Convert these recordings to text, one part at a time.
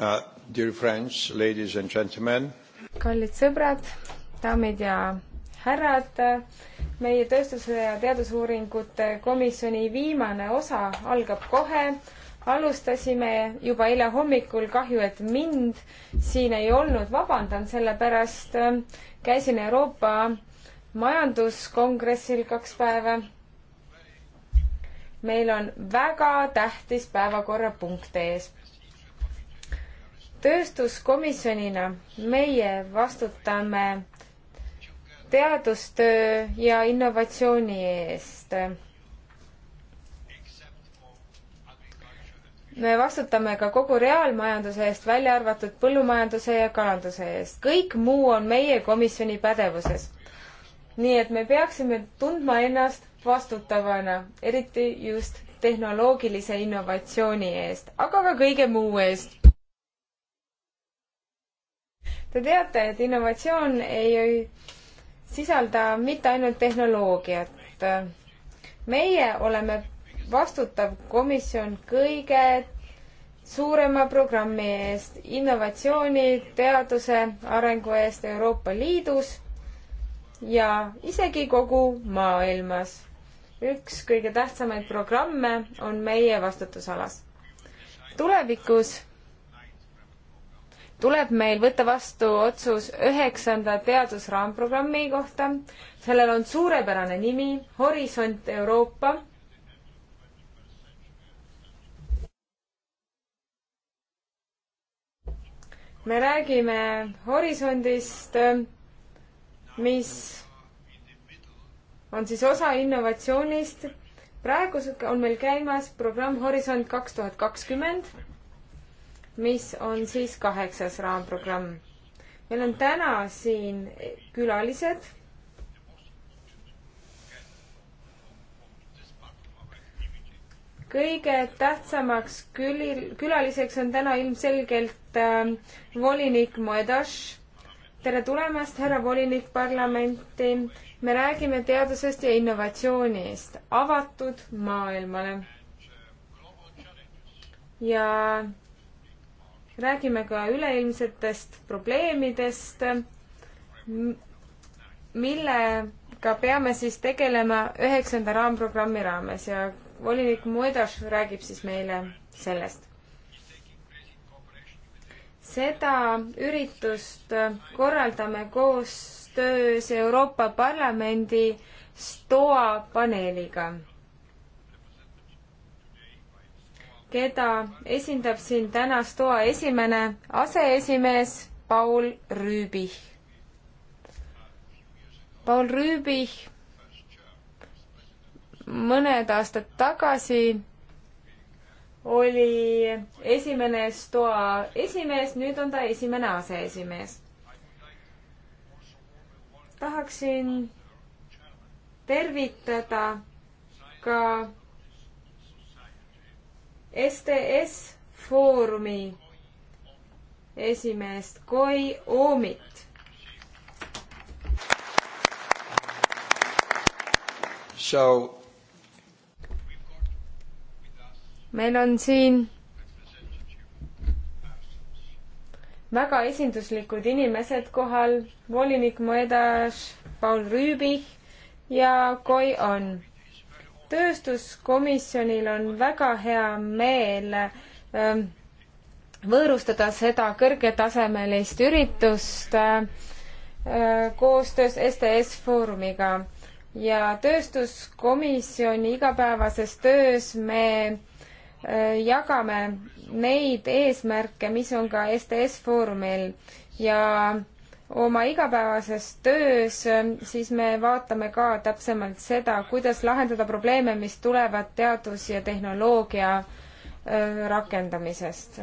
uh,. Dear friends, ladies and gentlemen. kallid sõbrad, daamid ja härrad, meie tööstuse ja teadusuuringute komisjoni viimane osa algab kohe. alustasime juba eile hommikul, kahju, et mind siin ei olnud, vabandan selle pärast. käisin Euroopa majanduskongressil kaks päeva. meil on väga tähtis päevakorrapunkt ees tööstuskomisjonina meie vastutame teadustöö ja innovatsiooni eest. me vastutame ka kogu reaalmajanduse eest, välja arvatud põllumajanduse ja kalanduse eest. kõik muu on meie komisjoni pädevuses. nii et me peaksime tundma ennast vastutavana, eriti just tehnoloogilise innovatsiooni eest, aga ka kõige muu eest Te teate, et innovatsioon ei sisalda mitte ainult tehnoloogiat. meie oleme vastutav komisjon kõige suurema programmi eest, innovatsiooni, teaduse arengu eest Euroopa Liidus ja isegi kogu maailmas. üks kõige tähtsamaid programme on meie vastutusalas. tulevikus tuleb meil võtta vastu otsus üheksanda teadusraamprogrammi kohta. sellel on suurepärane nimi Horisont Euroopa. me räägime horisondist, mis on siis osa innovatsioonist. praegu on meil käimas programm Horisont kaks tuhat kakskümmend mis on siis kaheksas raamprogramm. meil on täna siin külalised. kõige tähtsamaks küli, külaliseks on täna ilmselgelt äh, volinik Moedas. tere tulemast, härra volinik parlamenti. me räägime teadusest ja innovatsioonist avatud maailmale. ja räägime ka üleilmsetest probleemidest, millega peame siis tegelema üheksanda raamprogrammi raames ja volinik Moedas räägib siis meile sellest. seda üritust korraldame koostöös Euroopa Parlamendi STOA paneeliga keda esindab siin täna STOA esimene aseesimees Paul Rüübih. Paul Rüübih mõned aastad tagasi oli esimene STOA esimees, nüüd on ta esimene aseesimees. tahaksin tervitada ka STS Foorumi esimeest Koi Oomit. So meil on siin väga esinduslikud inimesed kohal, volinik Moedas, Paul Rüübich ja Koi on tööstuskomisjonil on väga hea meel ähm, võõrustada seda kõrgetasemelist üritust äh, koostöös STS Foorumiga ja tööstuskomisjoni igapäevases töös me äh, jagame neid eesmärke, mis on ka STS Foorumil ja oma igapäevases töös, siis me vaatame ka täpsemalt seda, kuidas lahendada probleeme, mis tulevad teadus- ja tehnoloogia rakendamisest.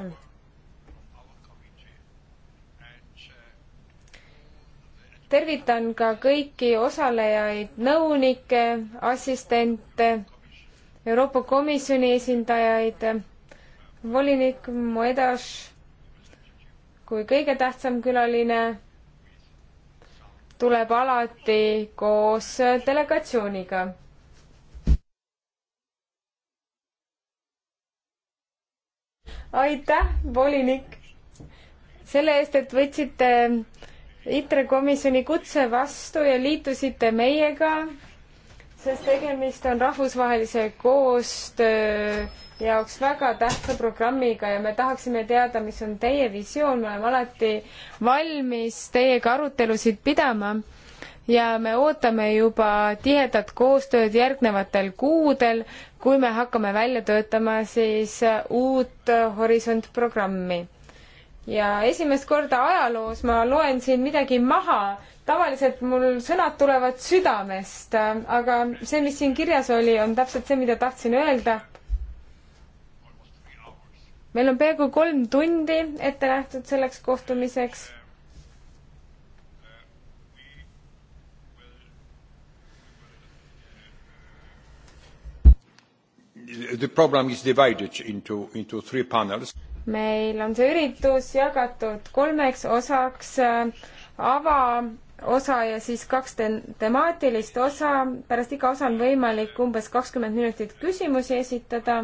tervitan ka kõiki osalejaid, nõunikke, assistente, Euroopa Komisjoni esindajaid, volinik Moedas kui kõige tähtsam külaline tuleb alati koos delegatsiooniga. aitäh, volinik, selle eest, et võtsite ITRE komisjoni kutse vastu ja liitusite meiega, sest tegemist on rahvusvahelise koostöö jaoks väga tähtsa programmiga ja me tahaksime teada, mis on teie visioon, me oleme alati valmis teiega arutelusid pidama ja me ootame juba tihedat koostööd järgnevatel kuudel, kui me hakkame välja töötama siis uut Horisont programmi. ja esimest korda ajaloos ma loen siin midagi maha, tavaliselt mul sõnad tulevad südamest, aga see, mis siin kirjas oli, on täpselt see, mida tahtsin öelda meil on peaaegu kolm tundi ette nähtud selleks kohtumiseks. The program is divided into, into three panels. meil on see üritus jagatud kolmeks osaks avaosa ja siis kaks te temaatilist osa. pärast iga osa on võimalik umbes kakskümmend minutit küsimusi esitada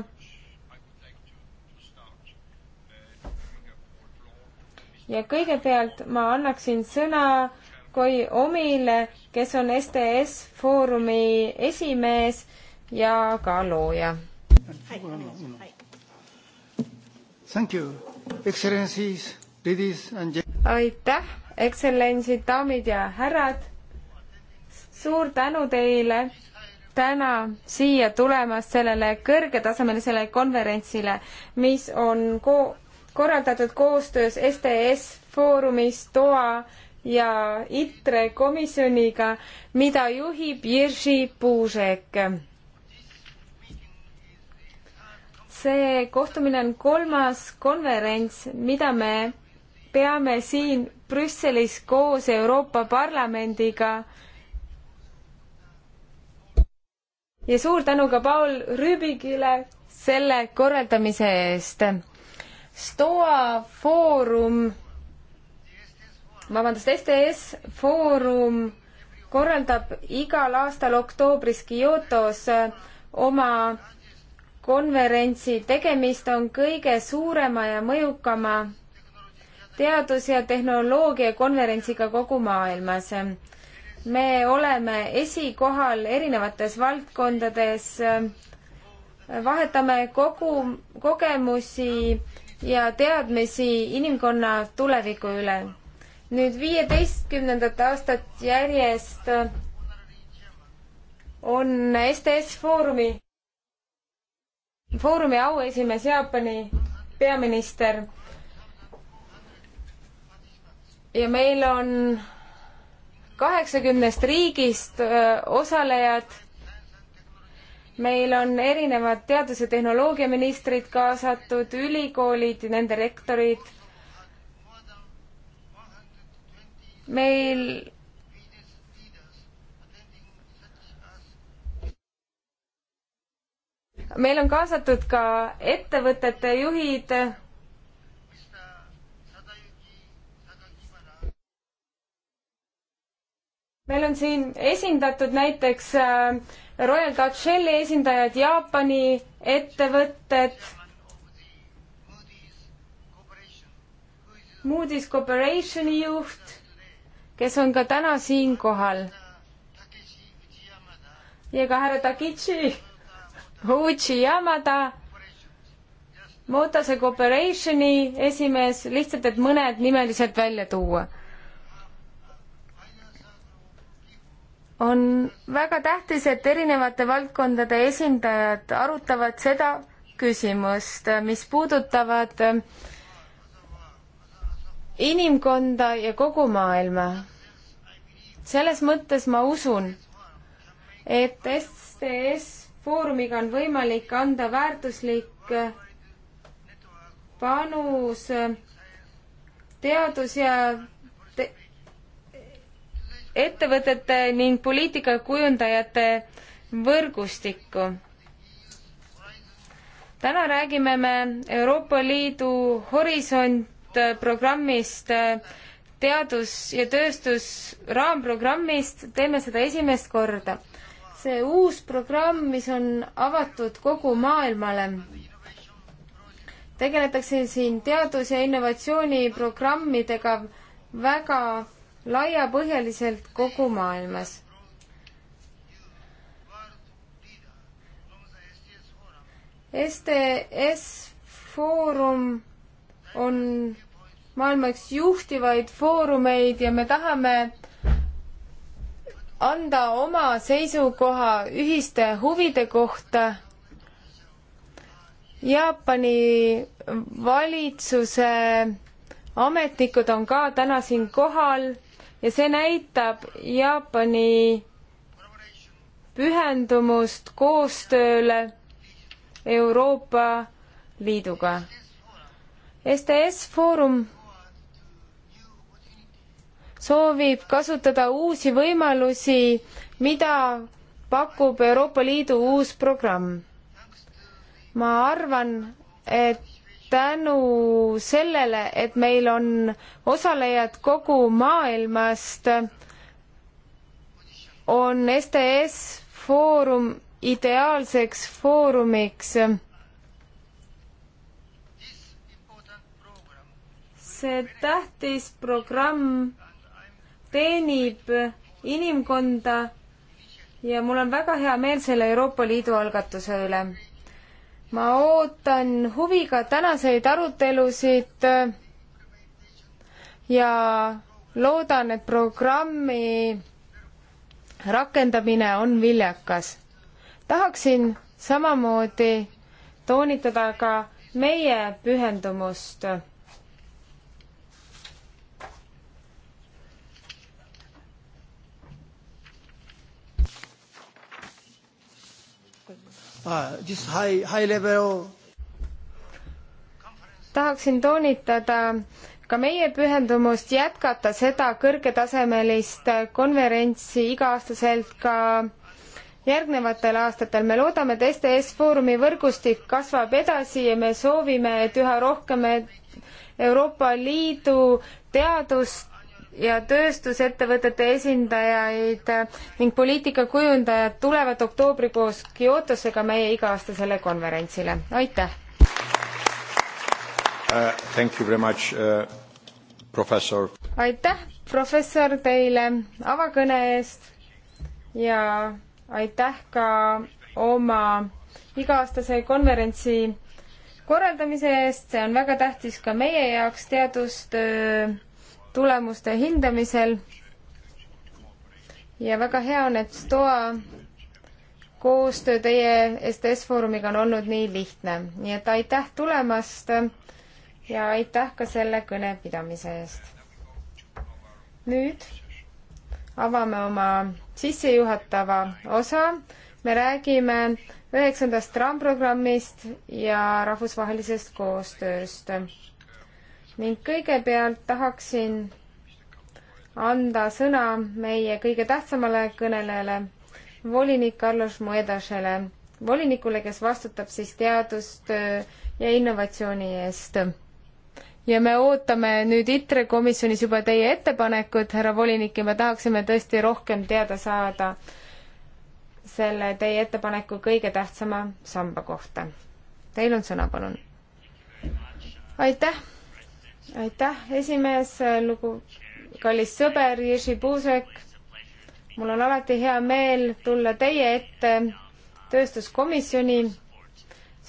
ja kõigepealt ma annaksin sõna Koi Omile, kes on STS Foorumi esimees ja ka looja. aitäh, ekstsellentsid, daamid ja härrad. suur tänu teile täna siia tulemast sellele kõrgetasemelisele konverentsile, mis on ko-, korraldatud koostöös STS Foorumis TOA ja ITRE komisjoniga, mida juhib Jerzy Puusek. see kohtumine on kolmas konverents, mida me peame siin Brüsselis koos Euroopa Parlamendiga. ja suur tänu ka Paul Rüübigile selle korraldamise eest STOA foorum, vabandust, STS foorum korraldab igal aastal oktoobris Kyotos oma konverentsi. tegemist on kõige suurema ja mõjukama teadus- ja tehnoloogiakonverentsiga kogu maailmas. me oleme esikohal erinevates valdkondades, vahetame kogu kogemusi ja teadmisi inimkonna tuleviku üle. nüüd viieteistkümnendat aastat järjest on STS Foorumi, Foorumi auesimees Jaapani peaminister. ja meil on kaheksakümnest riigist osalejad meil on erinevad teadus- ja tehnoloogiaministrid kaasatud, ülikoolid ja nende rektorid. meil meil on kaasatud ka ettevõtete juhid. meil on siin esindatud näiteks äh, Royal Dutch Shelli esindajad, Jaapani ettevõtted, Moody's Corporationi juht, kes on ka täna siin kohal. ja ka härra Takichi Uchiyamada, Motase Corporationi esimees, lihtsalt, et mõned nimeliselt välja tuua on väga tähtis, et erinevate valdkondade esindajad arutavad seda küsimust, mis puudutavad inimkonda ja kogu maailma. selles mõttes ma usun, et STS Foorumiga on võimalik anda väärtuslik panus teadus- ja ettevõtete ning poliitikakujundajate võrgustikku. täna räägime me Euroopa Liidu Horisont programmist, teadus- ja tööstusraamprogrammist, teeme seda esimest korda. see uus programm, mis on avatud kogu maailmale, tegeletakse siin teadus- ja innovatsiooniprogrammidega väga laiapõhjaliselt kogu maailmas. STS Foorum on maailma üks juhtivaid foorumeid ja me tahame anda oma seisukoha ühiste huvide kohta Jaapani valitsuse ametnikud on ka täna siin kohal ja see näitab Jaapani pühendumust koostööle Euroopa Liiduga. STS Foorum soovib kasutada uusi võimalusi, mida pakub Euroopa Liidu uus programm. ma arvan, et tänu sellele, et meil on osalejad kogu maailmast, on STS Foorum ideaalseks foorumiks. see tähtis programm teenib inimkonda ja mul on väga hea meel selle Euroopa Liidu algatuse üle ma ootan huviga tänaseid arutelusid ja loodan, et programmi rakendamine on viljakas. tahaksin samamoodi toonitada ka meie pühendumust uh, ah, this high, high level tahaksin toonitada ka meie pühendumust jätkata seda kõrgetasemelist konverentsi iga-aastaselt ka järgnevatel aastatel. me loodame, et STS Foorumi võrgustik kasvab edasi ja me soovime, et üha rohkem Euroopa Liidu teadust ja tööstusettevõtete esindajaid ning poliitikakujundajad tulevad oktoobrikuus Kyotosse ka meie iga-aastasele konverentsile. aitäh uh,! Uh, professor. aitäh, professor, teile avakõne eest ja aitäh ka oma iga-aastase konverentsi korraldamise eest, see on väga tähtis ka meie jaoks, teadustöö tulemuste hindamisel. ja väga hea on, et STOA koostöö teie STS Foorumiga on olnud nii lihtne, nii et aitäh tulemast ja aitäh ka selle kõne pidamise eest. nüüd avame oma sissejuhatava osa. me räägime üheksandast RAM-programmist ja rahvusvahelisest koostööst ning kõigepealt tahaksin anda sõna meie kõige tähtsamale kõnelejale, volinik Carlos Moedasele, volinikule, kes vastutab siis teadustöö ja innovatsiooni eest. ja me ootame nüüd ITRE komisjonis juba teie ettepanekut, härra volinik, ja me tahaksime tõesti rohkem teada saada selle teie ettepaneku kõige tähtsama samba kohta. Teil on sõna, palun. aitäh aitäh, esimees, lugu, kallis sõber Jerzy Puusek. mul on alati hea meel tulla teie ette tööstuskomisjoni,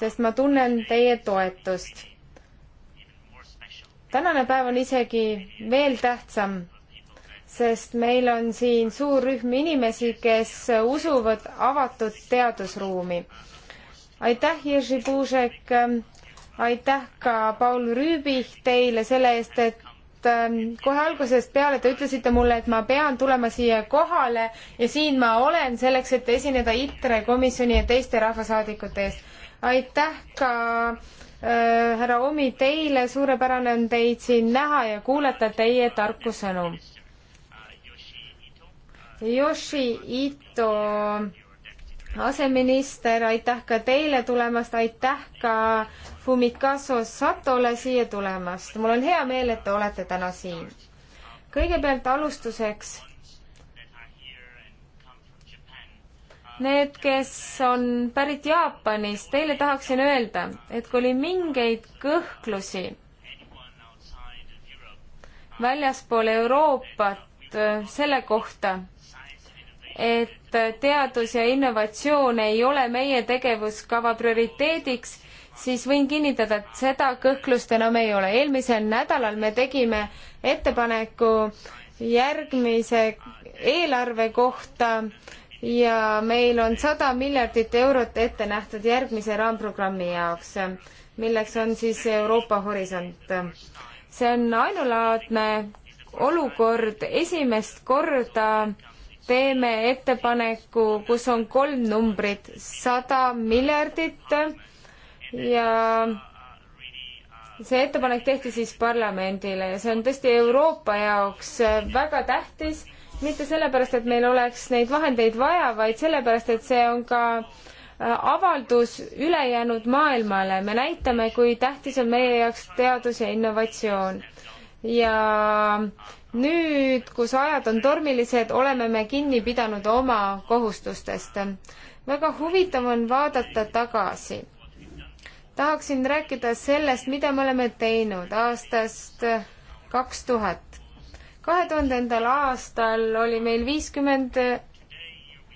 sest ma tunnen teie toetust. tänane päev on isegi veel tähtsam, sest meil on siin suur rühm inimesi, kes usuvad avatud teadusruumi. aitäh, Jerzy Puusek aitäh ka Paul Rüübich teile selle eest, et ähm, kohe algusest peale te ütlesite mulle, et ma pean tulema siia kohale ja siin ma olen selleks, et esineda ITRE komisjoni ja teiste rahvasaadikute eest. aitäh ka äh, härra Omi teile, suurepärane on teid siin näha ja kuulata teie tarku sõnu. Yoshi Ito aseminister, aitäh ka teile tulemast, aitäh ka Fumikaso Satole siia tulemast. mul on hea meel, et te olete täna siin. kõigepealt alustuseks. Need, kes on pärit Jaapanist, teile tahaksin öelda, et kui oli mingeid kõhklusi väljaspool Euroopat äh, selle kohta, et et teadus ja innovatsioon ei ole meie tegevuskava prioriteediks, siis võin kinnitada, et seda kõhklust enam ei ole. eelmisel nädalal me tegime ettepaneku järgmise eelarve kohta ja meil on sada miljardit eurot ette nähtud järgmise raamprogrammi jaoks, milleks on siis Euroopa Horisont. see on ainulaadne olukord, esimest korda teeme ettepaneku, kus on kolm numbrit, sada miljardit ja see ettepanek tehti siis parlamendile ja see on tõesti Euroopa jaoks väga tähtis, mitte sellepärast, et meil oleks neid vahendeid vaja, vaid sellepärast, et see on ka äh, avaldus ülejäänud maailmale, me näitame, kui tähtis on meie jaoks teadus ja innovatsioon ja nüüd, kus ajad on tormilised, oleme me kinni pidanud oma kohustustest. väga huvitav on vaadata tagasi. tahaksin rääkida sellest, mida me oleme teinud aastast kaks tuhat. kahe tuhandendal aastal oli meil viiskümmend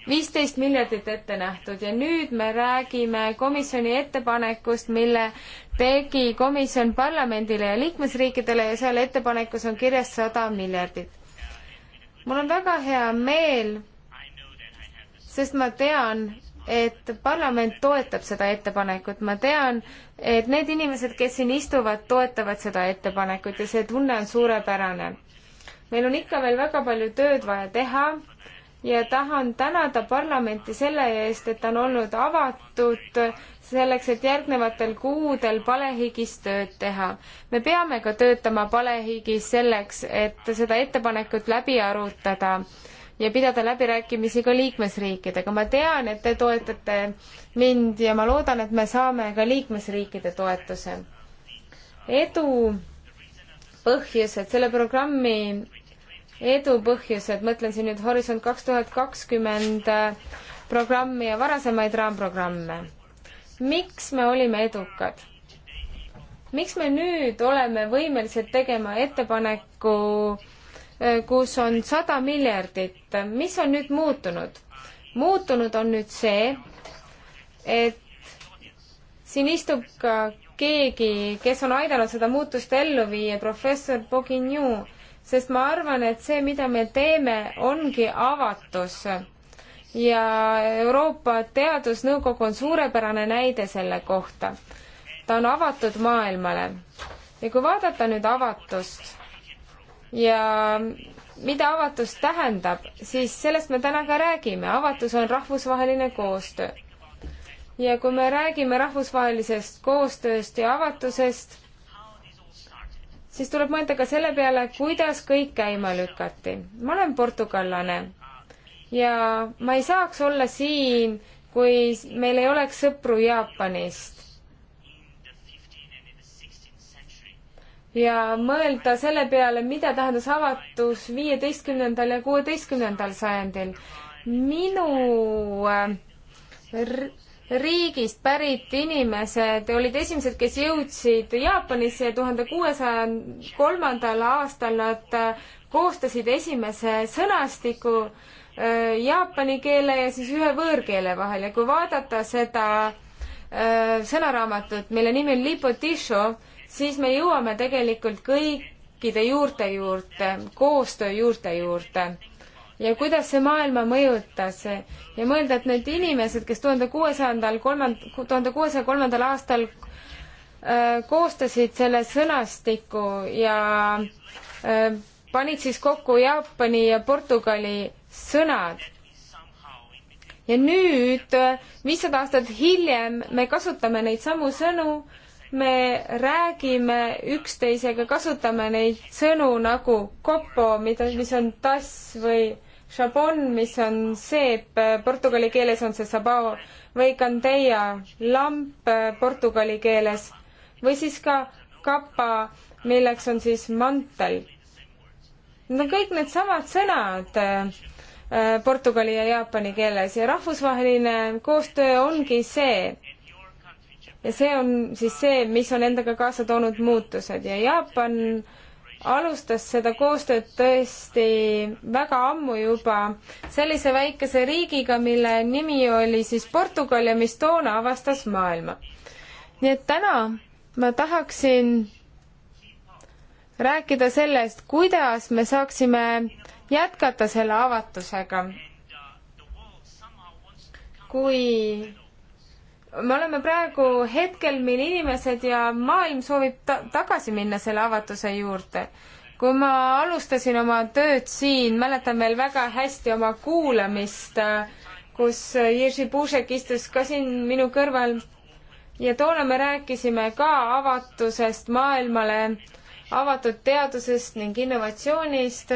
viisteist miljardit ette nähtud ja nüüd me räägime komisjoni ettepanekust, mille tegi komisjon parlamendile ja liikmesriikidele ja seal ettepanekus on kirjas sada miljardit. mul on väga hea meel, sest ma tean, et parlament toetab seda ettepanekut, ma tean, et need inimesed, kes siin istuvad, toetavad seda ettepanekut ja see tunne on suurepärane. meil on ikka veel väga palju tööd vaja teha ja tahan tänada parlamenti selle eest, et ta on olnud avatud selleks, et järgnevatel kuudel palehigis tööd teha. me peame ka töötama palehigis selleks, et seda ettepanekut läbi arutada ja pidada läbirääkimisi ka liikmesriikidega. ma tean, et te toetate mind ja ma loodan, et me saame ka liikmesriikide toetuse. edu põhjused, selle programmi edu põhjused, mõtlen siin nüüd Horisont kaks tuhat kakskümmend programmi ja varasemaid raamprogramme miks me olime edukad? miks me nüüd oleme võimelised tegema ettepaneku, äh, kus on sada miljardit, mis on nüüd muutunud? muutunud on nüüd see, et siin istub ka keegi, kes on aidanud seda muutust ellu viia, professor Bourguignon, sest ma arvan, et see, mida me teeme, ongi avatus ja Euroopa Teadusnõukogu on suurepärane näide selle kohta. ta on avatud maailmale ja kui vaadata nüüd avatust ja mida avatus tähendab, siis sellest me täna ka räägime, avatus on rahvusvaheline koostöö. ja kui me räägime rahvusvahelisest koostööst ja avatusest, siis tuleb mõelda ka selle peale, kuidas kõik käima lükati. ma olen portugallane ja ma ei saaks olla siin, kui meil ei oleks sõpru Jaapanist. ja mõelda selle peale, mida tähendas avatus viieteistkümnendal ja kuueteistkümnendal sajandil. minu äh, riigist pärit inimesed olid esimesed, kes jõudsid Jaapanisse ja tuhande kuuesaja kolmandal aastal nad äh, koostasid esimese sõnastiku äh, Äh, jaapani keele ja siis ühe võõrkeele vahel ja kui vaadata seda äh, sõnaraamatut, mille nimi on Lipotisho, siis me jõuame tegelikult kõikide juurte juurde, koostöö juurte juurde ja kuidas see maailma mõjutas ja mõelda, et need inimesed, kes tuhande kuuesajandal kolmand-, tuhande kuuesaja kolmandal aastal äh, koostasid selle sõnastiku ja äh, panid siis kokku Jaapani ja Portugali sõnad. ja nüüd, viissada aastat hiljem, me kasutame neid samu sõnu, me räägime üksteisega, kasutame neid sõnu nagu kopo, mida, mis on tass või šabon, mis on seep, portugali keeles on see sabao, või candeia, lamp eh, portugali keeles, või siis ka kapa, milleks on siis mantel. Need on kõik needsamad sõnad Äh, portugali ja jaapani keeles ja rahvusvaheline koostöö ongi see, ja see on siis see, mis on endaga kaasa toonud muutused ja Jaapan alustas seda koostööd tõesti väga ammu juba sellise väikese riigiga, mille nimi oli siis Portugal ja mis toona avastas maailma. nii et täna ma tahaksin rääkida sellest, kuidas me saaksime jätkata selle avatusega. kui me oleme praegu hetkel, mil inimesed ja maailm soovib ta tagasi minna selle avatuse juurde. kui ma alustasin oma tööd siin, mäletan veel väga hästi oma kuulamist, kus Jerzy Pušek istus ka siin minu kõrval ja toona me rääkisime ka avatusest maailmale, avatud teadusest ning innovatsioonist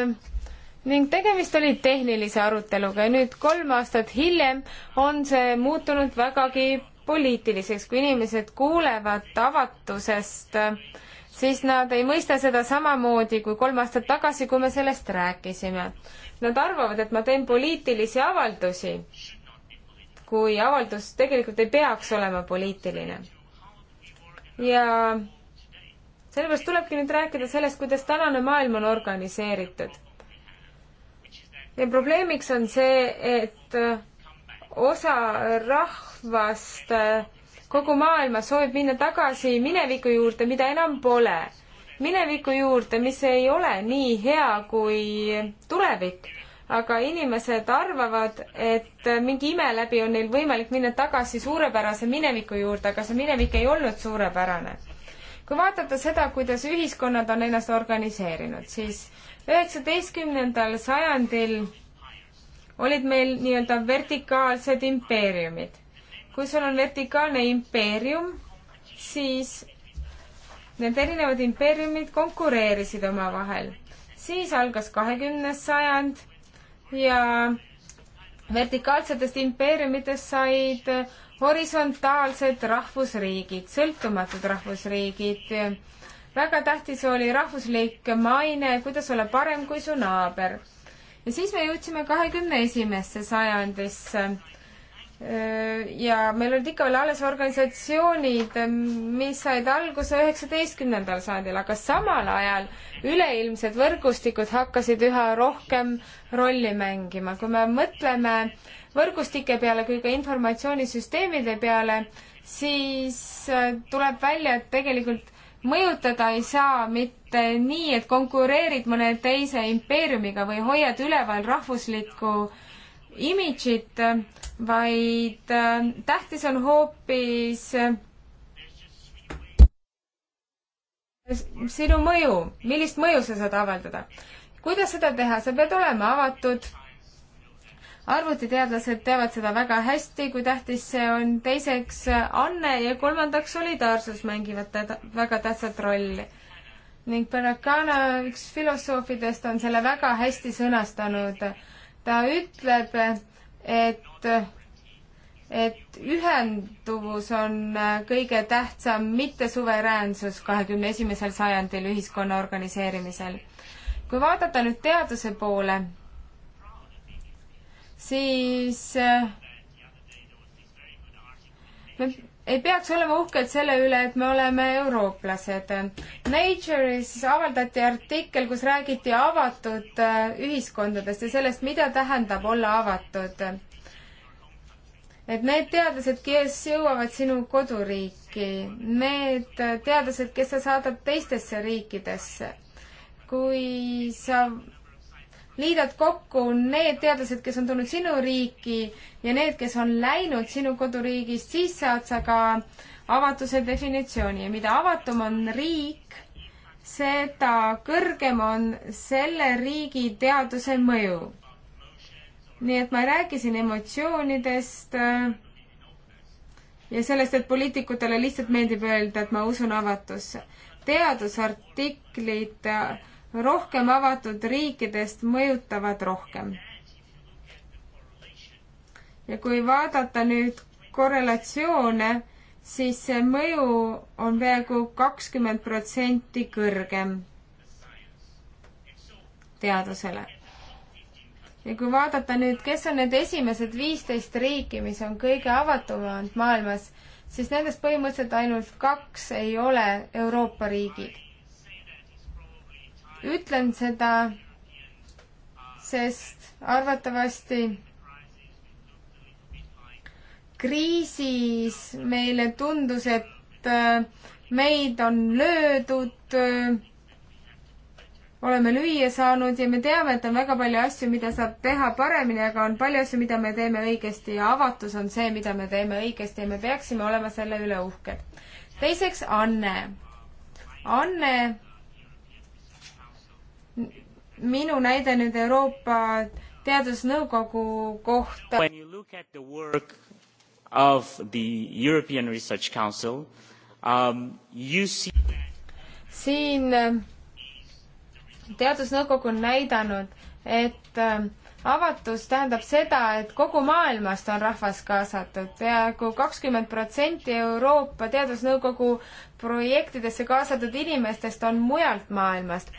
ning tegemist oli tehnilise aruteluga ja nüüd kolm aastat hiljem on see muutunud vägagi poliitiliseks, kui inimesed kuulevad avatusest, siis nad ei mõista seda samamoodi kui kolm aastat tagasi, kui me sellest rääkisime. Nad arvavad, et ma teen poliitilisi avaldusi, kui avaldus tegelikult ei peaks olema poliitiline. ja sellepärast tulebki nüüd rääkida sellest, kuidas tänane maailm on organiseeritud ja probleemiks on see, et osa rahvast äh, kogu maailmas soovib minna tagasi mineviku juurde, mida enam pole. mineviku juurde, mis ei ole nii hea kui tulevik, aga inimesed arvavad, et mingi ime läbi on neil võimalik minna tagasi suurepärase mineviku juurde, aga see minevik ei olnud suurepärane. kui vaadata seda, kuidas ühiskonnad on ennast organiseerinud, siis üheksateistkümnendal sajandil olid meil nii-öelda vertikaalsed impeeriumid. kui sul on vertikaalne impeerium, siis need erinevad impeeriumid konkureerisid omavahel. siis algas kahekümnes sajand ja vertikaalsetest impeeriumitest said horisontaalsed rahvusriigid, sõltumatud rahvusriigid väga tähtis oli rahvuslik maine, kuidas olla parem kui su naaber. ja siis me jõudsime kahekümne esimesse sajandisse. ja meil olid ikka veel alles organisatsioonid, mis said alguse üheksateistkümnendal sajandil, aga samal ajal üleilmsed võrgustikud hakkasid üha rohkem rolli mängima. kui me mõtleme võrgustike peale kui ka informatsioonisüsteemide peale, siis äh, tuleb välja, et tegelikult mõjutada ei saa mitte nii, et konkureerid mõne teise impeeriumiga või hoiad üleval rahvuslikku imidžit, vaid äh, tähtis on hoopis äh, sinu mõju, millist mõju sa saad avaldada. kuidas seda teha, sa pead olema avatud arvutiteadlased teavad seda väga hästi, kui tähtis see on, teiseks anne ja kolmandaks solidaarsus mängivad teda väga tähtsat rolli. ning Barakana, üks filosoofidest, on selle väga hästi sõnastanud. ta ütleb, et, et ühenduvus on kõige tähtsam, mitte suveräänsus kahekümne esimesel sajandil ühiskonna organiseerimisel. kui vaadata nüüd teaduse poole, siis äh, me ei peaks olema uhked selle üle, et me oleme eurooplased. Nature'is avaldati artikkel, kus räägiti avatud äh, ühiskondadest ja sellest, mida tähendab olla avatud. et need teadlased, kes jõuavad sinu koduriiki, need teadlased, kes sa saadad teistesse riikidesse, kui sa liidad kokku need teadlased, kes on tulnud sinu riiki ja need, kes on läinud sinu koduriigist, siis saad sa ka avatuse definitsiooni ja mida avatum on riik, seda kõrgem on selle riigi teaduse mõju. nii et ma ei räägi siin emotsioonidest ja sellest, et poliitikutele lihtsalt meeldib öelda, et ma usun avatusse. teadusartiklid rohkem avatud riikidest mõjutavad rohkem. ja kui vaadata nüüd korrelatsioone, siis see mõju on peaaegu kakskümmend protsenti kõrgem teadusele. ja kui vaadata nüüd, kes on need esimesed viisteist riiki, mis on kõige avatumad maailmas, siis nendest põhimõtteliselt ainult kaks ei ole Euroopa riigid ütlen seda, sest arvatavasti kriisis meile tundus, et äh, meid on löödud, äh, oleme lüüa saanud ja me teame, et on väga palju asju, mida saab teha paremini, aga on palju asju, mida me teeme õigesti ja avatus on see, mida me teeme õigesti ja me peaksime olema selle üle uhked. teiseks Anne. Anne minu näide nüüd Euroopa Teadusnõukogu kohta. When you look at the work of the European Research Council um, you see siin äh, teadusnõukogu on näidanud, et äh, avatus tähendab seda, et kogu maailmast on rahvas kaasatud. peaaegu kakskümmend protsenti Euroopa Teadusnõukogu projektidesse kaasatud inimestest on mujalt maailmast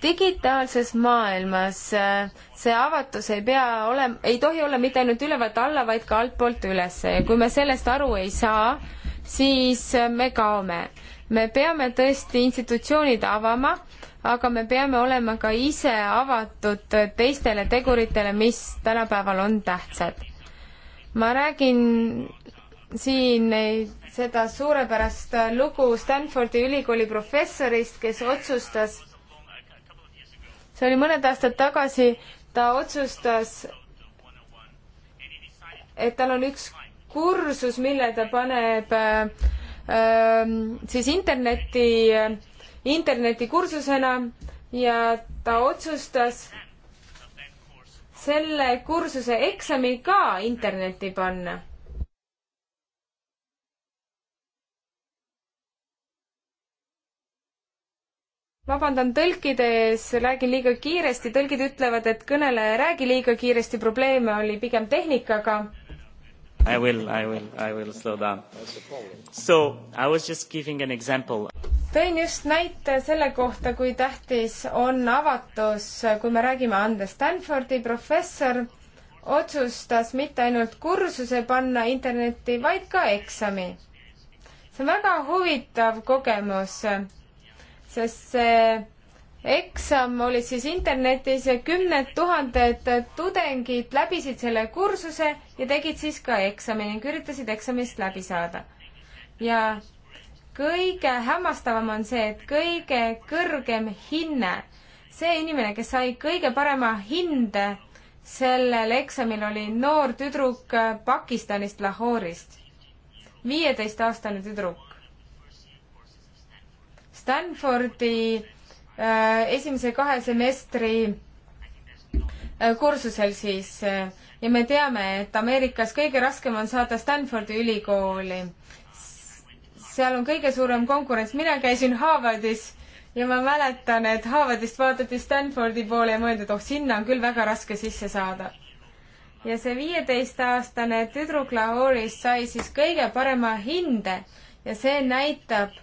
digitaalses maailmas äh, see avatus ei pea olema, ei tohi olla mitte ainult ülevalt alla, vaid ka altpoolt üles ja kui me sellest aru ei saa, siis äh, me kaome. me peame tõesti institutsioonid avama, aga me peame olema ka ise avatud teistele teguritele, mis tänapäeval on tähtsad. ma räägin siin neid, seda suurepärast lugu Stanfordi ülikooli professorist, kes otsustas see oli mõned aastad tagasi, ta otsustas, et tal on üks kursus, mille ta paneb äh, siis interneti, internetikursusena ja ta otsustas selle kursuse eksami ka internetti panna vabandan tõlkide ees, räägin liiga kiiresti, tõlgid ütlevad, et kõneleja ei räägi liiga kiiresti, probleeme oli pigem tehnikaga. I will, I will, I will slow down. So I was just giving an example. tõin just näite selle kohta, kui tähtis on avatus, kui me räägime ande Stanfordi professor otsustas mitte ainult kursuse panna internetti, vaid ka eksami. see on väga huvitav kogemus sest see eksam oli siis internetis ja kümned tuhanded tudengid läbisid selle kursuse ja tegid siis ka eksami ning üritasid eksamist läbi saada. ja kõige hämmastavam on see, et kõige kõrgem hinne, see inimene, kes sai kõige parema hinde sellel eksamil, oli noor tüdruk Pakistanist, Lahorist. viieteist aastane tüdruk Stanfordi äh, esimese kahe semestri äh, kursusel siis äh, ja me teame, et Ameerikas kõige raskem on saada Stanfordi ülikooli. seal on kõige suurem konkurents, mina käisin Harvardis ja ma mäletan, et Harvardist vaadati Stanfordi poole ja mõeldi, et oh, sinna on küll väga raske sisse saada. ja see viieteistaastane tüdruk Lahore'is sai siis kõige parema hinde ja see näitab,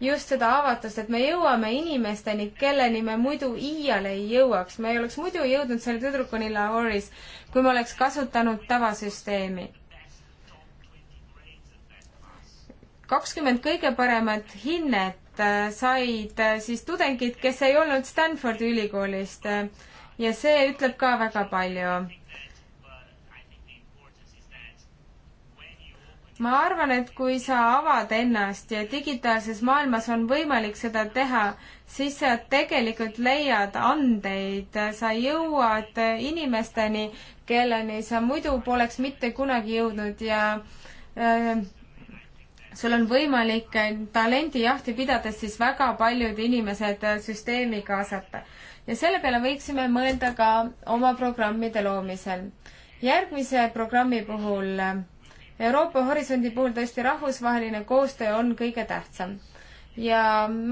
just seda avatust, et me jõuame inimesteni, kelleni me muidu iiale ei jõuaks. me ei oleks muidu jõudnud selle tüdrukuni Lahoris, kui me oleks kasutanud tavasüsteemi. kakskümmend kõige paremat hinnet äh, said äh, siis tudengid, kes ei olnud Stanfordi ülikoolist äh, ja see ütleb ka väga palju ma arvan, et kui sa avad ennast ja digitaalses maailmas on võimalik seda teha, siis sa tegelikult leiad andeid, sa jõuad inimesteni, kelleni sa muidu poleks mitte kunagi jõudnud ja äh, sul on võimalik talendijahti pidades siis väga paljud inimesed süsteemi kaasata. ja selle peale võiksime mõelda ka oma programmide loomisel. järgmise programmi puhul Euroopa Horisondi puhul tõesti rahvusvaheline koostöö on kõige tähtsam. ja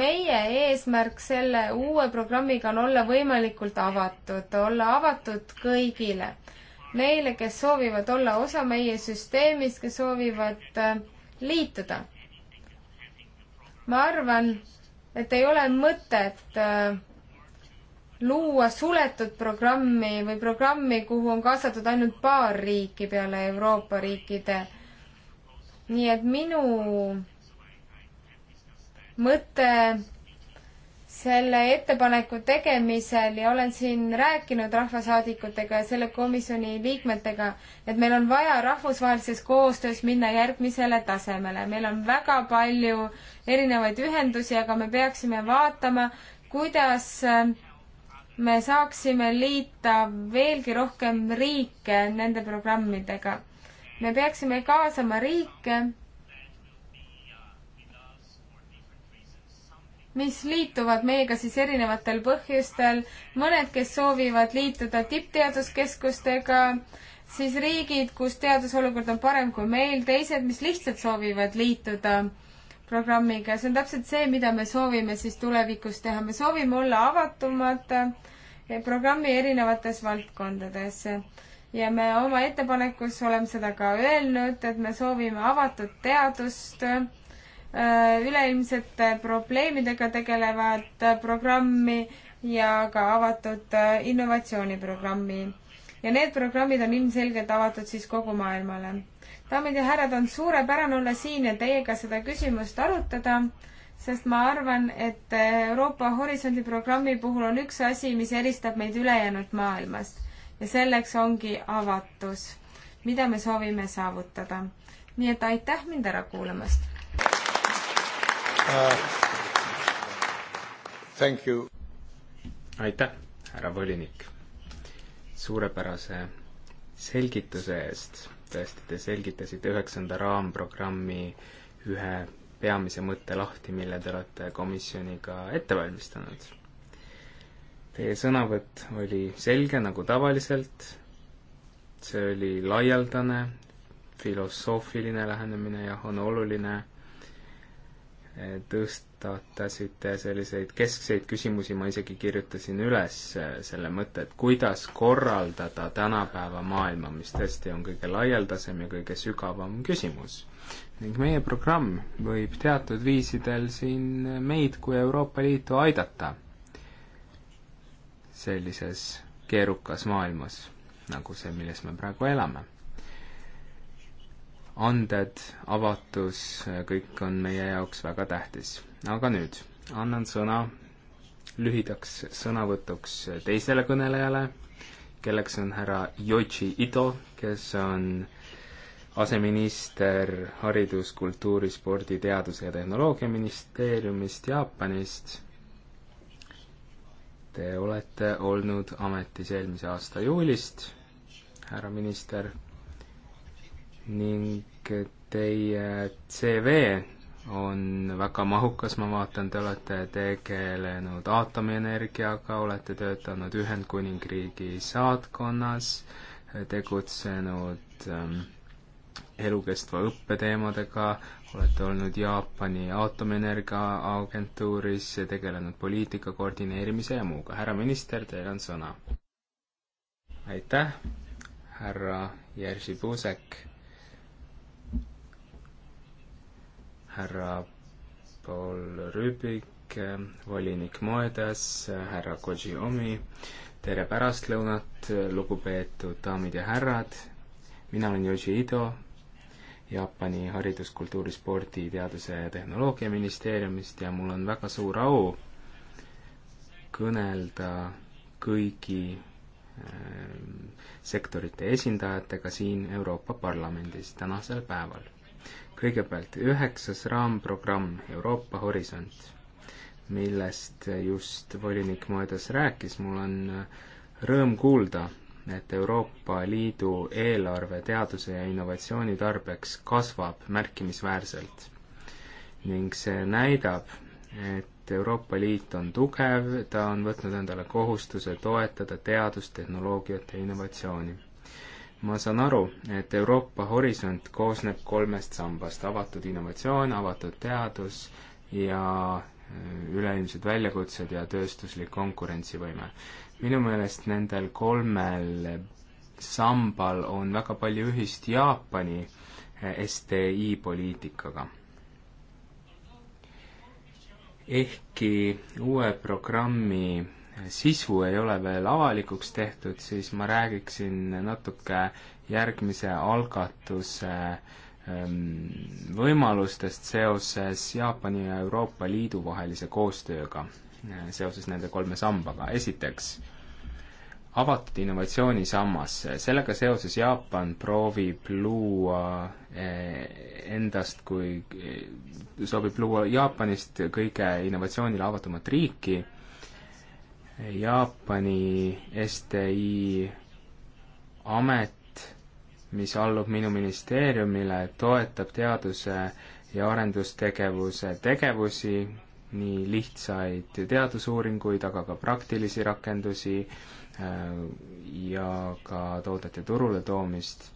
meie eesmärk selle uue programmiga on olla võimalikult avatud, olla avatud kõigile. Neile, kes soovivad olla osa meie süsteemist, kes soovivad äh, liituda. ma arvan, et ei ole mõtet äh, luua suletud programmi või programmi, kuhu on kaasatud ainult paar riiki peale Euroopa riikide nii et minu mõte selle ettepaneku tegemisel ja olen siin rääkinud rahvasaadikutega ja selle komisjoni liikmetega, et meil on vaja rahvusvahelises koostöös minna järgmisele tasemele. meil on väga palju erinevaid ühendusi, aga me peaksime vaatama, kuidas me saaksime liita veelgi rohkem riike nende programmidega me peaksime kaasama riike, mis liituvad meiega siis erinevatel põhjustel, mõned, kes soovivad liituda tippteaduskeskustega, siis riigid, kus teadusolukord on parem kui meil, teised, mis lihtsalt soovivad liituda programmiga, see on täpselt see, mida me soovime siis tulevikus teha, me soovime olla avatumad programmi erinevates valdkondades ja me oma ettepanekus oleme seda ka öelnud, et me soovime avatud teadust, äh, üleilmsete probleemidega tegelevat programmi ja ka avatud äh, innovatsiooniprogrammi. ja need programmid on ilmselgelt avatud siis kogu maailmale. daamid ja härrad, on suurepärane olla siin ja teiega seda küsimust arutada sest ma arvan, et Euroopa Horisondi programmi puhul on üks asi, mis eristab meid ülejäänud maailmast ja selleks ongi avatus, mida me soovime saavutada. nii et aitäh mind ära kuulamast uh,! aitäh, härra volinik, suurepärase selgituse eest. tõesti, te selgitasite üheksanda raamprogrammi ühe peamise mõtte lahti, mille te olete komisjoniga ette valmistanud Teie sõnavõtt oli selge nagu tavaliselt, see oli laialdane, filosoofiline lähenemine, jah, on oluline, eh, tõstatasite selliseid keskseid küsimusi, ma isegi kirjutasin üles eh, selle mõtte, et kuidas korraldada tänapäeva maailma, mis tõesti on kõige laialdasem ja kõige sügavam küsimus. ning meie programm võib teatud viisidel siin meid kui Euroopa Liitu aidata sellises keerukas maailmas, nagu see, milles me praegu elame. anded, avatus, kõik on meie jaoks väga tähtis. aga nüüd annan sõna lühidaks sõnavõtuks teisele kõnelejale, kelleks on härra Yoichi Ito, kes on aseminister haridus, kultuuri, spordi, teaduse ja tehnoloogiaministeeriumist Jaapanist Te olete olnud ametis eelmise aasta juulist, härra minister, ning teie CV on väga mahukas, ma vaatan, te olete tegelenud aatomienergiaga, olete töötanud Ühendkuningriigi saatkonnas, tegutsenud ähm, elukestva õppe teemadega, olete olnud Jaapani aatomienergia agentuuris ja tegelenud poliitika koordineerimise ja muuga. härra minister, teil on sõna. aitäh, härra Jerzy Puusek, härra Paul Rüübik, volinik Moedas, härra Koji Omi, tere pärastlõunat, lugupeetud daamid ja härrad, mina olen Yoshi Ido, Jaapani haridus, kultuuri, spordi, teaduse ja tehnoloogiaministeeriumist ja mul on väga suur au kõnelda kõigi äh, sektorite esindajatega siin Euroopa Parlamendis tänasel päeval. kõigepealt üheksas raamprogramm Euroopa Horisont, millest just volinik Moedas rääkis, mul on äh, rõõm kuulda, et Euroopa Liidu eelarve teaduse ja innovatsiooni tarbeks kasvab märkimisväärselt. ning see näidab, et Euroopa Liit on tugev, ta on võtnud endale kohustuse toetada teadust, tehnoloogiat ja innovatsiooni. ma saan aru, et Euroopa Horisont koosneb kolmest sambast, avatud innovatsioon, avatud teadus ja äh, üleilmsed väljakutsed ja tööstuslik konkurentsivõime minu meelest nendel kolmel sambal on väga palju ühist Jaapani eh, STI poliitikaga. ehkki uue programmi sisu ei ole veel avalikuks tehtud, siis ma räägiksin natuke järgmise algatuse ehm, võimalustest seoses Jaapani ja Euroopa Liidu vahelise koostööga seoses nende kolme sambaga. esiteks, avatud innovatsioonisammas, sellega seoses Jaapan proovib luua eh, endast kui, eh, soovib luua Jaapanist kõige innovatsioonile avatumat riiki, Jaapani STI amet, mis allub minu ministeeriumile, toetab teaduse ja arendustegevuse tegevusi nii lihtsaid teadusuuringuid, aga ka praktilisi rakendusi äh, ja ka toodete turule toomist.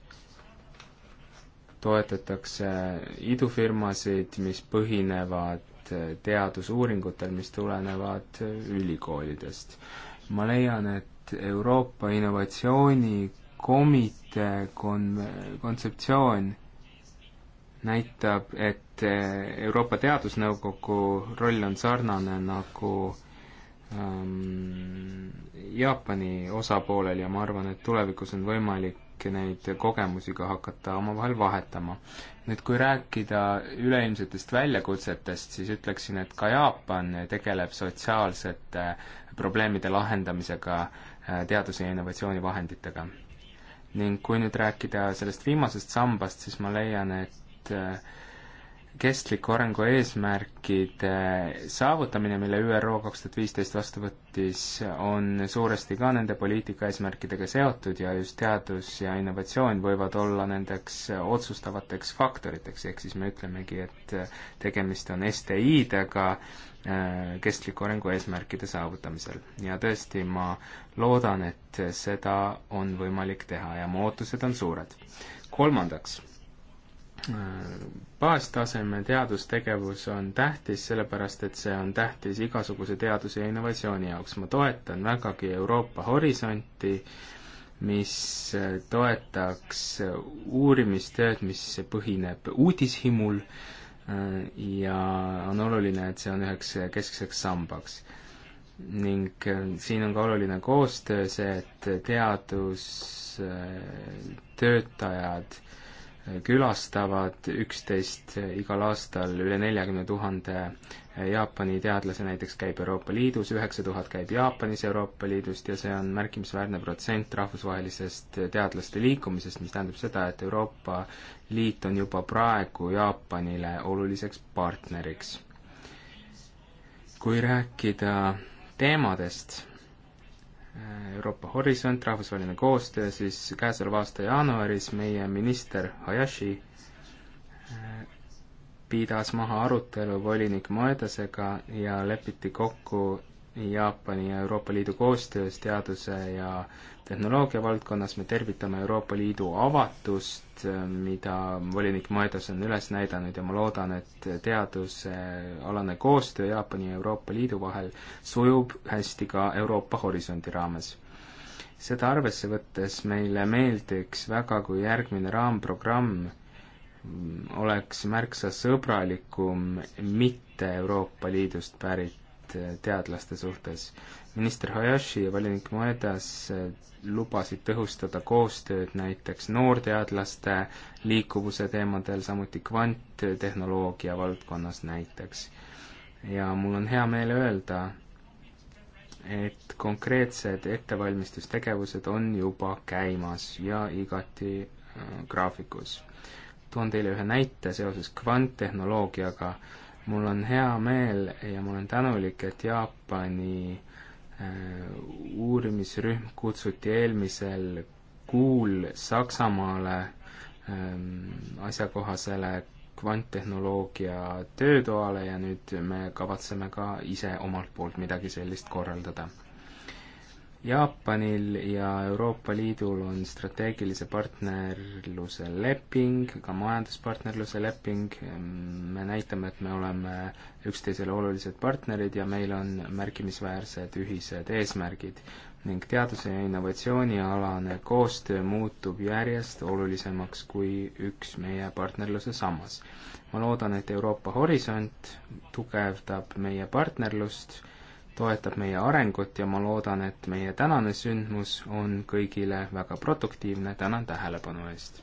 toetatakse idufirmasid, mis põhinevad teadusuuringutel, mis tulenevad ülikoolidest. ma leian, et Euroopa Innovatsioonikomitee kon-, kontseptsioon näitab, et eh, Euroopa Teadusnõukogu roll on sarnane nagu ähm, Jaapani osapoolel ja ma arvan, et tulevikus on võimalik neid kogemusi ka hakata omavahel vahetama. nüüd kui rääkida üleilmsetest väljakutsetest, siis ütleksin, et ka Jaapan tegeleb sotsiaalsete eh, probleemide lahendamisega eh, teaduse ja innovatsiooni vahenditega ning kui nüüd rääkida sellest viimasest sambast, siis ma leian, et et äh, kestliku arengu eesmärkide saavutamine, mille ÜRO kaks tuhat viisteist vastu võttis, on suuresti ka nende poliitika eesmärkidega seotud ja just teadus ja innovatsioon võivad olla nendeks otsustavateks faktoriteks, ehk siis me ütlemegi, et tegemist on STI-dega äh, kestliku arengu eesmärkide saavutamisel. ja tõesti, ma loodan, et seda on võimalik teha ja mu ootused on suured. kolmandaks baastaseme teadustegevus on tähtis, sellepärast et see on tähtis igasuguse teaduse ja innovatsiooni jaoks. ma toetan vägagi Euroopa Horisonti, mis toetaks uurimistööd, mis põhineb uudishimul ja on oluline, et see on üheks keskseks sambaks. ning äh, siin on ka oluline koostöö see, et teadustöötajad äh, külastavad üksteist igal aastal, üle neljakümne tuhande Jaapani teadlase näiteks käib Euroopa Liidus, üheksa tuhat käib Jaapanis Euroopa Liidust ja see on märkimisväärne protsent rahvusvahelisest teadlaste liikumisest, mis tähendab seda, et Euroopa Liit on juba praegu Jaapanile oluliseks partneriks. kui rääkida teemadest Euroopa Horisont, rahvusvaheline koostöö, siis käesoleva aasta jaanuaris meie minister Hayashi äh, pidas maha arutelu volinik Moedasega ja lepiti kokku Jaapani ja Euroopa Liidu koostöös teaduse ja tehnoloogia valdkonnas me tervitame Euroopa Liidu avatust, mida volinik Maedas on üles näidanud ja ma loodan, et teadusealane koostöö Jaapani ja Euroopa Liidu vahel sujub hästi ka Euroopa Horisondi raames seda arvesse võttes meile meeldiks väga, kui järgmine raamprogramm oleks märksa sõbralikum mitte Euroopa Liidust pärit Eh, teadlaste suhtes. minister Hayashi ja volinik Maedas eh, lubasid tõhustada koostööd näiteks noorteadlaste liikuvuse teemadel, samuti kvanttehnoloogia valdkonnas näiteks. ja mul on hea meel öelda, et konkreetsed ettevalmistustegevused on juba käimas ja igati eh, graafikus. toon teile ühe näite seoses kvanttehnoloogiaga mul on hea meel ja ma olen tänulik, et Jaapani äh, uurimisrühm kutsuti eelmisel kuul Saksamaale ähm, asjakohasele kvanttehnoloogia töötoale ja nüüd me kavatseme ka ise omalt poolt midagi sellist korraldada Jaapanil ja Euroopa Liidul on strateegilise partnerluse leping, ka majanduspartnerluse leping, me näitame, et me oleme üksteisele olulised partnerid ja meil on märkimisväärsed ühised eesmärgid ning teaduse ja innovatsiooni alane koostöö muutub järjest olulisemaks kui üks meie partnerluse sammas. ma loodan, et Euroopa Horisont tugevdab meie partnerlust toetab meie arengut ja ma loodan, et meie tänane sündmus on kõigile väga produktiivne, tänan tähelepanu eest!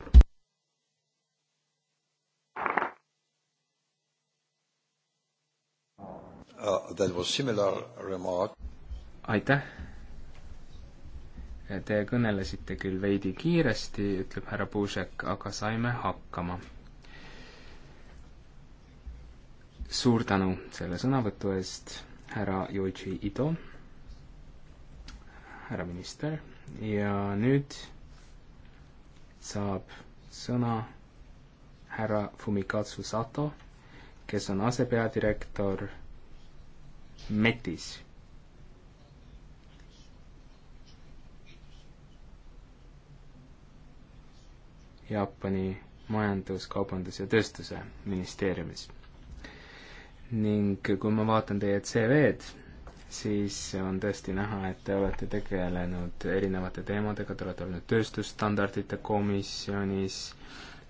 Uh, aitäh! Te kõnelesite küll veidi kiiresti, ütleb härra Puusek, aga saime hakkama. suur tänu selle sõnavõtu eest härra Yoichi Ido, härra minister, ja nüüd saab sõna härra Fumikatsu Sato, kes on asepeadirektor MET-is Jaapani majandus, kaubandus ja tööstuse ministeeriumis ning kui ma vaatan teie CV-d, siis on tõesti näha, et te olete tegelenud erinevate teemadega, te olete olnud tööstusstandardite komisjonis,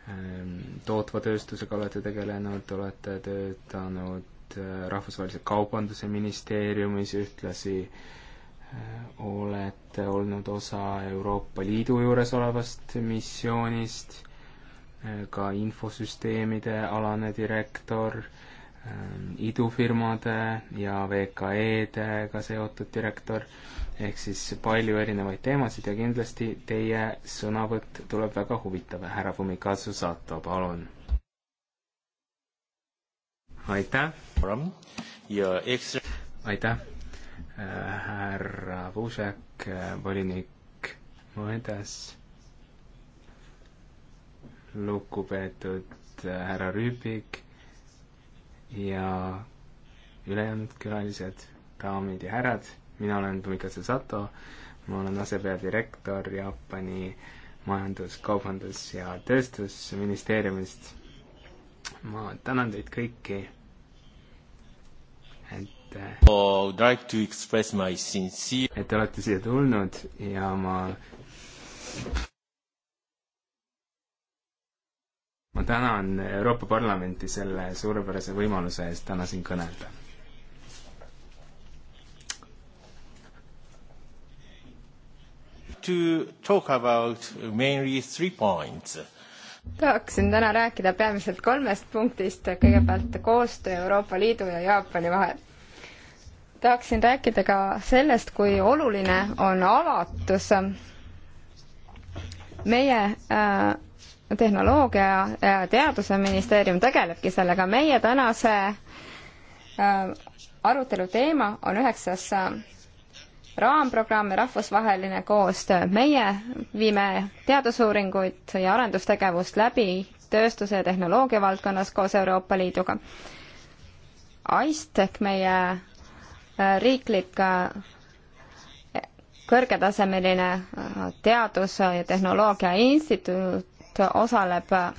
ehm, tootva tööstusega olete tegelenud, olete töötanud äh, Rahvusvahelise Kaubanduse Ministeeriumis, ühtlasi äh, olete olnud osa Euroopa Liidu juures olevast missioonist, äh, ka infosüsteemide alane direktor Ähm, idufirmade ja VKE-dega seotud direktor, ehk siis palju erinevaid teemasid ja kindlasti teie sõnavõtt tuleb väga huvitav. härra Fumikazu Sato, palun. aitäh. aitäh, äh, härra Puusek, volinik Moedas, lugupeetud äh, härra Rüübik ja ülejäänud külalised, daamid ja härrad, mina olen Tomikasu Sato, ma olen asepeadirektor Jaapani majandus, kaubandus ja tööstusministeeriumist. ma tänan teid kõiki, et oh, like sincere... et te olete siia tulnud ja ma ma tänan Euroopa Parlamenti selle suurepärase võimaluse eest täna siin kõnelda. To talk about mainly three points tahaksin täna rääkida peamiselt kolmest punktist, kõigepealt koostöö Euroopa Liidu ja Jaapani vahel. tahaksin rääkida ka sellest, kui oluline on avatus. meie äh, tehnoloogia ja teadusministeerium tegelebki sellega. meie tänase äh, arutelu teema on üheksas äh, raamprogramm ja rahvusvaheline koostöö. meie viime teadusuuringuid ja arendustegevust läbi tööstuse ja tehnoloogia valdkonnas koos Euroopa Liiduga. AIST ehk meie äh, riiklik kõrgetasemeline teadus- ja tehnoloogia instituut Liit osaleb äh,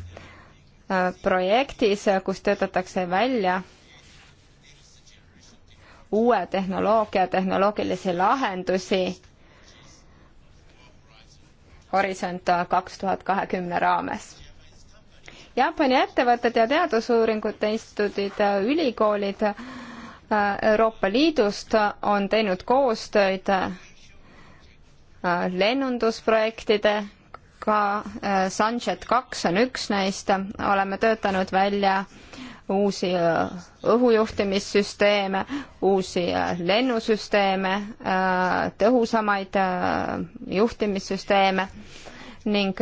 projektis, kus töötatakse välja uue tehnoloogia, tehnoloogilisi lahendusi Horisont kaks tuhat kahekümne raames. Jaapani ettevõtted ja teadusuuringute instituudid, ülikoolid äh, Euroopa Liidust on teinud koostööd äh, lennundusprojektide ka äh, Sunset kaks on üks neist, oleme töötanud välja uusi äh, õhujuhtimissüsteeme, uusi äh, lennusüsteeme, tõhusamaid juhtimissüsteeme ning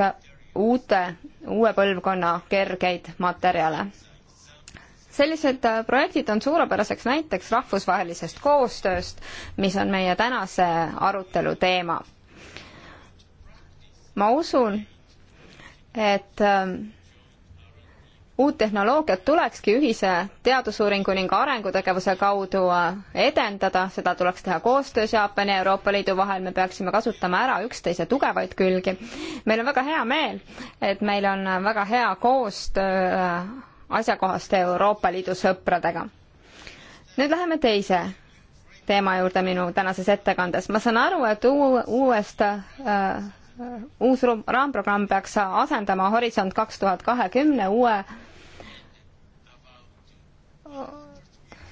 uute, uue põlvkonna kergeid materjale. sellised projektid on suurepäraseks näiteks rahvusvahelisest koostööst, mis on meie tänase arutelu teema ma usun, et ähm, uut tehnoloogiat tulekski ühise teadusuuringu ning arengutegevuse kaudu äh, edendada, seda tuleks teha koostöös Jaapani ja Euroopa Liidu vahel, me peaksime kasutama ära üksteise tugevaid külgi. meil on väga hea meel, et meil on väga hea koostöö äh, asjakohaste Euroopa Liidu sõpradega. nüüd läheme teise teema juurde minu tänases ettekandes. ma saan aru, et uu-, uuest äh, uus raamprogramm peaks asendama Horisont kaks tuhat kahekümne uue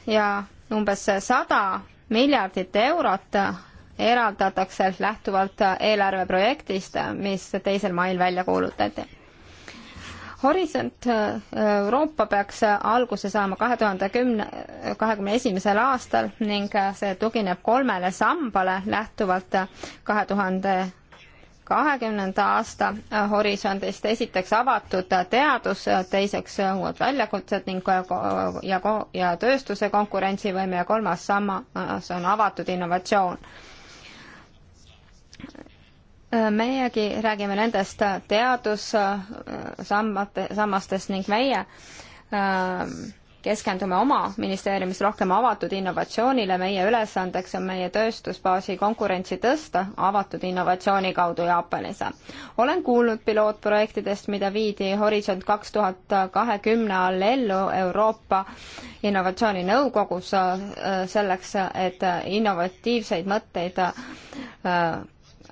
ja umbes sada miljardit eurot eraldatakse lähtuvalt eelarveprojektist, mis teisel mail välja kuulutati. Horisont äh, Euroopa peaks alguse saama kahe tuhande kümne, kahekümne esimesel aastal ning see tugineb kolmele sambale lähtuvalt kahe tuhande kahekümnenda aasta horisondist, esiteks avatud teadus, teiseks uued väljakutsed ning ja, ja tööstuse konkurentsivõime ja kolmas sammas on avatud innovatsioon. meiegi räägime nendest teadussammate, sammastest ning meie äh, keskendume oma ministeeriumis rohkem avatud innovatsioonile, meie ülesandeks on meie tööstusbaasi konkurentsi tõsta avatud innovatsiooni kaudu Jaapanis. olen kuulnud pilootprojektidest, mida viidi Horisont kaks tuhat kahekümne all ellu Euroopa Innovatsiooninõukogus äh, selleks, et innovatiivseid mõtteid äh,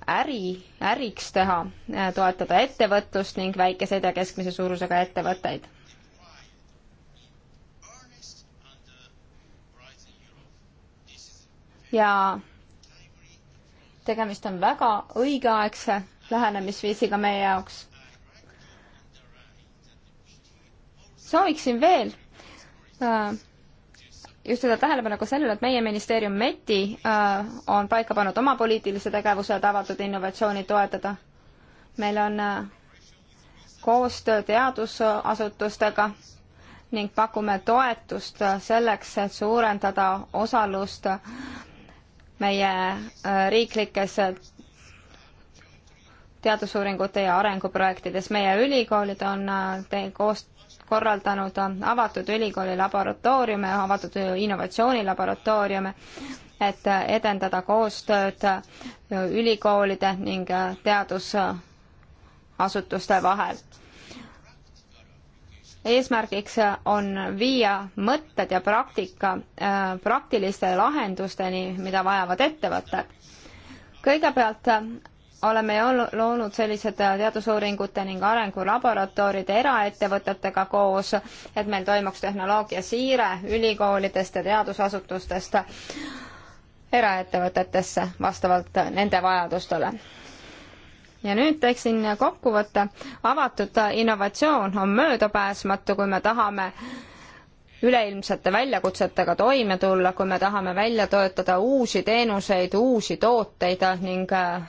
äri, äriks teha, äh, toetada ettevõtlust ning väikeseid ja keskmise suurusega ettevõtteid ja tegemist on väga õigeaegse lähenemisviisiga meie jaoks. sooviksin veel äh, just seda tähelepanu ka sellele, et meie ministeerium METI äh, on paika pannud oma poliitilise tegevuse, et avatud innovatsiooni toetada. meil on äh, koostöö teadusasutustega ning pakume toetust selleks, et suurendada osalust meie äh, riiklikes äh, teadusuuringute ja arenguprojektides. meie ülikoolid on äh, koos korraldanud avatud ülikooli laboratooriume, avatud innovatsioonilaboratooriume, et edendada koostööd ülikoolide ning teadusasutuste vahel eesmärgiks on viia mõtted ja praktika äh, praktiliste lahendusteni, mida vajavad ettevõtted. kõigepealt äh, oleme loonud sellised äh, teadusuuringute ning arengulaboratoorid eraettevõtetega koos, et meil toimuks tehnoloogia siire ülikoolidest ja teadusasutustest eraettevõtetesse vastavalt nende vajadustele ja nüüd teeksin kokkuvõtte. avatud innovatsioon on möödapääsmatu, kui me tahame üleilmsete väljakutsetega toime tulla, kui me tahame välja töötada uusi teenuseid, uusi tooteid ning äh,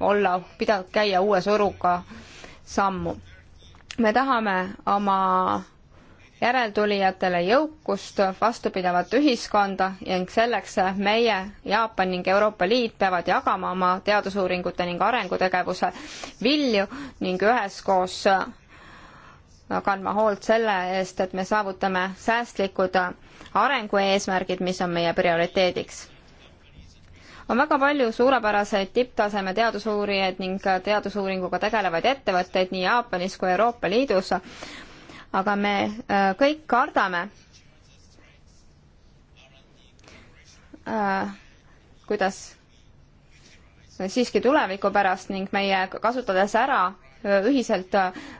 olla, pidada, käia uue suruga sammu. me tahame oma järeltulijatele jõukust, vastupidavat ühiskonda ning selleks meie, Jaapan ning Euroopa Liit peavad jagama oma teadusuuringute ning arengutegevuse vilju ning üheskoos kandma hoolt selle eest, et me saavutame säästlikud arengueesmärgid, mis on meie prioriteediks. on väga palju suurepäraseid tipptaseme teadusuurijaid ning teadusuuringuga tegelevaid ettevõtteid nii Jaapanis kui Euroopa Liidus aga me äh, kõik kardame, äh, kuidas siiski tuleviku pärast ning meie kasutades ära ühiselt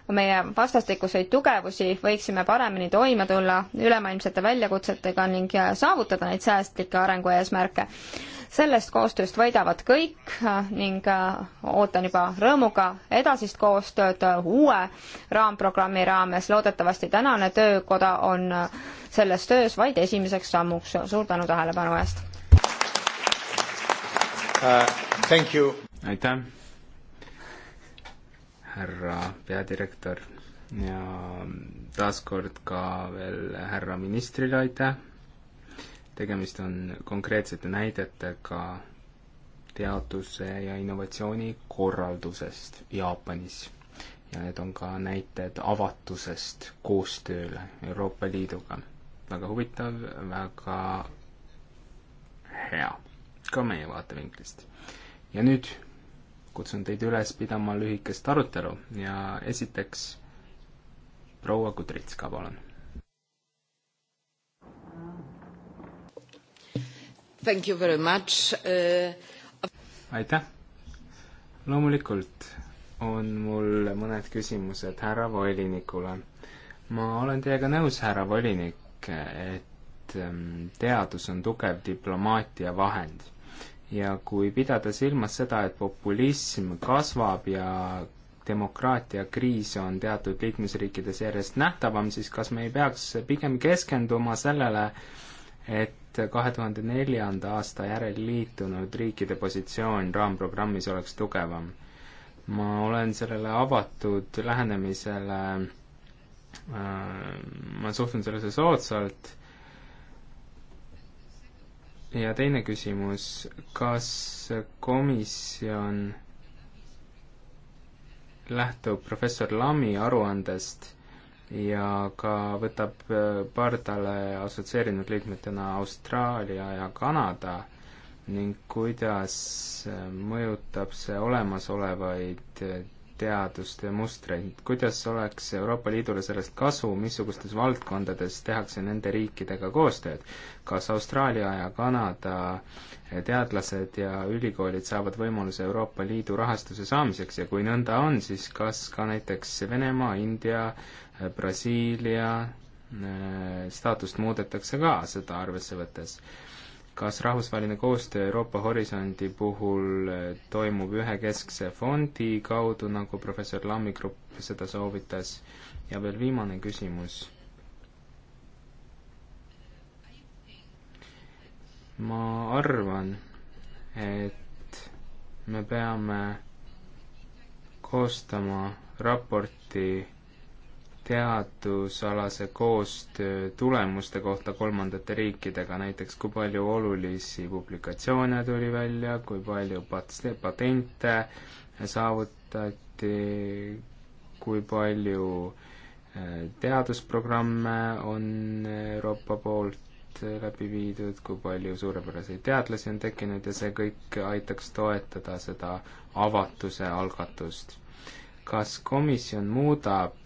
meie vastastikuseid tugevusi, võiksime paremini toime tulla ülemaailmsete väljakutsetega ning saavutada neid säästlikke arengueesmärke. sellest koostööst võidavad kõik ning ootan juba rõõmuga edasist koostööd uue raamprogrammi raames. loodetavasti tänane töökoda on selles töös vaid esimeseks sammuks. suur tänu tähelepanu eest! Uh, thank you. Aitäh! härra peadirektor ja taaskord ka veel härra ministrile aitäh. tegemist on konkreetsete näidetega teaduse ja innovatsiooni korraldusest Jaapanis ja need on ka näited avatusest koostööle Euroopa Liiduga. väga huvitav, väga hea, ka meie vaatevinklist. ja nüüd kutsun teid üles pidama lühikest arutelu ja esiteks proua Kudritska, palun. Thank you very much uh.... aitäh. loomulikult on mul mõned küsimused härra volinikule. ma olen teiega nõus, härra volinik, et um, teadus on tugev diplomaatia vahend ja kui pidada silmas seda, et populism kasvab ja demokraatia kriis on teatud liikmesriikides järjest nähtavam, siis kas me ei peaks pigem keskenduma sellele, et kahe tuhande neljanda aasta järel liitunud riikide positsioon raamprogrammis oleks tugevam? ma olen sellele avatud lähenemisele, äh, ma suhtun sellesse soodsalt ja teine küsimus, kas komisjon lähtub professor Lami aruandest ja ka võtab äh, pardale assotsieerinud liikmetena Austraalia ja Kanada ning kuidas äh, mõjutab see olemasolevaid äh, teadust ja mustreid, kuidas oleks Euroopa Liidule sellest kasu, missugustes valdkondades tehakse nende riikidega koostööd? kas Austraalia ja Kanada teadlased ja ülikoolid saavad võimaluse Euroopa Liidu rahastuse saamiseks ja kui nõnda on, siis kas ka näiteks Venemaa, India, Brasiilia äh, staatust muudetakse ka seda arvesse võttes? kas rahvusvaheline koostöö Euroopa Horisondi puhul eh, toimub ühe keskse fondi kaudu, nagu professor Lammi grupp seda soovitas? ja veel viimane küsimus. ma arvan, et me peame koostama raporti teadusalase koostöö tulemuste kohta kolmandate riikidega, näiteks kui palju olulisi publikatsioone tuli välja, kui palju pat-, patente saavutati, kui palju äh, teadusprogramme on Euroopa poolt läbi viidud, kui palju suurepäraseid teadlasi on tekkinud ja see kõik aitaks toetada seda avatuse algatust. kas komisjon muudab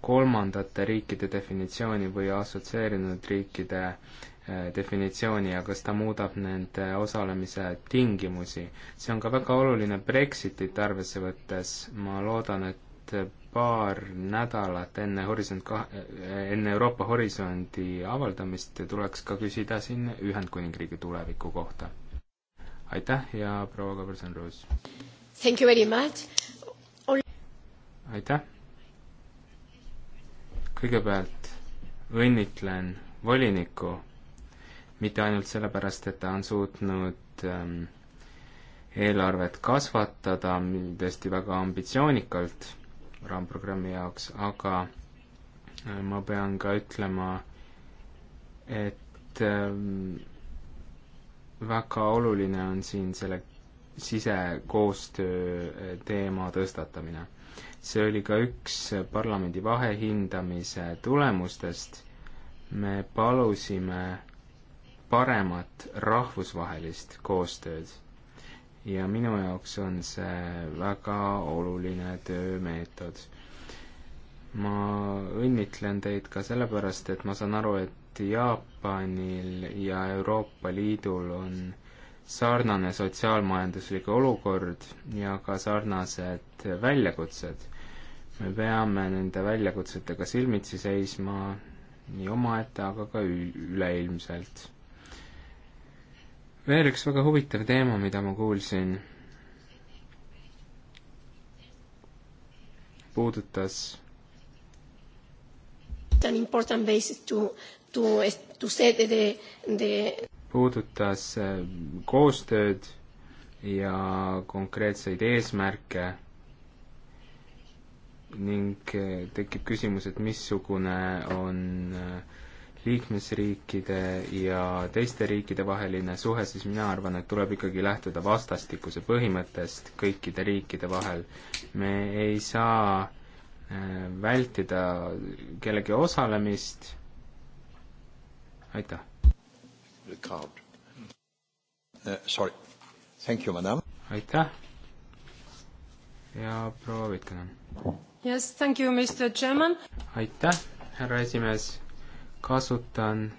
kolmandate riikide definitsiooni või assotsieerinud riikide äh, definitsiooni ja kas ta muudab nende osalemise tingimusi. see on ka väga oluline Brexitit arvesse võttes, ma loodan, et paar nädalat enne Horisont ka-, äh, enne Euroopa Horisondi avaldamist tuleks ka küsida siin Ühendkuningriigi tuleviku kohta. aitäh ja proua Kaberson-Roos! aitäh! kõigepealt õnnitlen volinikku, mitte ainult sellepärast, et ta on suutnud ähm, eelarvet kasvatada tõesti väga ambitsioonikalt raamprogrammi jaoks, aga äh, ma pean ka ütlema, et ähm, väga oluline on siin selle sisekoostöö äh, teema tõstatamine see oli ka üks parlamendi vahehindamise tulemustest. me palusime paremat rahvusvahelist koostööd. ja minu jaoks on see väga oluline töömeetod. ma õnnitlen teid ka sellepärast, et ma saan aru, et Jaapanil ja Euroopa Liidul on äh, sarnane sotsiaalmajanduslik olukord ja ka sarnased väljakutsed. me peame nende väljakutsetega silmitsi seisma nii omaette, aga ka üleilmselt. veel üks väga huvitav teema, mida ma kuulsin, puudutas an important basis to, to, to set the, the puudutas äh, koostööd ja konkreetseid eesmärke ning äh, tekib küsimus, et missugune on äh, liikmesriikide ja teiste riikide vaheline suhe, siis mina arvan, et tuleb ikkagi lähtuda vastastikuse põhimõttest kõikide riikide vahel. me ei saa vältida kellegi osalemist, aitäh! the card. Uh, sorry. Thank you, madam. aitäh. ja proua Vitkanen. Yes, thank you, Mr Chairman. aitäh, härra esimees. kasutan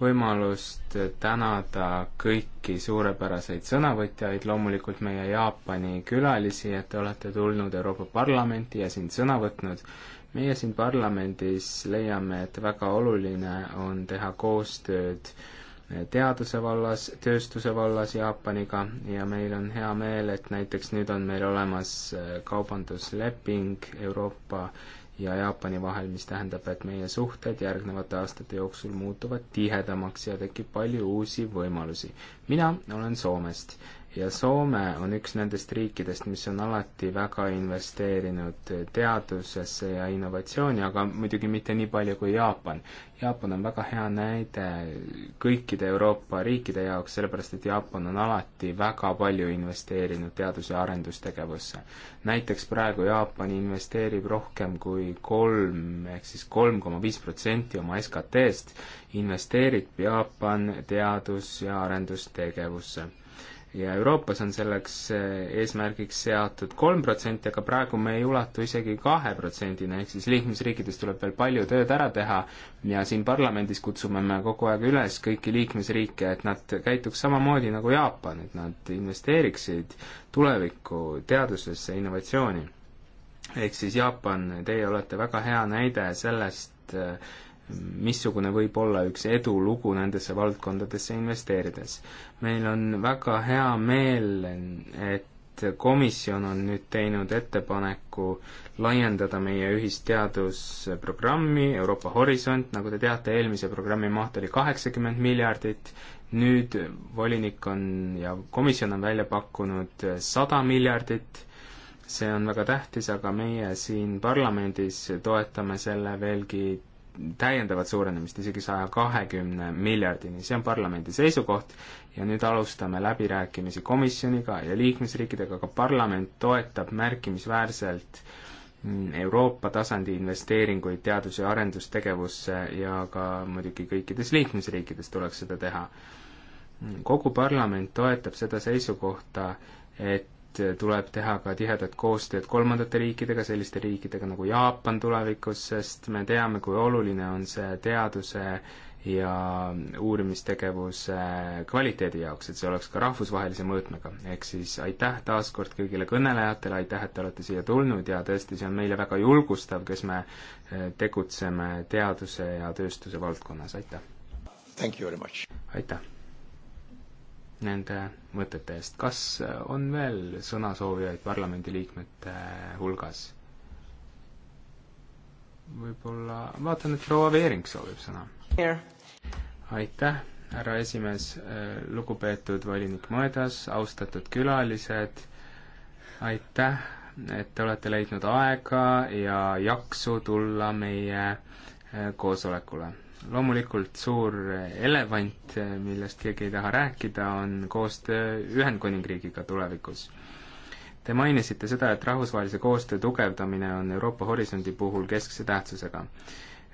võimalust tänada kõiki suurepäraseid sõnavõtjaid, loomulikult meie Jaapani külalisi, et te olete tulnud Euroopa Parlamenti ja siin sõna võtnud. meie siin parlamendis leiame, et väga oluline on teha koostööd äh, teaduse vallas, tööstuse vallas Jaapaniga ja meil on hea meel, et näiteks nüüd on meil olemas äh, kaubandusleping Euroopa ja Jaapani vahel, mis tähendab, et meie suhted järgnevate aastate jooksul muutuvad tihedamaks ja tekib palju uusi võimalusi. mina olen Soomest ja Soome on üks nendest riikidest, mis on alati väga investeerinud teadusesse ja innovatsiooni, aga muidugi mitte nii palju kui Jaapan. Jaapan on väga hea näide kõikide Euroopa riikide jaoks, sellepärast et Jaapan on alati väga palju investeerinud teadus- ja arendustegevusse. näiteks praegu Jaapan investeerib rohkem kui kolm, ehk siis kolm koma viis protsenti oma SKT-st investeerib Jaapan teadus- ja arendustegevusse ja Euroopas on selleks eh, eesmärgiks seatud kolm protsenti, aga praegu me ei ulatu isegi kahe protsendini, ehk siis liikmesriikides tuleb veel palju tööd ära teha ja siin parlamendis kutsume me kogu aeg üles kõiki liikmesriike, et nad käituks samamoodi nagu Jaapan, et nad investeeriksid tulevikku, teadusesse, innovatsiooni. ehk siis Jaapan, teie olete väga hea näide sellest, eh, missugune võib olla üks edulugu nendesse valdkondadesse investeerides. meil on väga hea meel, et komisjon on nüüd teinud ettepaneku laiendada meie ühist teadusprogrammi Euroopa Horisont, nagu te teate, eelmise programmi maht oli kaheksakümmend miljardit, nüüd volinik on ja komisjon on välja pakkunud sada miljardit see on väga tähtis, aga meie siin parlamendis toetame selle veelgi täiendavat suurenemist isegi saja kahekümne miljardini, see on parlamendi seisukoht ja nüüd alustame läbirääkimisi komisjoniga ja liikmesriikidega, aga parlament toetab märkimisväärselt Euroopa tasandi investeeringuid teadus- ja arendustegevusse ja ka muidugi kõikides liikmesriikides tuleks seda teha. kogu parlament toetab seda seisukohta, et tuleb teha ka tihedat koostööd kolmandate riikidega, selliste riikidega nagu Jaapan tulevikus, sest me teame, kui oluline on see teaduse ja uurimistegevuse kvaliteedi jaoks, et see oleks ka rahvusvahelise mõõtmega. ehk siis aitäh taas kord kõigile kõnelejatele, aitäh, et te olete siia tulnud ja tõesti, see on meile väga julgustav, kes me eh, tegutseme teaduse ja tööstuse valdkonnas, aitäh! aitäh! nende mõtete eest. kas äh, on veel sõnasoovijaid parlamendiliikmete hulgas? võib-olla, vaatan, et proua Veering soovib sõna. aitäh, härra esimees, äh, lugupeetud volinik Moedas, austatud külalised, aitäh, et te olete leidnud aega ja jaksu tulla meie äh, koosolekule loomulikult suur elevant, millest keegi ei taha rääkida, on koostöö Ühendkuningriigiga tulevikus. Te mainisite seda, et rahvusvahelise koostöö tugevdamine on Euroopa Horisondi puhul keskse tähtsusega.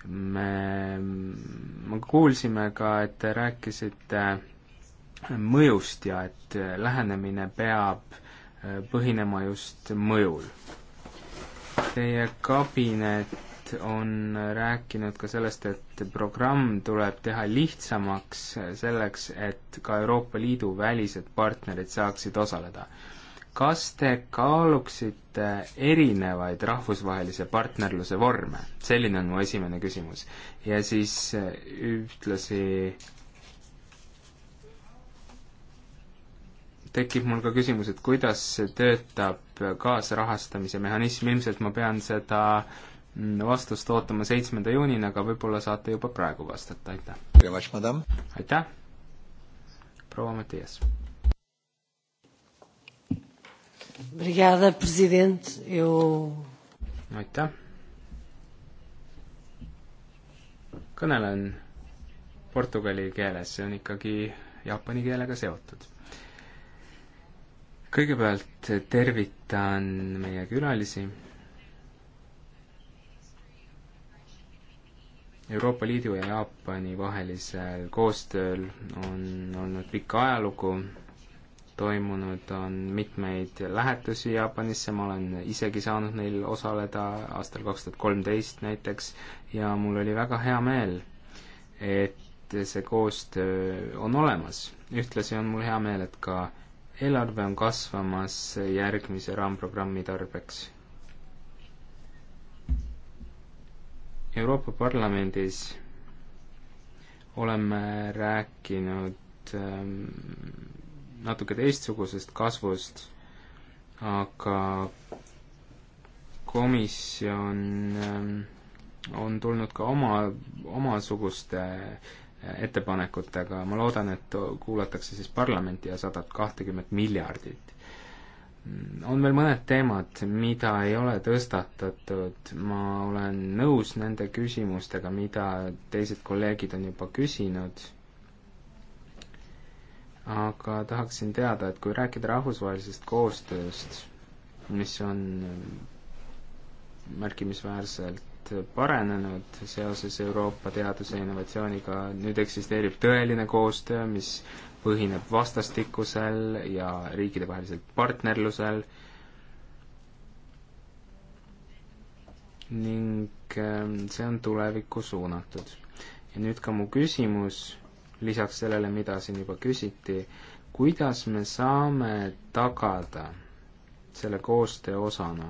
me, me kuulsime ka, et te rääkisite mõjust ja et lähenemine peab põhinema just mõjul. Teie kabinet Liit on rääkinud ka sellest, et programm tuleb teha lihtsamaks selleks, et ka Euroopa Liidu välised partnerid saaksid osaleda. kas te kaaluksite erinevaid rahvusvahelise partnerluse vorme? selline on mu esimene küsimus. ja siis ühtlasi tekib mul ka küsimus, et kuidas töötab kaasrahastamise mehhanism, ilmselt ma pean seda äh, Mm, vastust ootama seitsmenda juunini, aga võib-olla saate juba praegu vastata, aitäh! aitäh! proua Matias. aitäh! kõnelen portugali keeles, see on ikkagi jaapani keelega seotud. kõigepealt tervitan meie külalisi Euroopa Liidu ja Jaapani vahelisel koostööl on olnud pikk ajalugu, toimunud on mitmeid lähetusi Jaapanisse, ma olen isegi saanud neil osaleda aastal kaks tuhat kolmteist näiteks ja mul oli väga hea meel, et see koostöö on olemas. ühtlasi on mul hea meel, et ka eelarve on kasvamas järgmise raamprogrammi tarbeks Euroopa Parlamendis oleme rääkinud ähm, natuke teistsugusest kasvust, aga komisjon ähm, on tulnud ka oma, omasuguste äh, ettepanekutega, ma loodan, et kuulatakse siis parlamenti ja saadab kahtekümmet miljardit on veel mõned teemad, mida ei ole tõstatatud, ma olen nõus nende küsimustega, mida teised kolleegid on juba küsinud, aga tahaksin teada, et kui rääkida rahvusvahelisest koostööst, mis on märkimisväärselt paranenud seoses Euroopa teaduse ja innovatsiooniga, nüüd eksisteerib tõeline koostöö, mis põhineb vastastikusel ja riikidevahelisel partnerlusel ning ähm, see on tulevikku suunatud. ja nüüd ka mu küsimus, lisaks sellele, mida siin juba küsiti, kuidas me saame tagada selle koostöö osana,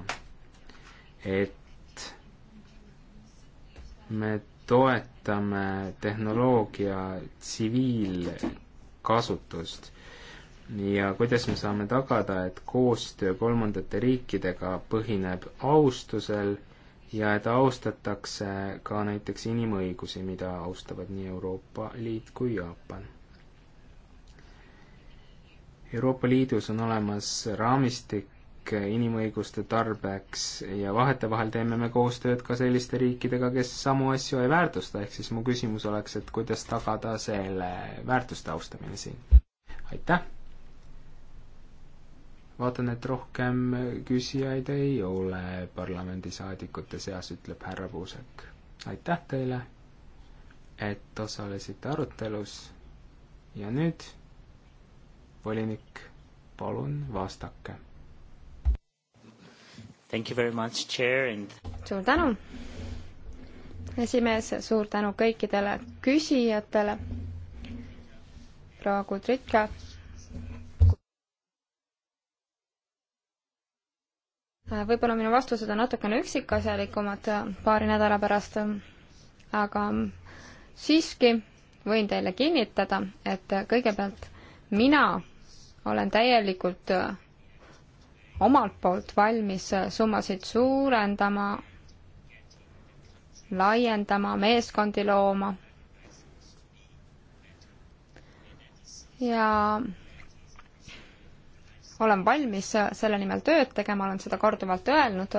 et me toetame tehnoloogia tsiviil kasutust. ja kuidas me saame tagada, et koostöö kolmandate riikidega põhineb austusel ja et austatakse ka näiteks inimõigusi, mida austavad nii Euroopa Liit kui Jaapan. Euroopa Liidus on olemas raamistik ning inimõiguste tarbeks ja vahetevahel teeme me koostööd ka selliste riikidega, kes samu asju ei väärtusta, ehk siis mu küsimus oleks, et kuidas tagada selle väärtuste austamine siin? aitäh! vaatan, et rohkem küsijaid ei ole parlamendisaadikute seas, ütleb härra Puusek. aitäh teile, et osalesite arutelus ja nüüd volinik palun vastake Thank you very much, chair and suur tänu, esimees, suur tänu kõikidele küsijatele. proua Kudritka. võib-olla minu vastused on natukene üksikasjalikumad paari nädala pärast, aga siiski võin teile kinnitada, et kõigepealt mina olen täielikult omalt poolt valmis summasid suurendama, laiendama, meeskondi looma. ja olen valmis selle nimel tööd tegema, olen seda korduvalt öelnud.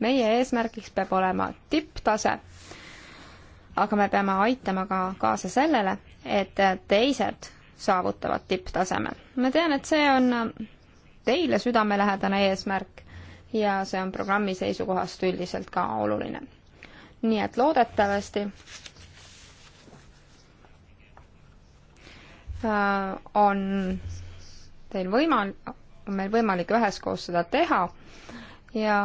meie eesmärgiks peab olema tipptase, aga me peame aitama ka kaasa sellele, et teised saavutavad tipptaseme. ma tean, et see on teile südamelähedane eesmärk ja see on programmi seisukohast üldiselt ka oluline. nii et loodetavasti äh, on teil võimal-, on meil võimalik üheskoos seda teha ja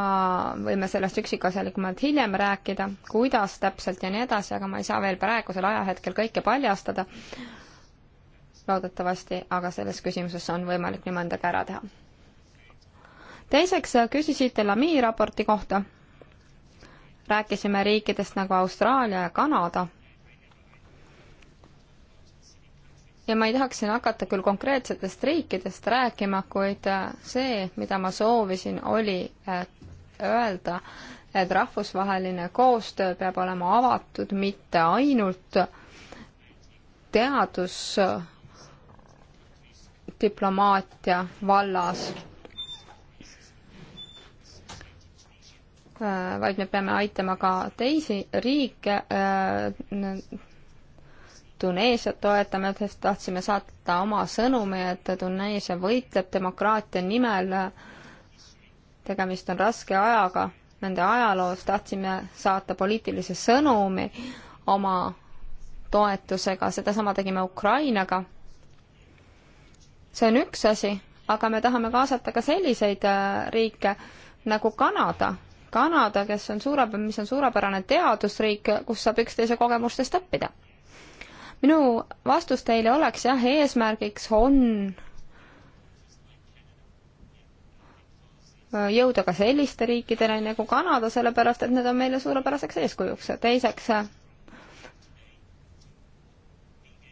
võime sellest üksikasjalikumalt hiljem rääkida, kuidas täpselt ja nii edasi, aga ma ei saa veel praegusel ajahetkel kõike paljastada, loodetavasti, aga selles küsimuses on võimalik nii mõndagi ära teha teiseks äh, küsisite Lami raporti kohta. rääkisime riikidest nagu Austraalia ja Kanada. ja ma ei tahaks siin hakata küll konkreetsetest riikidest rääkima, kuid äh, see, mida ma soovisin, oli öelda, et rahvusvaheline koostöö peab olema avatud mitte ainult teadusdiplomaatia äh, vallas, Äh, vaid me peame aitama ka teisi riike. Äh, Tuneesiat toetame, sest tahtsime saata oma sõnumi, et Tuneesia võitleb demokraatia nimel. tegemist on raske ajaga nende ajaloos, tahtsime saata poliitilise sõnumi oma toetusega, sedasama tegime Ukrainaga. see on üks asi, aga me tahame kaasata ka selliseid äh, riike nagu Kanada, Kanada, kes on suure, mis on suurepärane teadusriik, kus saab üksteise kogemustest õppida. minu vastus teile oleks jah, eesmärgiks on äh, jõuda ka selliste riikidele nagu Kanada, sellepärast et need on meile suurepäraseks eeskujuks. teiseks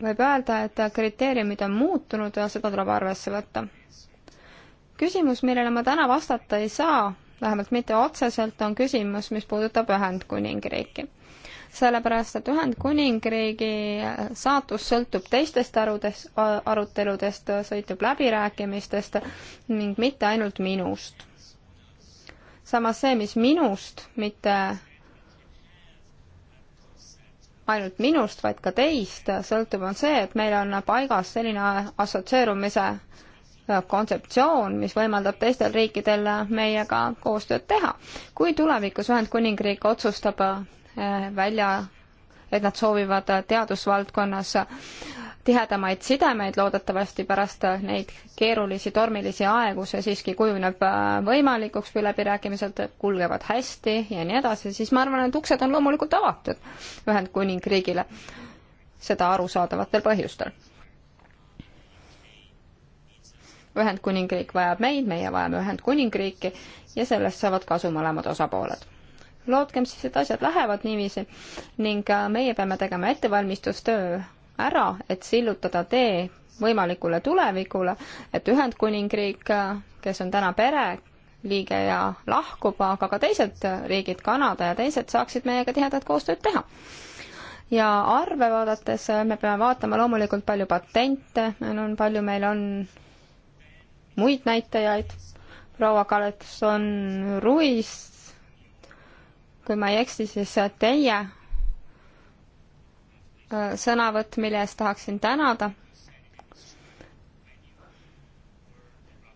võib öelda, et kriteeriumid on muutunud ja seda tuleb arvesse võtta. küsimus, millele ma täna vastata ei saa, vähemalt mitte otseselt, on küsimus, mis puudutab Ühendkuningriiki. sellepärast, et Ühendkuningriigi saatus sõltub teistest arudes, aruteludest, sõltub läbirääkimistest ning mitte ainult minust. samas see, mis minust, mitte ainult minust, vaid ka teist sõltub, on see, et meil on paigas selline assotsieerumise kontseptsioon, mis võimaldab teistel riikidel meiega koostööd teha. kui tulevikus Ühendkuningriik otsustab eh, välja, et nad soovivad teadusvaldkonnas tihedamaid sidemeid, loodetavasti pärast neid keerulisi tormilisi aegu see siiski kujuneb eh, võimalikuks, kui läbirääkimised kulgevad hästi ja nii edasi, siis ma arvan, et uksed on loomulikult avatud Ühendkuningriigile, seda arusaadavatel põhjustel Ühendkuningriik vajab meid, meie vajame Ühendkuningriiki ja sellest saavad kasu mõlemad osapooled. lootkem siis, et asjad lähevad niiviisi ning äh, meie peame tegema ettevalmistustöö ära, et sillutada tee võimalikule tulevikule, et Ühendkuningriik, äh, kes on täna pereliige ja lahkub, aga ka teised riigid, Kanada ja teised, saaksid meiega tihedat koostööd teha ja arve vaadates äh, me peame vaatama loomulikult palju patente, meil on, palju meil on muid näitajaid. proua Kaletson Ruiz, kui ma ei eksi, siis teie äh, sõnavõtt, mille eest tahaksin tänada,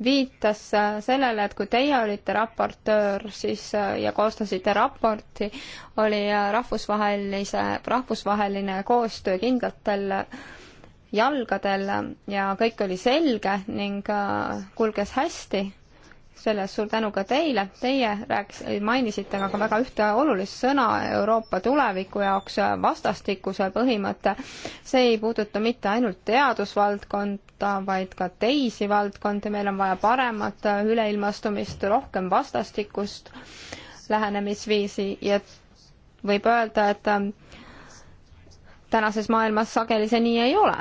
viitas äh, sellele, et kui teie olite raportöör, siis äh, ja koostasite raporti, oli rahvusvahelise, rahvusvaheline koostöö kindlatel äh, jalgadel ja kõik oli selge ning äh, kulges hästi. selle eest suur tänu ka teile. Teie rääkis, mainisite aga väga ühte olulist sõna Euroopa tuleviku jaoks, äh, vastastikuse põhimõte. see ei puuduta mitte ainult teadusvaldkonda, vaid ka teisi valdkondi. meil on vaja paremat äh, üleilmastumist, rohkem vastastikust lähenemisviisi ja võib öelda, et tänases maailmas sageli see nii ei ole.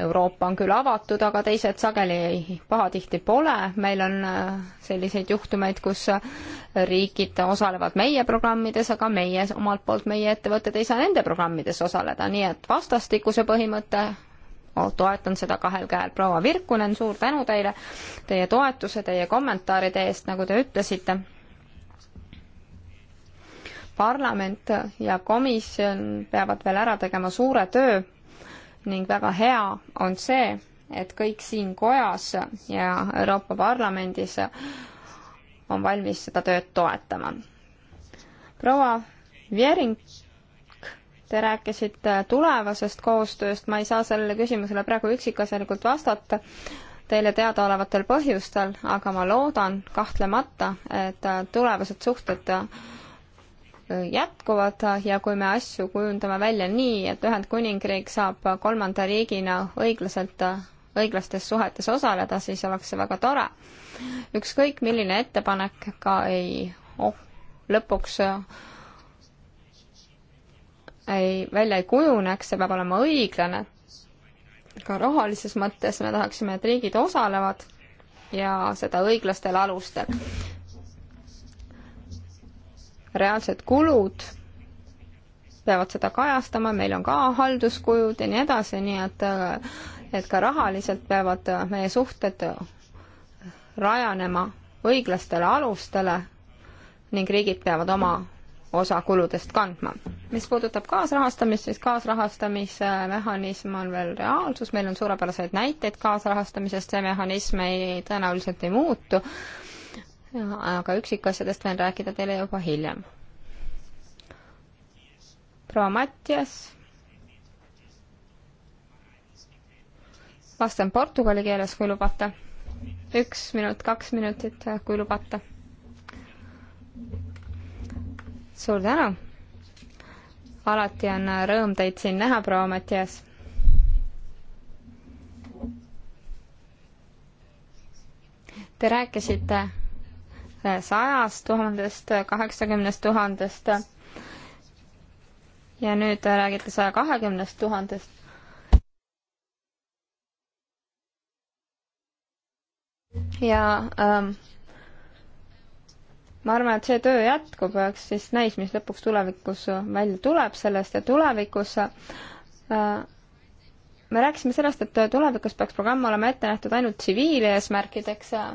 Euroopa on küll avatud, aga teised sageli pahatihti pole. meil on äh, selliseid juhtumeid, kus äh, riigid osalevad meie programmides, aga meie omalt poolt, meie ettevõtted ei saa nende programmides osaleda, nii et vastastikuse põhimõte oh,, toetan seda kahel käel. proua Virkunen, suur tänu teile teie toetuse, teie kommentaaride eest, nagu te ütlesite. parlament ja komisjon peavad veel ära tegema suure töö ning väga hea on see, et kõik siin kojas ja Euroopa Parlamendis on valmis seda tööd toetama. proua Viering, te rääkisite tulevasest koostööst, ma ei saa sellele küsimusele praegu üksikasjalikult vastata, teile teadaolevatel põhjustel, aga ma loodan kahtlemata, et tulevased suhted jätkuvad ja kui me asju kujundame välja nii, et Ühendkuningriik saab kolmanda riigina õiglaselt, õiglastes suhetes osaleda, siis oleks see väga tore. ükskõik, milline ettepanek ka ei oh, lõpuks ei, välja ei kujuneks, see peab olema õiglane. ka rahalises mõttes me tahaksime, et riigid osalevad ja seda õiglastel alustel reaalsed kulud peavad seda kajastama, meil on ka halduskulud ja nii edasi, nii et, et ka rahaliselt peavad meie suhted rajanema õiglastele alustele ning riigid peavad oma osa kuludest kandma. mis puudutab kaasrahastamist, siis kaasrahastamise mehhanism on veel reaalsus, meil on suurepäraseid näiteid kaasrahastamisest, see mehhanism ei, tõenäoliselt ei muutu aga üksikasjadest võin rääkida teile juba hiljem. proua Mattias. vastan portugali keeles, kui lubate. üks minut, kaks minutit, kui lubate. suur tänu. alati on rõõm teid siin näha, proua Mattias Te rääkisite sajast tuhandest, kaheksakümnest tuhandest ja nüüd räägite saja kahekümnest tuhandest. ja ähm, ma arvan, et see töö jätkub, eks siis näis, mis lõpuks tulevikus välja tuleb sellest ja tulevikus äh, me rääkisime sellest, et tulevikus peaks programm olema ette nähtud ainult tsiviileesmärkideks äh,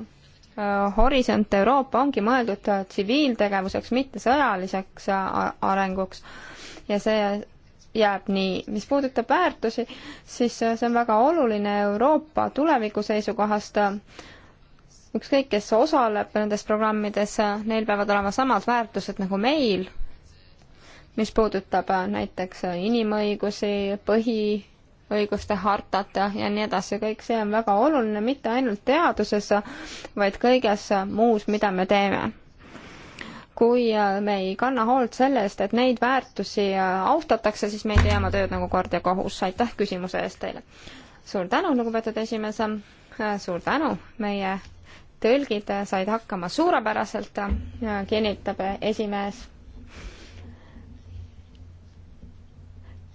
Äh, horisont Euroopa ongi mõeldud äh, tsiviiltegevuseks, mitte sõjaliseks äh, arenguks ja see jääb nii. mis puudutab väärtusi, siis see on väga oluline Euroopa tuleviku seisukohast. ükskõik, kes osaleb nendes programmides, neil peavad olema samad väärtused nagu meil, mis puudutab näiteks inimõigusi, põhi õiguste hartat ja nii edasi, kõik see on väga oluline mitte ainult teaduses, vaid kõiges muus, mida me teeme. kui äh, me ei kanna hoolt selle eest, et neid väärtusi äh, austatakse, siis me ei tee oma tööd nagu kord ja kohus. aitäh küsimuse eest teile! suur tänu, lugupeetud esimees, äh, suur tänu, meie tõlgid said hakkama suurepäraselt, kinnitab esimees.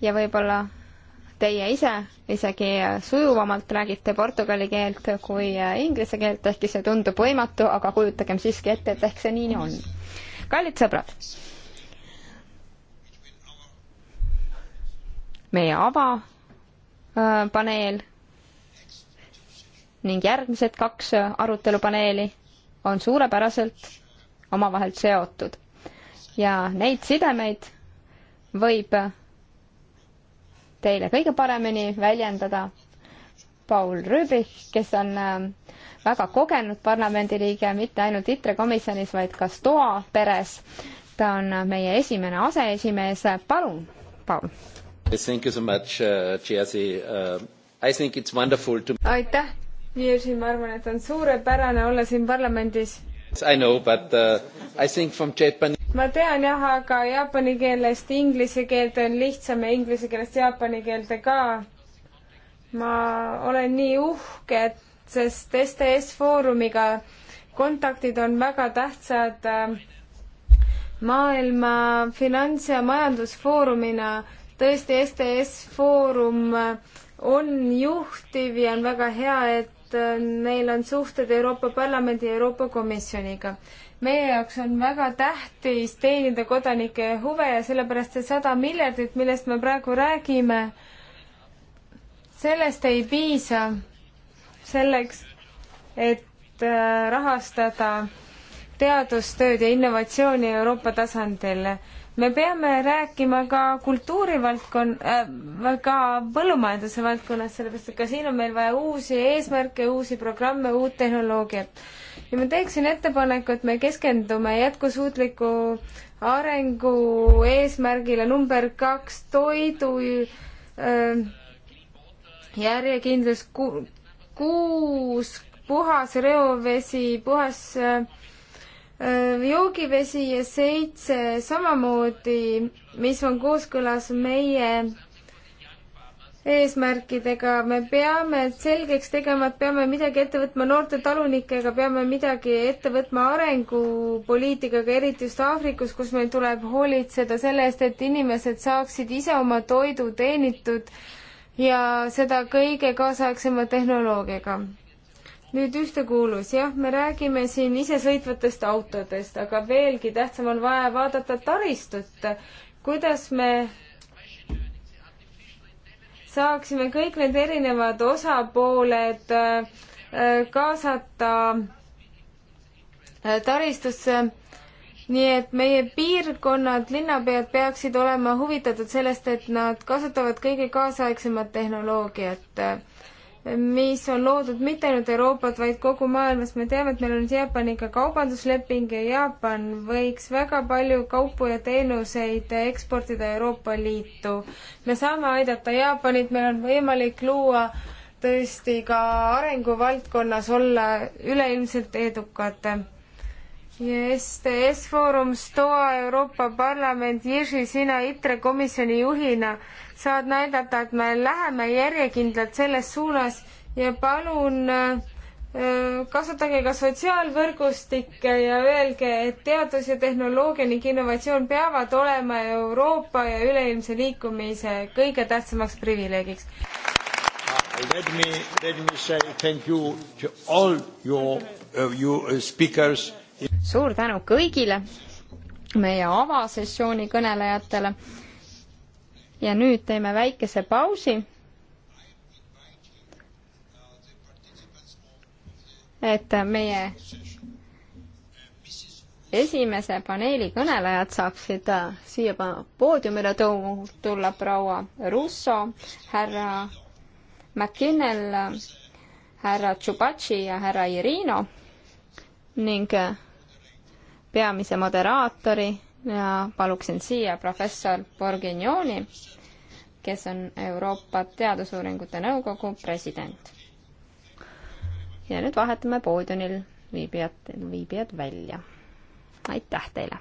ja võib-olla teie ise isegi sujuvamalt räägite portugali keelt kui inglise keelt, ehkki see tundub võimatu, aga kujutagem siiski ette, et ehk see nii on. kallid sõbrad, meie avapaneel äh, ning järgmised kaks arutelupaneeli on suurepäraselt omavahel seotud ja neid sidemeid võib teile kõige paremini väljendada. Paul Rüübich, kes on äh, väga kogenud parlamendiliige mitte ainult ITRE komisjonis, vaid ka STOA peres. ta on äh, meie esimene aseesimees. palun, Paul. Thank you so much uh,, Jesse uh,. I think it's wonderful to aitäh, Jerzy, ma arvan, et on suurepärane olla siin parlamendis. I know, but uh, I think from Japan ma tean jah, aga jaapani keelest inglise keelde on lihtsam ja inglise keelest jaapani keelde ka. ma olen nii uhke, sest STS Foorumiga kontaktid on väga tähtsad ähm, maailma finants- ja majandusfoorumina. tõesti, STS Foorum äh, on juhtiv ja on väga hea, et äh, meil on suhted Euroopa Parlamendi ja Euroopa Komisjoniga meie jaoks on väga tähtis teenida kodanike huve ja sellepärast see sada miljardit, millest me praegu räägime, sellest ei piisa selleks, et äh, rahastada teadustööd ja innovatsiooni Euroopa tasandil. me peame rääkima ka kultuurivaldkon- äh,, ka põllumajanduse valdkonnas, sellepärast et ka siin on meil vaja uusi eesmärke, uusi programme, uut tehnoloogiat ja ma teeksin ettepaneku, et me keskendume jätkusuutliku arengu eesmärgile number kaks, toidu äh, järjekindlus ku, kuus, puhas reovesi, puhas äh, joogivesi ja seitse samamoodi, mis on kooskõlas meie eesmärkidega, me peame selgeks tegema, et peame midagi ette võtma noorte talunikega, peame midagi ette võtma arengupoliitikaga, eriti just Aafrikas, kus meil tuleb hoolitseda selle eest, et inimesed saaksid ise oma toidu teenitud ja seda kõige kaasaegsema tehnoloogiaga. nüüd ühtekuulus, jah, me räägime siin isesõitvatest autodest, aga veelgi tähtsam on vaja vaadata taristut, kuidas me saaksime kõik need erinevad osapooled äh, äh, kaasata äh, taristusse, nii et meie piirkonnad, linnapead peaksid olema huvitatud sellest, et nad kasutavad kõige kaasaegsemat tehnoloogiat mis on loodud mitte ainult Euroopat, vaid kogu maailmas. me teame, et meil on Jaapaniga kaubandusleping ja Jaapan võiks väga palju kaupu ja teenuseid eksportida Euroopa Liitu. me saame aidata Jaapanit, meil on võimalik luua tõesti ka arenguvaldkonnas olla üleilmselt edukad. STS Foorum STOA Euroopa Parlament, Jiri, sina ITRE komisjoni juhina saad näidata, et me läheme järjekindlalt selles suunas ja palun äh, kasutage ka sotsiaalvõrgustikke ja öelge, et teadus ja tehnoloogia ning innovatsioon peavad olema Euroopa ja üleilmse liikumise kõige tähtsamaks privileegiks. Let me, let me say thank you to all your uh,, you uh, speakers. suur tänu kõigile meie avasessiooni kõnelejatele ja nüüd teeme väikese pausi, et meie esimese paneeli kõnelejad saaksid siia poodiumile tulla proua Russo, härra McKinnel, härra Tšubatši ja härra Irino ning peamise moderaatori ja paluksin siia professor Borgignoni, kes on Euroopa Teadusuuringute Nõukogu president. ja nüüd vahetame poodiumil viibijad, viibijad välja. aitäh teile!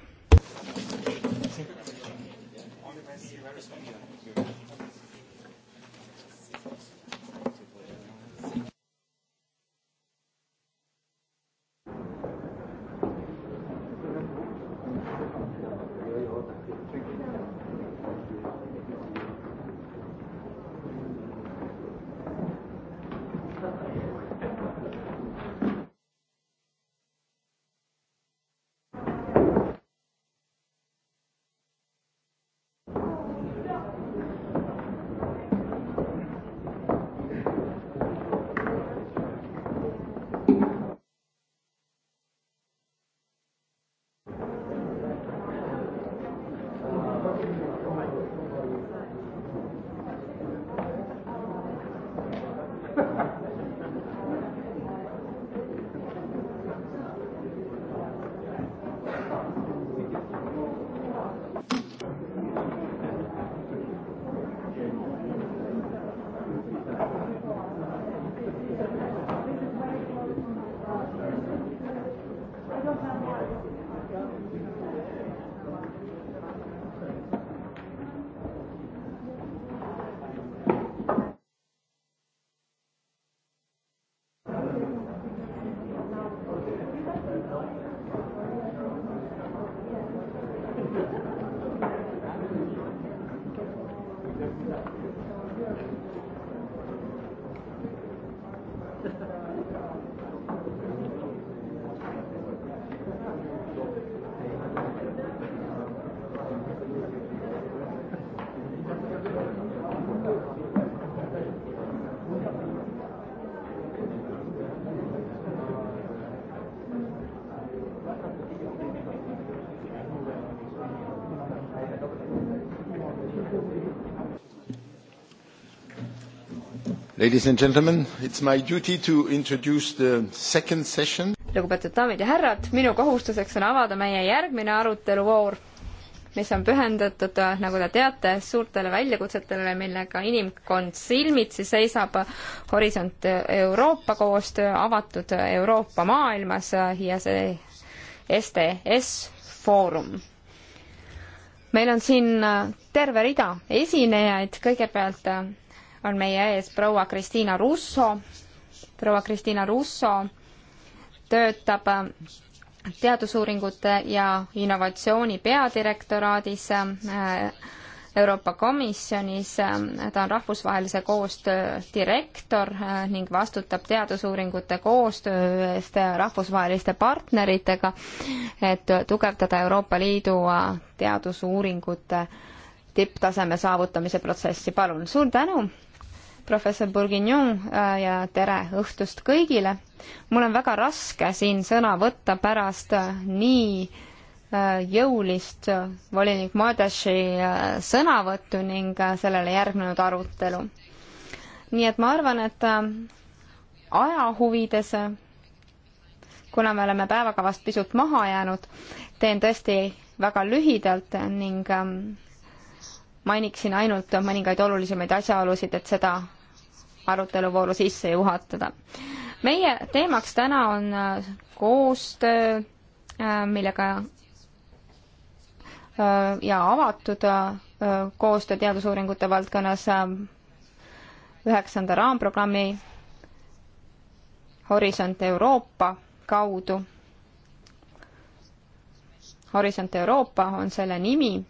Ladies and gentlemen, it's my duty to introduce the second session. lugupeetud daamid ja härrad, minu kohustuseks on avada meie järgmine aruteluvoor, mis on pühendatud, nagu te teate, suurtele väljakutsetele, millega inimkond silmitsi seisab. horisont Euroopa koostöö, avatud Euroopa maailmas ja see STS Foorum meil on siin terve rida esinejaid, kõigepealt on meie ees proua Kristiina Russo. proua Kristiina Russo töötab äh, teadusuuringute ja innovatsiooni peadirektoraadis äh, Euroopa Komisjonis, äh, ta on rahvusvahelise koostöö direktor ning vastutab teadusuuringute koostöö eest rahvusvaheliste partneritega, et tugevdada Euroopa Liidu teadusuuringute tipptaseme saavutamise protsessi, palun, suur tänu! professor Bourguignon äh, ja tere õhtust kõigile. mul on väga raske siin sõna võtta pärast äh, nii äh, jõulist volinik Madashi sõnavõttu ning sellele järgnenud arutelu. nii et ma arvan, et aja huvides, kuna me oleme päevakavast pisut maha jäänud, teen tõesti väga lühidalt ning ähm, mainiksin ainult mõningaid olulisemaid asjaolusid, et seda aruteluvooru sisse juhatada. meie teemaks täna on äh, koostöö, äh, millega äh, ja avatud koostöö teadusuuringute valdkonnas üheksanda raamprogrammi Horisont Euroopa kaudu. Horisont Euroopa on selle nimi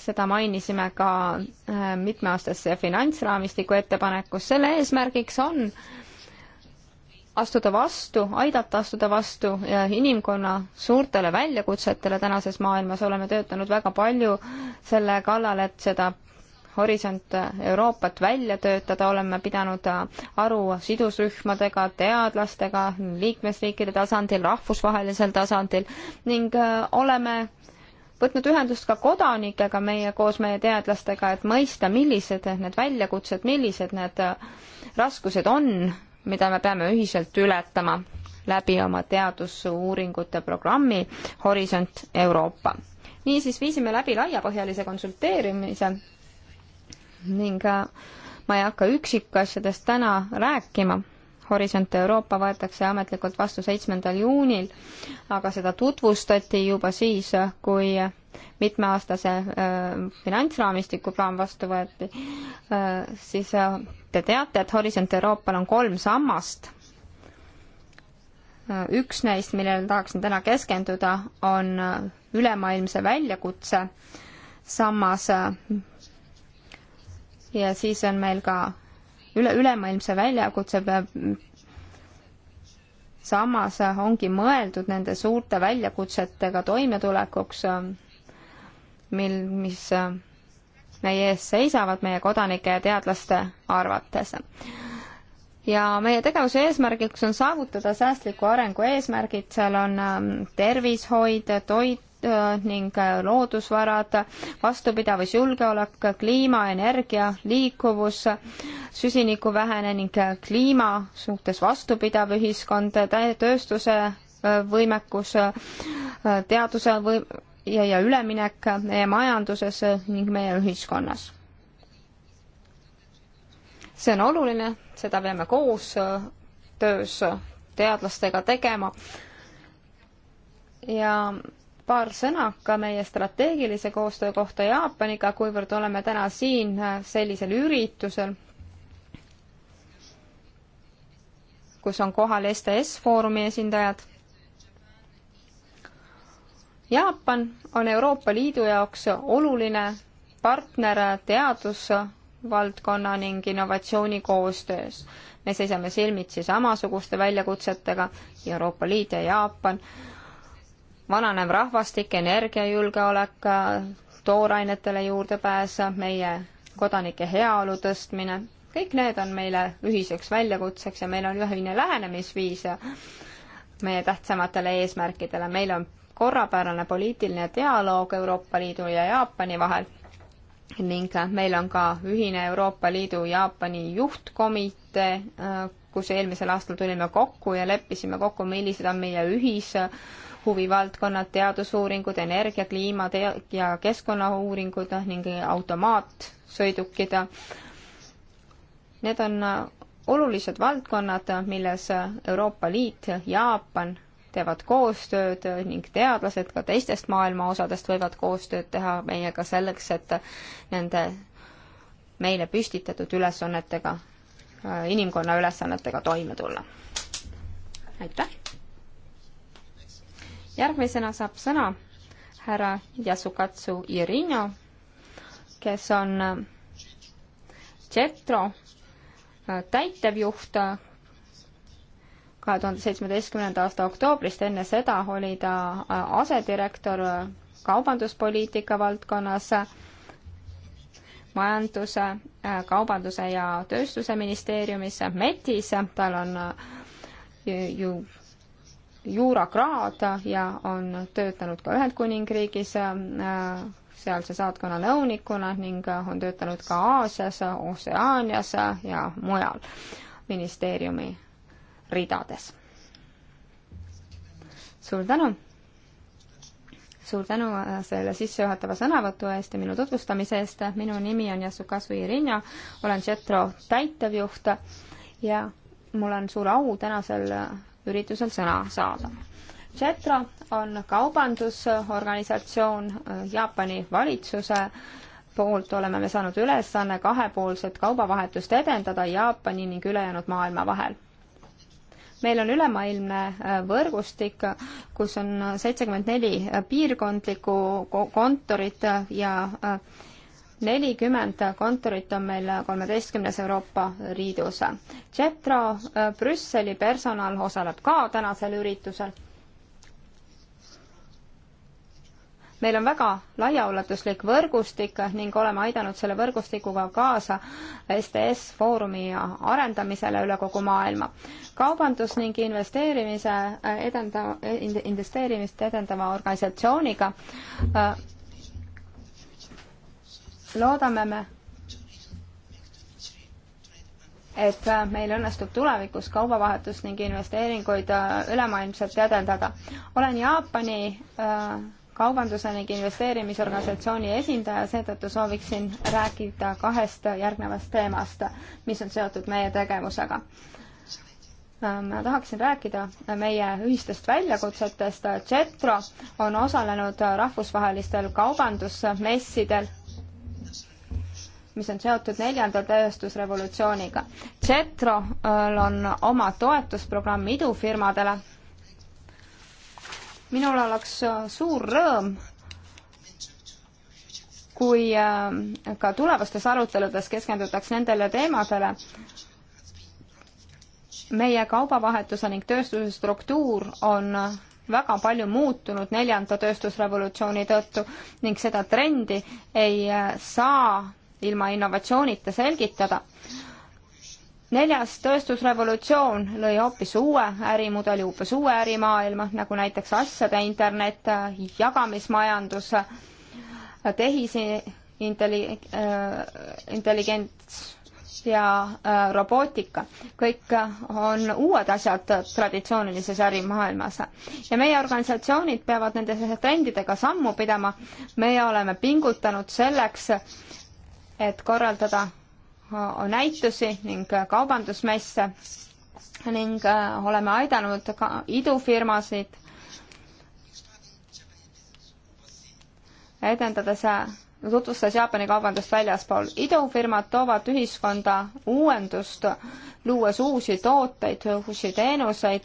seda mainisime ka äh, mitmeaastase finantsraamistiku ettepanekus, selle eesmärgiks on astuda vastu, aidata astuda vastu inimkonna suurtele väljakutsetele tänases maailmas, oleme töötanud väga palju selle kallal, et seda Horisont äh, Euroopat välja töötada, oleme pidanud äh, aru sidusrühmadega, teadlastega liikmesriikide tasandil, rahvusvahelisel tasandil ning oleme võtnud ühendust ka kodanikega meie, koos meie teadlastega, et mõista, millised need väljakutsed, millised need äh, raskused on, mida me peame ühiselt ületama läbi oma teadusuuringute programmi Horisont Euroopa. niisiis viisime läbi laiapõhjalise konsulteerimise ning äh, ma ei hakka üksikasjadest täna rääkima Horisont Euroopa võetakse ametlikult vastu seitsmendal juunil, aga seda tutvustati juba siis, kui mitmeaastase äh, finantsraamistiku plaan vastu võeti, äh, siis äh, te teate, et Horisont Euroopal on kolm sammast. üks neist, millele tahaksin täna keskenduda, on ülemaailmse väljakutse sammas ja siis on meil ka üle, ülemaailmse väljakutse peab samas ongi mõeldud nende suurte väljakutsetega toimetulekuks, mil, mis meie ees seisavad meie kodanike ja teadlaste arvates. ja meie tegevuse eesmärgiks on saavutada säästliku arengu eesmärgid, seal on ähm, tervishoid, toit, Äh, ning äh, loodusvarad, vastupidavus, julgeolek, kliima, energia, liikuvus, süsiniku vähene ning äh, kliima suhtes vastupidav ühiskond, tööstuse võimekus, teaduse või- ja, ja üleminek meie majanduses ning meie ühiskonnas. see on oluline, seda peame koos töös teadlastega tegema ja paar sõna ka meie strateegilise koostöö kohta Jaapaniga, kuivõrd oleme täna siin äh, sellisel üritusel, kus on kohal STS Foorumi esindajad. Jaapan on Euroopa Liidu jaoks oluline partner teadusvaldkonna ning innovatsiooni koostöös. me seisame silmitsi samasuguste väljakutsetega, Euroopa Liit ja Jaapan vananev rahvastik, energiajulgeolek, toorainetele juurdepääs, meie kodanike heaolu tõstmine, kõik need on meile ühiseks väljakutseks ja meil on ühine lähenemisviis meie tähtsamatele eesmärkidele. meil on korrapärane poliitiline dialoog Euroopa Liidu ja Jaapani vahel ning meil on ka ühine Euroopa Liidu Jaapani juhtkomitee, äh, kus eelmisel aastal tulime kokku ja leppisime kokku, millised on meie ühis huvivaldkonnad, teadusuuringud, energia, kliima te- ja keskkonnauuringud ning automaatsõidukid. Need on olulised valdkonnad, milles Euroopa Liit, Jaapan teevad koostööd ning teadlased ka teistest maailma osadest võivad koostööd teha meiega selleks, et nende meile püstitatud ülesannetega, inimkonna ülesannetega toime tulla. aitäh! järgmisena saab sõna härra Yasukatsu Irino, kes on äh, Jetro äh, täitevjuht kahe tuhande seitsmeteistkümnenda aasta oktoobrist, enne seda oli ta äh, asedirektor kaubanduspoliitika valdkonnas, majanduse, kaubanduse ja tööstuse ministeeriumis MET-is, tal on ju juurakraad ja on töötanud ka Ühendkuningriigis äh, sealse saatkonna nõunikuna ning on töötanud ka Aasias, Oseaanias ja mujal ministeeriumi ridades. suur tänu! suur tänu äh, selle sissejuhatava sõnavõtu eest ja minu tutvustamise eest. minu nimi on Yasukasu Irinja, olen Jetro täitevjuht ja mul on suur au tänasel üritusel sõna saada. JETRO on kaubandusorganisatsioon Jaapani valitsuse poolt oleme me saanud ülesanne kahepoolset kaubavahetust edendada Jaapani ning ülejäänud maailma vahel. meil on ülemaailmne äh, võrgustik, kus on seitsekümmend neli piirkondlikku kontorit äh, ja äh, nelikümmend kontorit on meil kolmeteistkümnes Euroopa Liidus. Jetro äh, Brüsseli personal osaleb ka tänasel üritusel. meil on väga laiaulatuslik võrgustik ning oleme aidanud selle võrgustikuga kaasa STS Foorumi arendamisele üle kogu maailma. kaubandus ning investeerimise edenda-, investeerimist edendava organisatsiooniga äh, loodame me, et meil õnnestub tulevikus kaubavahetust ning investeeringuid äh, ülemaailmselt edendada. olen Jaapani äh, kaubanduse ning investeerimisorganisatsiooni esindaja, seetõttu sooviksin rääkida kahest järgnevast teemast, mis on seotud meie tegevusega. Äh, ma tahaksin rääkida meie ühistest väljakutsetest. Jetro on osalenud rahvusvahelistel kaubandusmessidel mis on seotud neljanda tööstusrevolutsiooniga. Cetrol on oma toetusprogramm idufirmadele. minul oleks äh, suur rõõm, kui äh, ka tulevastes aruteludes keskendutaks nendele teemadele, meie kaubavahetuse ning tööstuse struktuur on äh, väga palju muutunud neljanda tööstusrevolutsiooni tõttu ning seda trendi ei saa ilma innovatsioonita selgitada. neljas tööstusrevolutsioon lõi hoopis uue ärimudeli, hoopis uue ärimaailma, nagu näiteks asjade internet, jagamismajandus, tehisintelli- äh,, intelligents ja äh, robootika, kõik on uued asjad traditsioonilises ärimaailmas. ja meie organisatsioonid peavad nende trendidega sammu pidama. meie oleme pingutanud selleks, et korraldada äh, näitusi ning äh, kaubandusmesse ning äh, oleme aidanud ka idufirmasid edendades tutvustas Jaapani kaubandust väljaspool. idufirmad toovad ühiskonda uuendust, luues uusi tooteid, uusi teenuseid,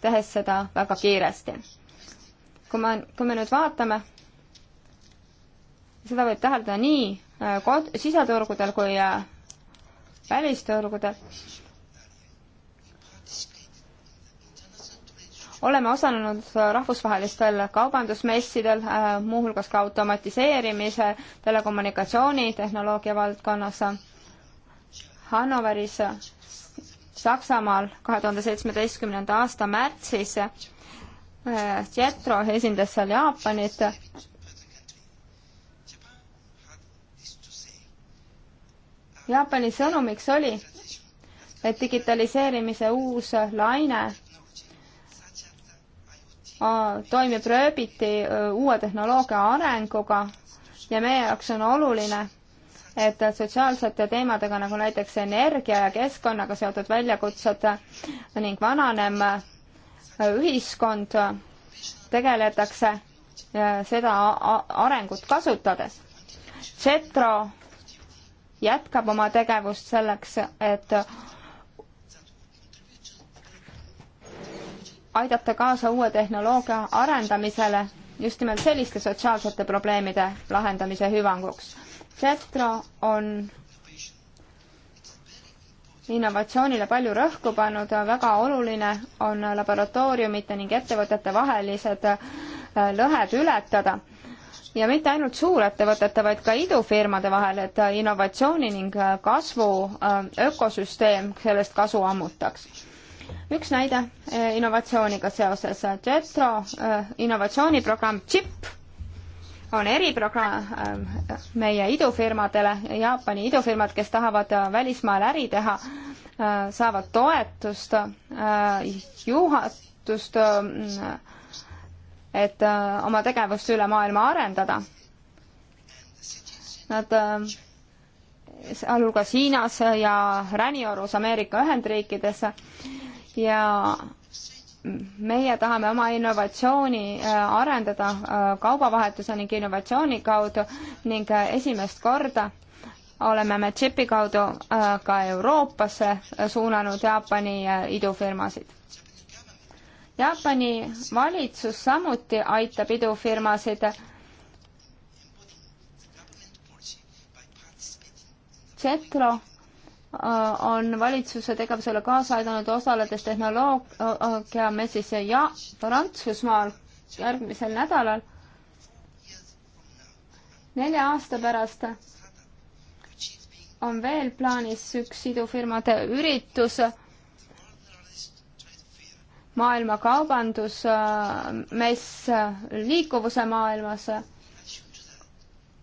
tehes seda väga kiiresti. kui ma, kui me nüüd vaatame, seda võib täheldada nii, Äh, kod-, siseturgudel kui äh, välisturgudel. oleme osalenud äh, rahvusvahelistel kaubandusmessidel, muuhulgas ka automatiseerimise, telekommunikatsiooni, tehnoloogia valdkonnas. Hannoveris, Saksamaal kahe tuhande seitsmeteistkümnenda aasta märtsis Jetro esindas seal Jaapanit Jaapani sõnumiks oli, et digitaliseerimise uus laine toimib rööbiti uue tehnoloogia arenguga ja meie jaoks on oluline, et sotsiaalsete teemadega nagu näiteks energia ja keskkonnaga seotud väljakutsed ning vananem ühiskond tegeletakse seda arengut kasutades. Cetro jätkab oma tegevust selleks, et aidata kaasa uue tehnoloogia arendamisele just nimelt selliste sotsiaalsete probleemide lahendamise hüvanguks. Cetro on innovatsioonile palju rõhku pannud, väga oluline on laboratooriumite ning ettevõtete vahelised lõhed ületada ja mitte ainult suurettevõtete, vaid ka idufirmade vahel, et äh, innovatsiooni ning äh, kasvu äh, ökosüsteem sellest kasu ammutaks. üks näide innovatsiooniga seoses, JETRO innovatsiooniprogramm CHIP on eriprogramm meie idufirmadele, Jaapani idufirmad, kes tahavad välismaal äri teha, saavad toetust, juhatust et äh, oma tegevust üle maailma arendada. Nad äh, sealhulgas Hiinas ja Räniorus Ameerika Ühendriikides ja meie tahame oma innovatsiooni äh, arendada kaubavahetuse ning innovatsiooni kaudu ning esimest korda oleme me Tšipi kaudu ka Euroopasse suunanud Jaapani idufirmasid. Jaapani valitsus samuti aitab idufirmasid Jetro äh, on valitsuse tegevusele kaasa aidanud osaledes tehnoloogiamessis ja Prantsusmaal järgmisel nädalal. nelja aasta pärast on veel plaanis üks idufirmade üritus maailma kaubandusmess liikuvuse maailmas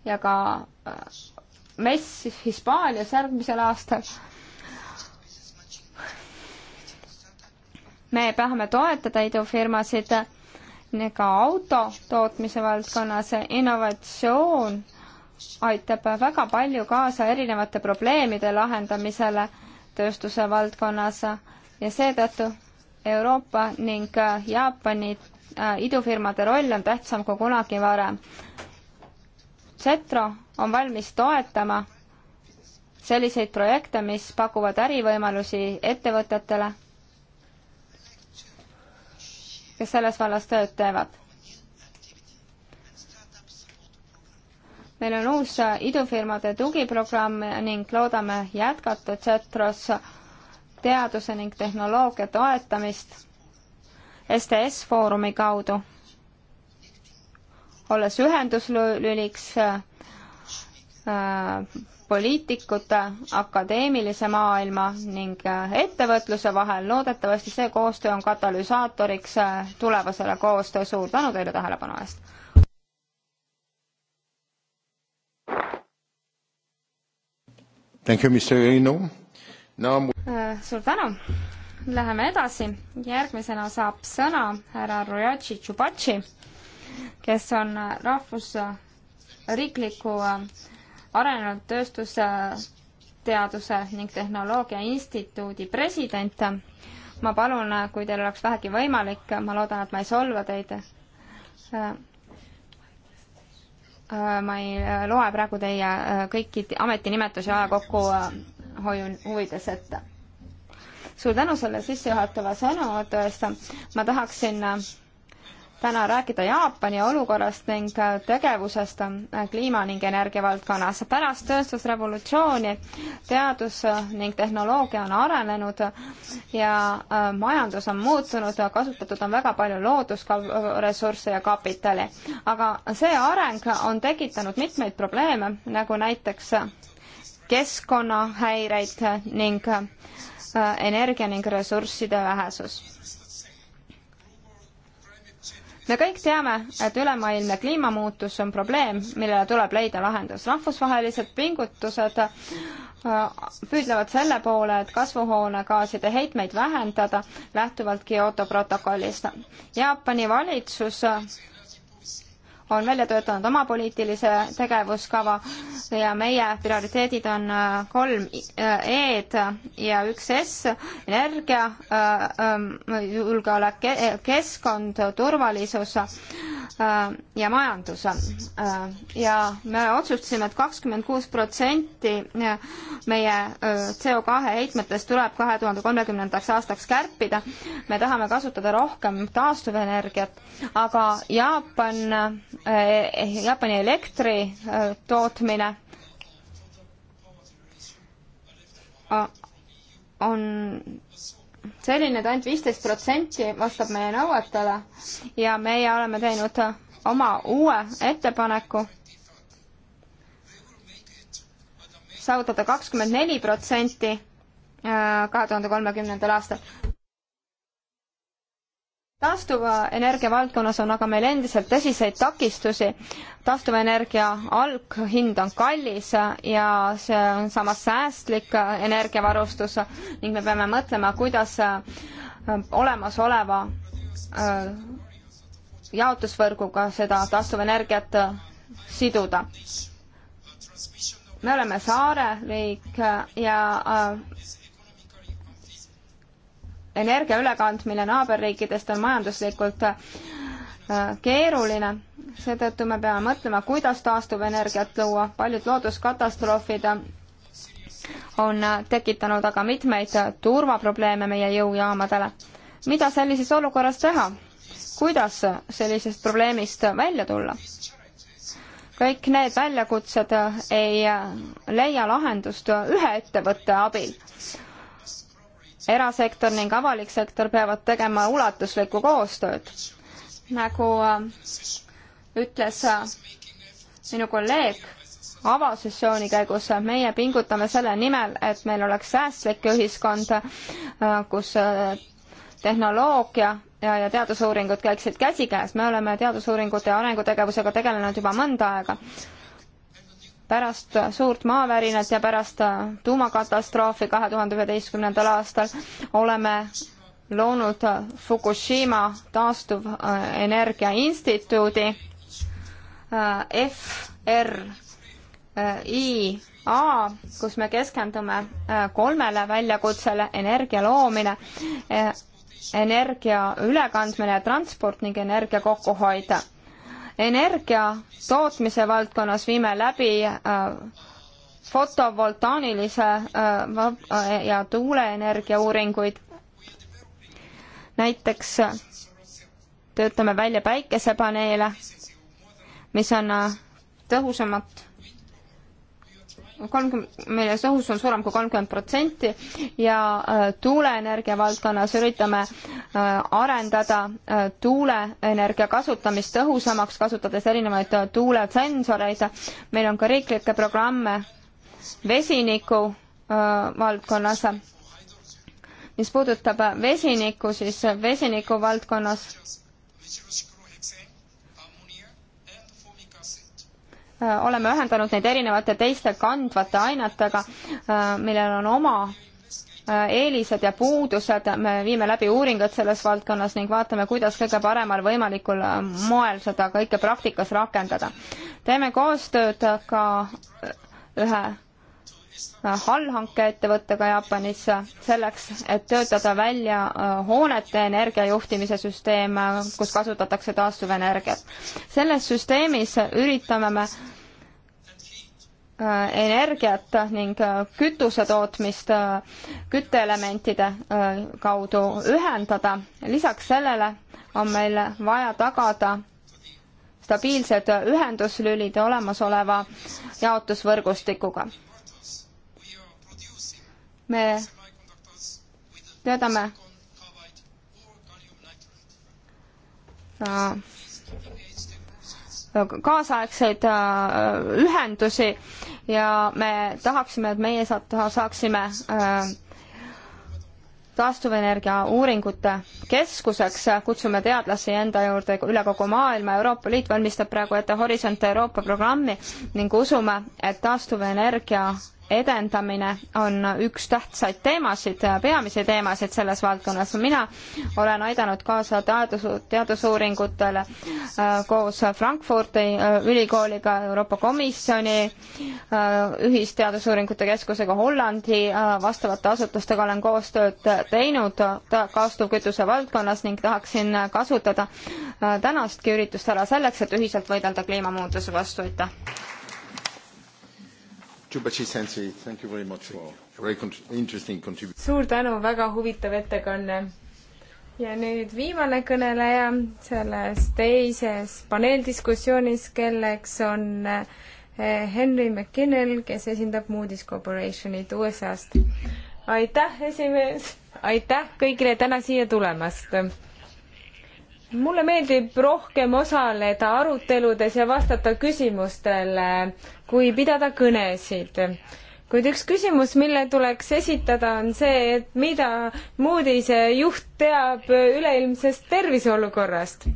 ja ka äh, mess Hispaanias järgmisel aastal. me tahame toetada idufirmasid ka auto tootmise valdkonnas, innovatsioon aitab väga palju kaasa erinevate probleemide lahendamisele tööstuse valdkonnas ja seetõttu Euroopa ning äh, Jaapani äh, idufirmade roll on tähtsam kui kunagi varem. Cetro on valmis toetama selliseid projekte, mis pakuvad ärivõimalusi ettevõtetele, kes selles vallas tööd teevad. meil on uus äh, idufirmade tugiprogramm ning loodame jätkata Cetros teaduse ning tehnoloogia toetamist STS Foorumi kaudu, olles ühenduslüliks äh, poliitikute, akadeemilise maailma ning äh, ettevõtluse vahel. loodetavasti see koostöö on katalüsaatoriks äh, tulevasele koostöö. suur tänu teile tähelepanu eest! Thank you, Mr. Reino no,. Äh, suur tänu. Läheme edasi. järgmisena saab sõna härra Rojachi Tšubatši, kes on rahvus, riikliku äh, arenenud tööstusteaduse äh, ning tehnoloogia instituudi president. ma palun, kui teil oleks vähegi võimalik, ma loodan, et ma ei solva teid ma ei loe praegu teie kõiki ametinimetusi aja kokku kokkuhoiu huvides ette. suur tänu selle sissejuhatava sõnavõtu eest. ma tahaksin äh, täna rääkida Jaapani olukorrast ning äh, tegevusest äh, kliima ning energia valdkonnas. pärast tööstusrevolutsiooni teadus ning tehnoloogia on arenenud ja majandus on muutunud, kasutatud on väga palju loodusressursse ja kapitali. aga see areng on tekitanud mitmeid probleeme, nagu näiteks keskkonnahäireid ning äh, energia ning ressursside vähesus. me kõik teame, et ülemaailmne kliimamuutus on probleem, millele tuleb leida lahendus. rahvusvahelised pingutused äh, püüdlevad selle poole, et kasvuhoonegaaside heitmeid vähendada lähtuvalt Kyoto protokollist. Jaapani valitsus on välja töötanud oma poliitilise tegevuskava ja meie prioriteedid on äh, kolm äh, E-d ja üks S, energia, äh, ähm, julgeolek, keskkond, turvalisus ja majandus. ja me otsustasime et, et kakskümmend kuus protsenti meie CO2 heitmetest tuleb kahe tuhande kolmekümnendaks aastaks kärpida. me tahame kasutada rohkem taastuvenergiat, aga Jaapan Eh, Jaapani elektri eh, tootmine on selline, et ainult viisteist protsenti vastab meie nõuetele ja meie oleme teinud oma uue ettepaneku saavutada kakskümmend neli protsenti eh, kahe tuhande kolmekümnendal aastal taastuva energia valdkonnas on aga meil endiselt tõsiseid takistusi. taastuvenergia alghind on kallis ja see on samas säästlik energiavarustus ning me peame mõtlema, kuidas äh, olemasoleva äh, jaotusvõrguga seda taastuvenergiat äh, siduda. me oleme saareriik ja energia ülekandmine naaberriikidest on majanduslikult äh, keeruline, seetõttu me peame mõtlema, kuidas taastuvenergiat luua, paljud looduskatastroofid äh, on äh, tekitanud aga mitmeid turvaprobleeme meie jõujaamadele. mida sellises olukorras teha? kuidas sellisest probleemist välja tulla? kõik need väljakutsed ei leia lahendust ühe ettevõtte abil erasektor ning avalik sektor peavad tegema ulatuslikku koostööd. nagu äh, ütles äh, minu kolleeg avasessiooni käigus, äh, meie pingutame selle nimel, et meil oleks säästlik ühiskond, kus tehnoloogia ja, ja teadusuuringud käiksid käsikäes. me oleme teadusuuringute ja arengutegevusega tegelenud juba mõnda aega pärast suurt maavärinat ja pärast tuumakatastroofi kahe tuhande üheteistkümnendal aastal oleme loonud Fukushima taastuvenergia instituudi äh, FRIA, kus me keskendume äh, kolmele väljakutsele energia loomine, äh, energia ülekandmine ja transport ning energia kokkuhoid energia tootmise valdkonnas viime läbi äh, fotovoltaanilise äh, äh, ja tuuleenergia uuringuid. näiteks töötame välja päikesepaneele, mis on tõhusamat kolmkümmend, meie tõus on suurem kui kolmkümmend protsenti ja äh, tuuleenergia valdkonnas üritame äh, arendada äh, tuuleenergia kasutamist tõhusamaks, kasutades erinevaid tuulesensoreid. meil on ka riiklikke programme vesiniku valdkonnas. mis puudutab vesinikku, siis vesiniku valdkonnas Äh, oleme ühendanud neid erinevate teiste kandvate ainetega, äh, millel on oma äh, eelised ja puudused, me viime läbi uuringud selles valdkonnas ning vaatame, kuidas kõige paremal võimalikul moel seda kõike praktikas rakendada. teeme koostööd ka ühe allhankeettevõttega Jaapanis selleks, et töötada välja hoonete energiajuhtimise süsteem, kus kasutatakse taastuvenergiat. selles süsteemis üritame me Äh, energiat ning äh, kütuse tootmist äh, kütteelementide kaudu ühendada. lisaks sellele on meil vaja tagada stabiilsed ühenduslülid olemasoleva jaotusvõrgustikuga. me töötame kaasaegseid äh, ühendusi ja me tahaksime, et meie saaksime äh, taastuvenergia uuringute keskuseks, kutsume teadlasi enda juurde üle kogu maailma, Euroopa Liit valmistab praegu ette Horisont Euroopa programmi ning usume, et taastuvenergia edendamine on üks tähtsaid teemasid, peamisi teemasid selles valdkonnas. mina olen aidanud kaasa teadus, teadusuuringutele äh, koos Frankfurdi äh, ülikooliga, Euroopa Komisjoni äh, ühisteadusuuringute keskusega Hollandi vastavate asutustega olen koostööd teinud kaastuvkütuse valdkonnas ning tahaksin kasutada tänastki üritust ära selleks, et ühiselt võidelda kliimamuutuse vastu, aitäh! suur tänu, väga huvitav ettekanne. ja nüüd viimane kõneleja selles teises paneeldiskussioonis, kelleks on eh, Henry McKinnell, kes esindab Moody's Corporationit USA-st. aitäh, esimees, aitäh kõigile täna siia tulemast mulle meeldib rohkem osaleda aruteludes ja vastata küsimustele, kui pidada kõnesid. kuid üks küsimus, mille tuleks esitada, on see, et mida Moody'se juht teab üleilmsest terviseolukorrast?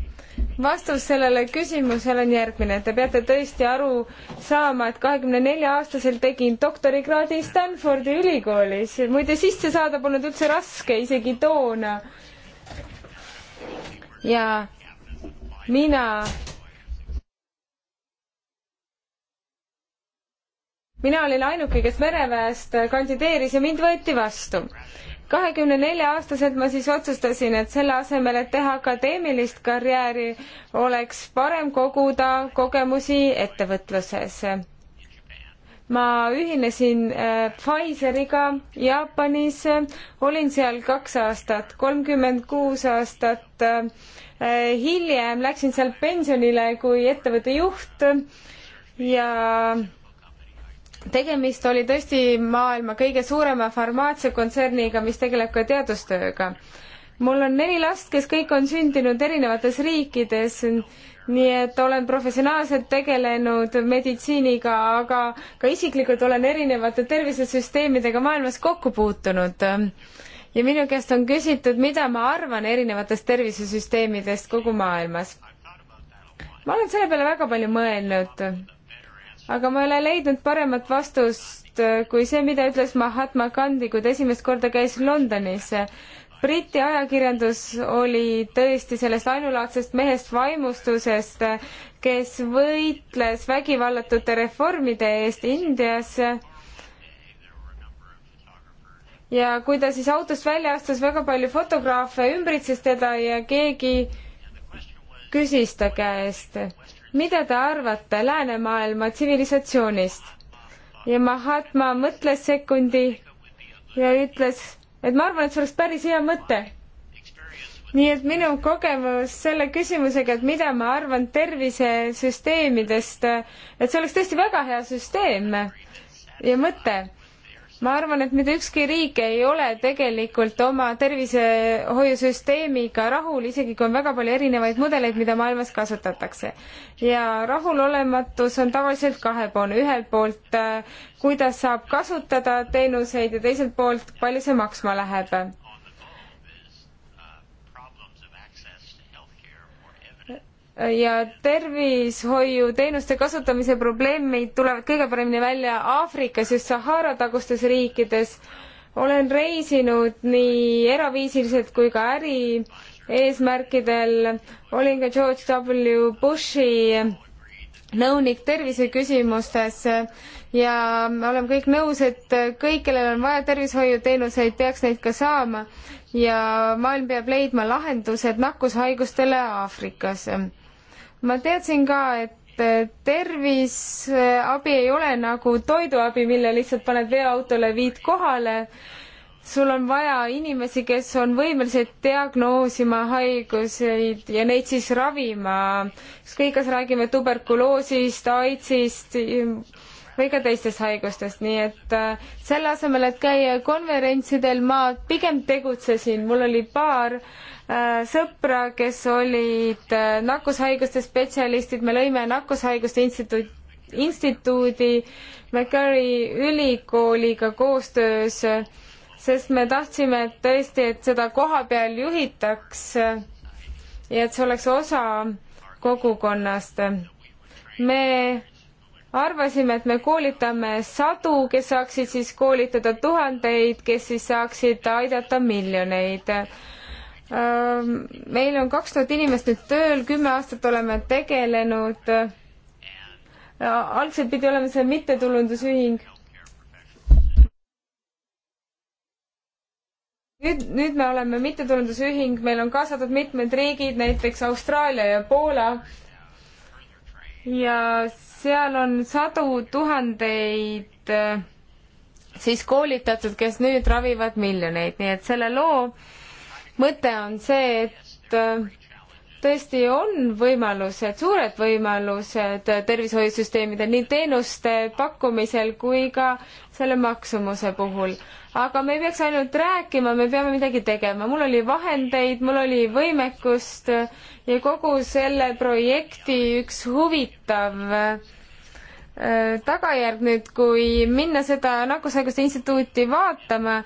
vastus sellele küsimusele on järgmine, te peate tõesti aru saama, et kahekümne nelja aastaselt tegin doktorikraadi Stanfordi ülikoolis, muide sisse saada polnud üldse raske, isegi toona ja mina mina olin ainuke, kes mereväest kandideeris ja mind võeti vastu. kahekümne nelja aastaselt ma siis otsustasin, et selle asemel, et teha akadeemilist karjääri, oleks parem koguda kogemusi ettevõtluses ma ühinesin äh, Pfizeriga Jaapanis, olin seal kaks aastat, kolmkümmend kuus aastat äh, hiljem läksin seal pensionile kui ettevõtte juht ja tegemist oli tõesti maailma kõige suurema farmaatsiakontserniga, mis tegeleb ka teadustööga. mul on neli last, kes kõik on sündinud erinevates riikides nii et olen professionaalselt tegelenud meditsiiniga, aga ka isiklikult olen erinevate tervisesüsteemidega maailmas kokku puutunud. ja minu käest on küsitud, mida ma arvan erinevatest tervisesüsteemidest kogu maailmas. ma olen selle peale väga palju mõelnud, aga ma ei ole leidnud paremat vastust kui see, mida ütles Mahatma Gandhi, kui ta esimest korda käis Londonis Briti ajakirjandus oli tõesti sellest ainulaadsest mehest vaimustusest, kes võitles vägivallatute reformide eest Indias. ja kui ta siis autost välja astus, väga palju fotograafe ümbritses teda ja keegi küsis ta käest, mida te arvate läänemaailma tsivilisatsioonist? ja Mahatma mõtles sekundi ja ütles et ma arvan, et see oleks päris hea mõte. nii et minu kogemus selle küsimusega, et mida ma arvan tervisesüsteemidest, et see oleks tõesti väga hea süsteem ja mõte ma arvan, et mitte ükski riik ei ole tegelikult oma tervishoiusüsteemiga rahul, isegi kui on väga palju erinevaid mudeleid, mida maailmas kasutatakse. ja rahulolematus on tavaliselt kahepoolne, ühelt poolt äh, kuidas saab kasutada teenuseid ja teiselt poolt, palju see maksma läheb ja tervishoiuteenuste kasutamise probleemid tulevad kõige paremini välja Aafrikas, just Sahara tagustes riikides. olen reisinud nii eraviisiliselt kui ka äri eesmärkidel. olin ka George W Bushi nõunik terviseküsimustes ja me oleme kõik nõus, et kõik, kellel on vaja tervishoiuteenuseid, peaks neid ka saama ja maailm peab leidma lahendused nakkushaigustele Aafrikas ma teadsin ka, et terviseabi äh, ei ole nagu toiduabi, mille lihtsalt paned veoautole, viid kohale. sul on vaja inimesi, kes on võimelised diagnoosima haiguseid ja neid siis ravima. ükskõik, kas räägime tuberkuloosist, AIDSist või ka teistest haigustest, nii et äh, selle asemel, et käia konverentsidel, ma pigem tegutsesin, mul oli paar äh, Äh, sõpra, kes olid äh, nakkushaiguste spetsialistid, me lõime Nakkushaiguste Instituut, instituudi McCurry ülikooliga koostöös, sest me tahtsime et tõesti, et seda koha peal juhitaks ja et see oleks osa kogukonnast. me arvasime, et me koolitame sadu, kes saaksid siis koolitada tuhandeid, kes siis saaksid aidata miljoneid meil on kaks tuhat inimest nüüd tööl, kümme aastat oleme tegelenud. algselt pidi olema see mittetulundusühing. nüüd, nüüd me oleme mittetulundusühing, meil on kaasatud mitmed riigid, näiteks Austraalia ja Poola. ja seal on sadu tuhandeid siis koolitatud, kes nüüd ravivad miljoneid, nii et selle loo mõte on see, et äh, tõesti on võimalused, suured võimalused tervishoiusüsteemidel nii teenuste pakkumisel kui ka selle maksumuse puhul. aga me ei peaks ainult rääkima, me peame midagi tegema. mul oli vahendeid, mul oli võimekust ja kogu selle projekti üks huvitav äh, tagajärg nüüd, kui minna seda Nakkushaiguste Instituuti vaatama,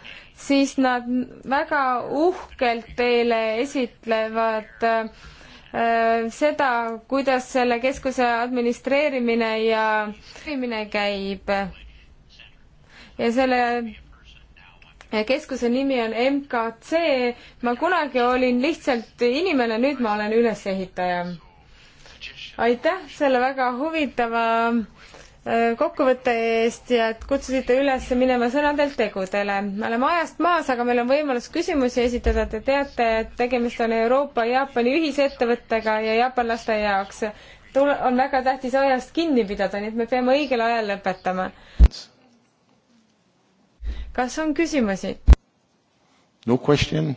siis nad väga uhkelt teile esitlevad äh, seda, kuidas selle keskuse administreerimine ja käib. ja selle keskuse nimi on MKC, ma kunagi olin lihtsalt inimene, nüüd ma olen ülesehitaja. aitäh selle väga huvitava kokkuvõtte eest ja et kutsusite üles minema sõnadelt tegudele. me oleme ajast maas, aga meil on võimalus küsimusi esitada. Te teate, et tegemist on Euroopa-Jaapani ühisettevõttega ja jaapanlaste jaoks Tule, on väga tähtis ajast kinni pidada, nii et me peame õigel ajal lõpetama. kas on küsimusi? No question.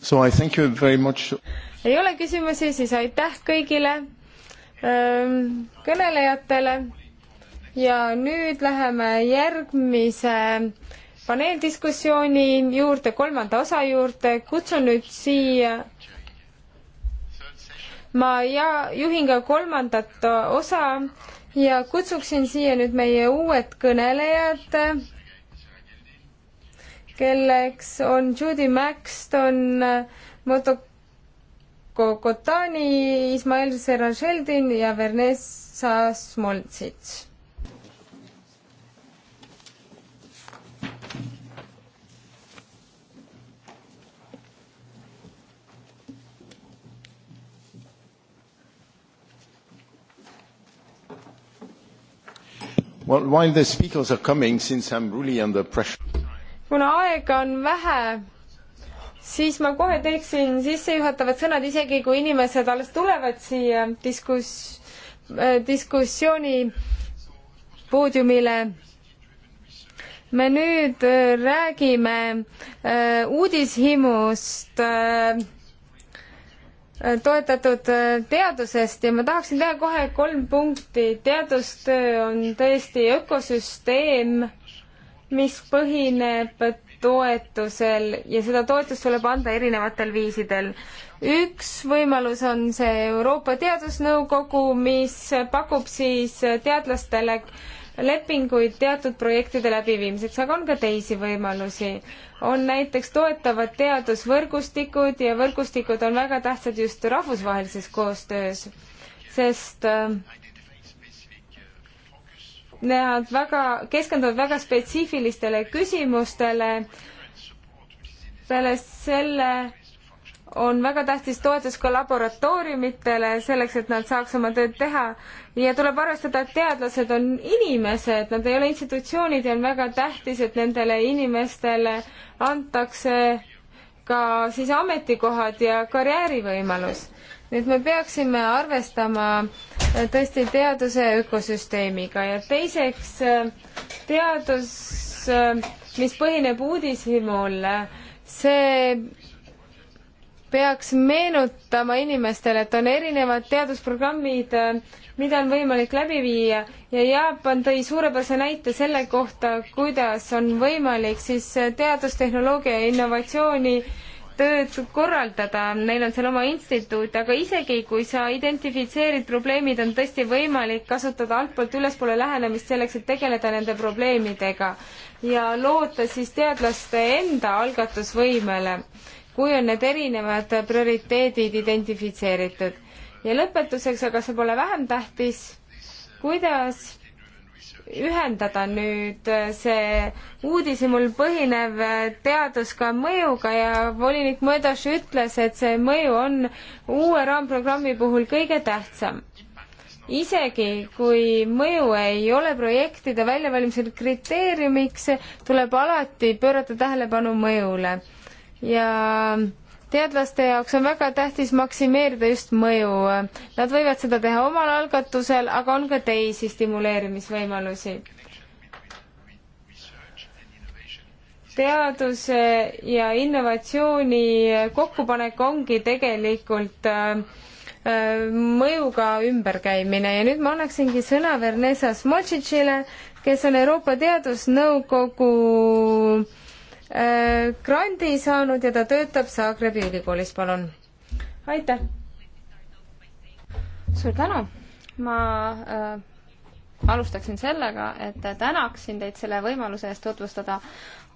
So I thank you very much. ei ole küsimusi, siis aitäh kõigile kõnelejatele ja nüüd läheme järgmise paneeldiskussiooni juurde, kolmanda osa juurde, kutsun nüüd siia ma ja juhin ka kolmandat osa ja kutsuksin siia nüüd meie uued kõnelejad, kelleks on Judy Maxton, moto-, Kokotani, Ismail Serašeldin ja Vernessa Smoltsits. Well, while the speakers are coming, since I'm really under pressure. kuna aega on vähe, siis ma kohe teeksin sissejuhatavad sõnad, isegi kui inimesed alles tulevad siia diskus-, äh, diskussiooni poodiumile. me nüüd äh, räägime äh, uudishimust toetatud teadusest ja ma tahaksin teha kohe kolm punkti. teadustöö on tõesti ökosüsteem, mis põhineb toetusel ja seda toetust tuleb anda erinevatel viisidel. üks võimalus on see Euroopa Teadusnõukogu, mis pakub siis teadlastele lepinguid teatud projektide läbiviimiseks, aga on ka teisi võimalusi. on näiteks toetavad teadusvõrgustikud ja võrgustikud on väga tähtsad just rahvusvahelises koostöös, sest äh, nad väga, keskenduvad väga spetsiifilistele küsimustele. peale selle on väga tähtis toetus ka laboratooriumitele selleks, et nad saaks oma tööd teha ja tuleb arvestada, et teadlased on inimesed, nad ei ole institutsioonid ja on väga tähtis, et nendele inimestele antakse ka siis ametikohad ja karjäärivõimalus et me peaksime arvestama äh, tõesti teaduse ökosüsteemiga ja teiseks äh, teadus, äh, mis põhineb uudishimul, see peaks meenutama inimestele, et on erinevad teadusprogrammid, mida on võimalik läbi viia ja Jaapan tõi suurepärase näite selle kohta, kuidas on võimalik siis teadustehnoloogia ja innovatsiooni äh, tööd korraldada, neil on seal oma instituut, aga isegi kui sa identifitseerid probleemid, on tõesti võimalik kasutada altpoolt ülespoole lähenemist selleks, et tegeleda nende probleemidega ja loota siis teadlaste enda algatusvõimele, kui on need erinevad prioriteedid identifitseeritud. ja lõpetuseks, aga see pole vähem tähtis, kuidas ühendada nüüd äh, see uudishimul põhinev äh, teadus ka mõjuga ja volinik Mõõdas ütles, et see mõju on uue raamprogrammi puhul kõige tähtsam. isegi kui mõju ei ole projektide väljavalimisel kriteeriumiks, tuleb alati pöörata tähelepanu mõjule ja teadlaste jaoks on väga tähtis maksimeerida just mõju. Nad võivad seda teha omal algatusel, aga on ka teisi stimuleerimisvõimalusi. teaduse ja innovatsiooni kokkupanek ongi tegelikult äh, mõjuga ümberkäimine ja nüüd ma annaksingi sõna Vernesa Smoltšitšile, kes on Euroopa Teadusnõukogu Äh, grandi saanud ja ta töötab Zagrebi ülikoolis, palun. aitäh! suur tänu! ma äh, alustaksin sellega, et tänaksin teid selle võimaluse eest tutvustada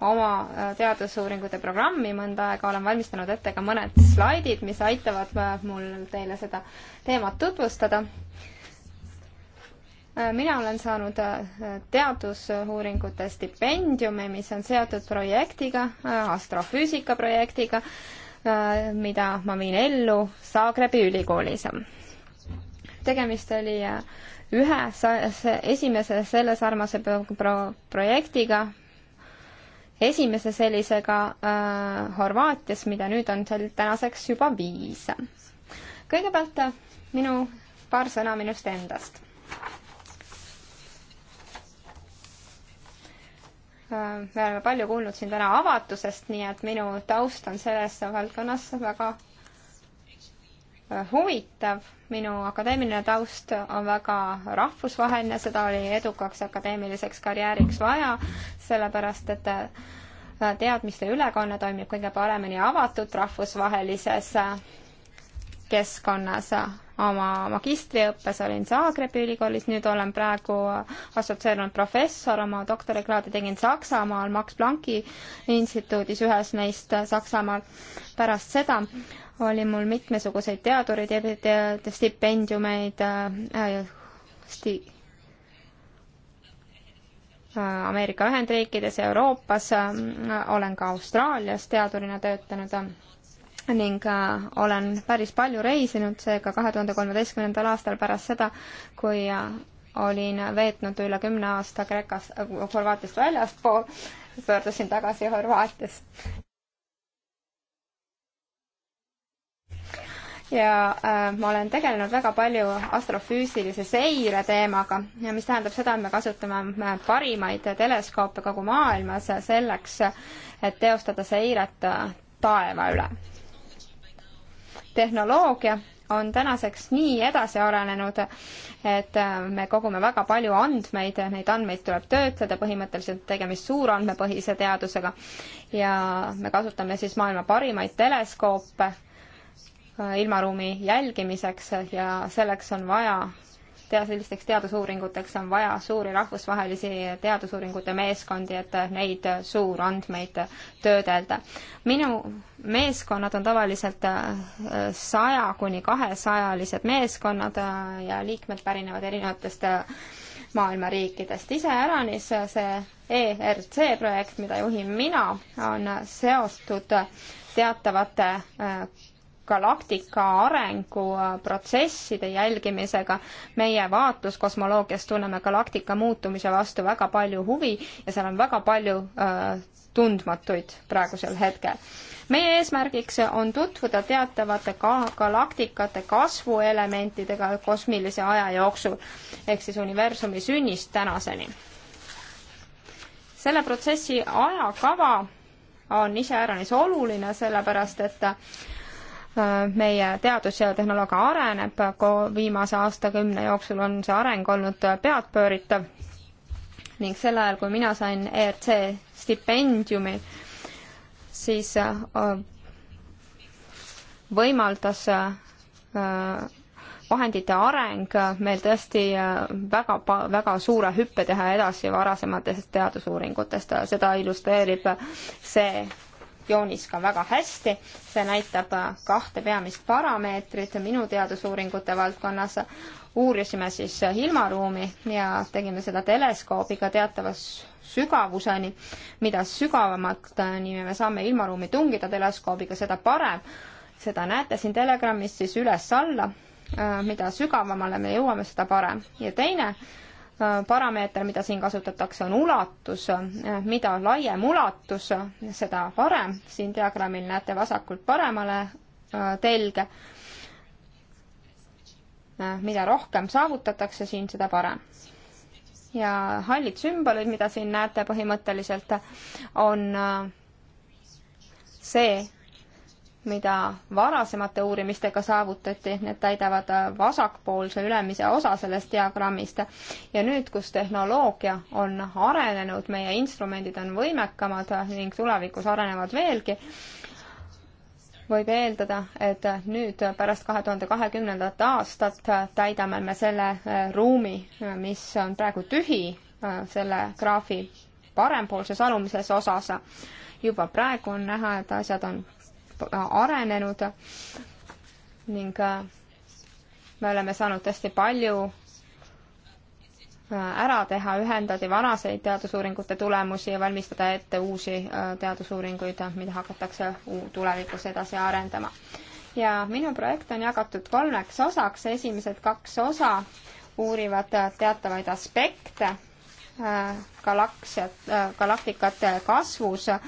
oma äh, teadusuuringute programmi, mõnda aega olen valmistanud ette ka mõned slaidid, mis aitavad äh, mul teile seda teemat tutvustada mina olen saanud äh, teadusuuringute stipendiumi, mis on seotud projektiga, äh, astrofüüsika projektiga, äh, mida ma viin ellu Saagrebi ülikoolis. tegemist oli ühe esimese sellesarnase pro projektiga, esimese sellisega äh, Horvaatias, mida nüüd on seal tänaseks juba viis. kõigepealt minu, paar sõna minust endast Äh, me oleme palju kuulnud siin täna avatusest, nii et minu taust on selles valdkonnas väga äh, huvitav. minu akadeemiline taust on väga rahvusvaheline, seda oli edukaks akadeemiliseks karjääriks vaja, sellepärast et äh, teadmiste ülekanne toimib kõige paremini avatud rahvusvahelises keskkonnas. oma magistriõppes olin Zagrebi ülikoolis, nüüd olen praegu assotsieerunud professor, oma doktorikraadi tegin Saksamaal Max Plancki instituudis, ühes neist Saksamaal. pärast seda oli mul mitmesuguseid teadurid ja stipendiumeid äh, sti, äh, Ameerika Ühendriikides ja Euroopas äh,, olen ka Austraalias teadurina töötanud äh, ning äh, olen päris palju reisinud, seega kahe tuhande kolmeteistkümnendal aastal pärast seda, kui äh, olin veetnud üle kümne aasta Kreekas, äh, Horvaatiast väljaspool, pöördusin tagasi Horvaatiasse. ja äh, ma olen tegelenud väga palju astrofüüsilise seire teemaga ja mis tähendab seda, et me kasutame parimaid teleskoope kogu maailmas selleks, et teostada seiret taeva üle tehnoloogia on tänaseks nii edasi arenenud, et äh, me kogume väga palju andmeid, neid andmeid tuleb töötleda, põhimõtteliselt tegemist suurandmepõhise teadusega ja me kasutame siis maailma parimaid teleskoope äh, ilmaruumi jälgimiseks ja selleks on vaja tea, äh, sellisteks teadusuuringuteks on vaja suuri rahvusvahelisi teadusuuringute meeskondi, et äh, neid äh, suurandmeid töödelda. minu meeskonnad on tavaliselt saja kuni kahesajalised meeskonnad ja liikmed pärinevad erinevatest maailma riikidest. iseäranis see ERC projekt, mida juhin mina, on seotud teatavate galaktika arenguprotsesside äh, jälgimisega. meie vaatluskosmoloogias tunneme galaktika muutumise vastu väga palju huvi ja seal on väga palju äh, tundmatuid praegusel hetkel. meie eesmärgiks on tutvuda teatavate ka galaktikate kasvuelementidega kosmilise aja jooksul ehk siis universumi sünnist tänaseni. selle protsessi ajakava on iseäranis oluline, sellepärast et meie teadus ja tehnoloogia areneb, viimase aastakümne jooksul on see areng olnud peadpööritav ning sel ajal, kui mina sain ERC stipendiumi, siis äh, võimaldas äh, vahendite areng meil tõesti äh, väga, väga suure hüppe teha edasi varasematest teadusuuringutest. seda illustreerib see joonis ka väga hästi. see näitab äh, kahte peamist parameetrit minu teadusuuringute valdkonnas. uurisime siis äh, ilmaruumi ja tegime seda teleskoobiga teatavas sügavuseni. mida sügavamalt äh, nii me saame ilmaruumi tungida teleskoobiga, seda parem. seda näete siin telegrammis siis üles-alla. mida sügavamale me jõuame, seda parem. ja teine parameeter, mida siin kasutatakse, on ulatus, mida laiem ulatus, seda parem, siin diagrammil näete vasakult paremale äh, telge, äh, mida rohkem saavutatakse siin, seda parem. ja hallid sümbolid, mida siin näete põhimõtteliselt, on äh, see, mida varasemate uurimistega saavutati, need täidavad äh, vasakpoolse ülemise osa sellest diagrammist. ja nüüd, kus tehnoloogia on arenenud, meie instrumendid on võimekamad ning tulevikus arenevad veelgi, võib eeldada, et nüüd pärast kahe tuhande kahekümnendat aastat täidame me selle äh, ruumi, äh, mis on praegu tühi selle graafi parempoolses alumises osas. juba praegu on näha, et asjad on Äh, arenenud ning äh, me oleme saanud tõesti palju äh, ära teha, ühendada vanaseid teadusuuringute tulemusi ja valmistada ette uusi teadusuuringuid, mida hakatakse tulevikus edasi arendama. ja minu projekt on jagatud kolmeks osaks, esimesed kaks osa uurivad teatavaid aspekte Äh, galaksiat, äh, galaktikate kasvus äh,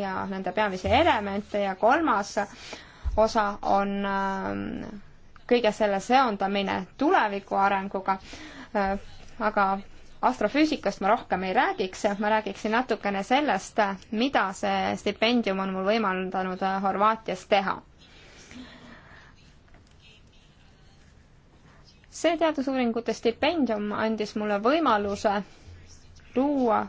ja nende peamisi elemente ja kolmas osa on kõige selle seondamine tuleviku arenguga, aga astrofüüsikast ma rohkem ei räägiks, ma räägiksin natukene sellest, mida see stipendium on mul võimaldanud Horvaatias teha. see teadusuuringute stipendium andis mulle võimaluse luua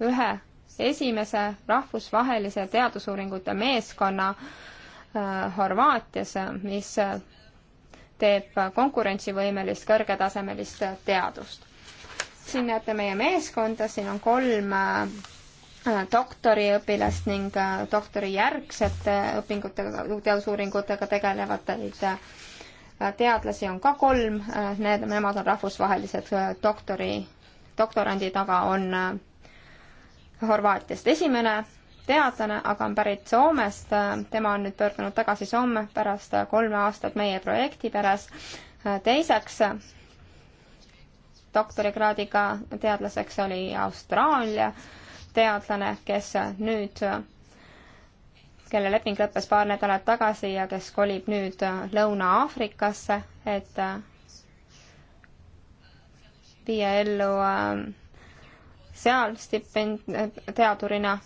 ühe esimese rahvusvahelise teadusuuringute meeskonna äh, Horvaatias, mis äh, teeb konkurentsivõimelist kõrgetasemelist teadust. siin näete meie meeskonda, siin on kolm äh, doktoriõpilast ning doktorijärgsete õpingutega, teadusuuringutega tegelevaid teadlasi on ka kolm, need, nemad on rahvusvahelised doktori doktorandi taga on äh, Horvaatiast. esimene teadlane aga on pärit Soomest, äh, tema on nüüd pöördunud tagasi Soome pärast äh, kolme aastat meie projekti pärast. teiseks doktorikraadiga teadlaseks oli Austraalia teadlane, kes nüüd, kelle leping lõppes paar nädalat tagasi ja kes kolib nüüd Lõuna-Aafrikasse, et viia ellu äh, seal stipend-, teadurina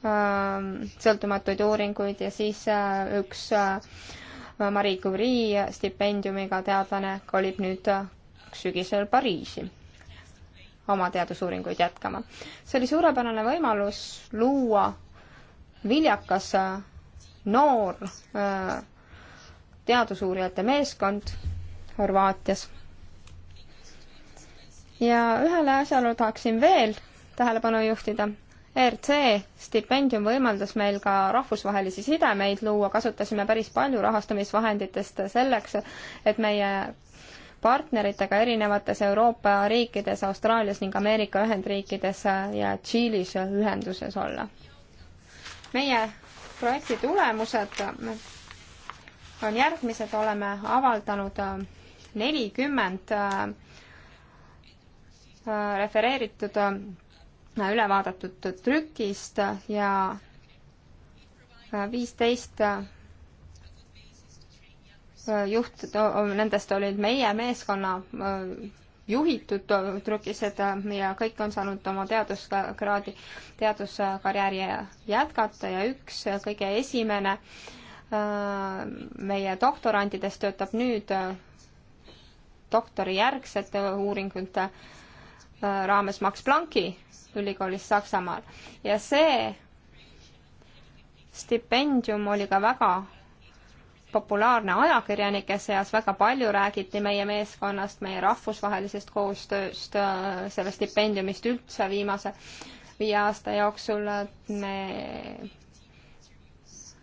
ähm, sõltumatuid uuringuid ja siis äh, üks äh, Marie Curie stipendiumiga teadlane kolib nüüd sügisel Pariisi oma teadusuuringuid jätkama. see oli suurepärane võimalus luua viljakas noor teadusuurijate meeskond Horvaatias ja ühele asjale tahaksin veel tähelepanu juhtida. ERC stipendium võimaldas meil ka rahvusvahelisi sidemeid luua, kasutasime päris palju rahastamisvahenditest selleks, et meie partneritega erinevates Euroopa riikides, Austraalias ning Ameerika Ühendriikides ja Tšiilis ühenduses olla. meie projekti tulemused on järgmised, oleme avaldanud nelikümmend 40 Äh, refereeritud äh, ülevaadatud trükist ja äh, viisteist juht, nendest olid meie meeskonna juhitud trükised ja kõik on saanud oma teaduskraadi, teaduskarjääri jätkata ja üks kõige esimene meie doktorantidest töötab nüüd doktorijärgsete uuringute äh, Äh, raames Max Plancki ülikoolis Saksamaal ja see stipendium oli ka väga populaarne ajakirjanike seas, väga palju räägiti meie meeskonnast, meie rahvusvahelisest koostööst, äh, sellest stipendiumist üldse viimase viie aasta jooksul me,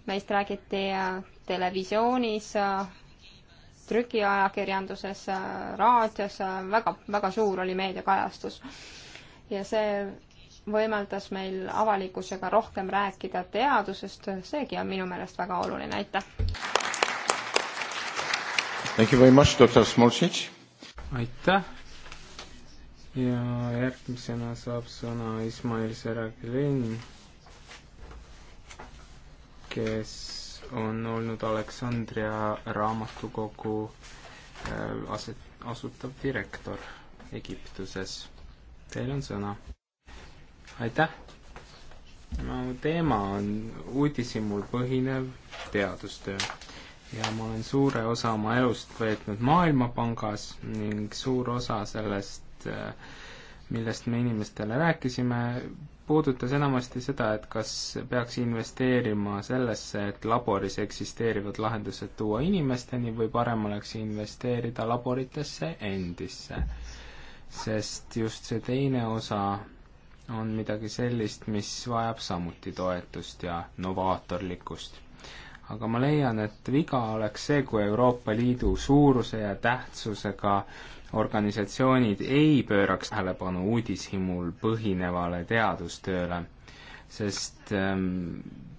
meist räägiti äh, televisioonis trükiajakirjanduses, raadios, väga, väga suur oli meediakajastus. ja see võimaldas meil avalikkusega rohkem rääkida teadusest, seegi on minu meelest väga oluline, aitäh! Thank you very much, doktor Smoltšitš! aitäh! ja järgmisena saab sõna Ismail Seraglin, kes on olnud Aleksandria raamatukogu äh, aset, asutav direktor Egiptuses. Teil on sõna. aitäh! no teema on uudishimul põhinev teadustöö ja ma olen suure osa oma elust veetnud Maailmapangas ning suur osa sellest, äh, millest me inimestele rääkisime, puudutas enamasti seda, et kas peaks investeerima sellesse, et laboris eksisteerivad lahendused tuua inimesteni või parem oleks investeerida laboritesse endisse. sest just see teine osa on midagi sellist, mis vajab samuti toetust ja novaatorlikkust. aga ma leian, et viga oleks see, kui Euroopa Liidu suuruse ja tähtsusega äh, organisatsioonid ei pööraks tähelepanu uudishimul põhinevale teadustööle, sest ähm,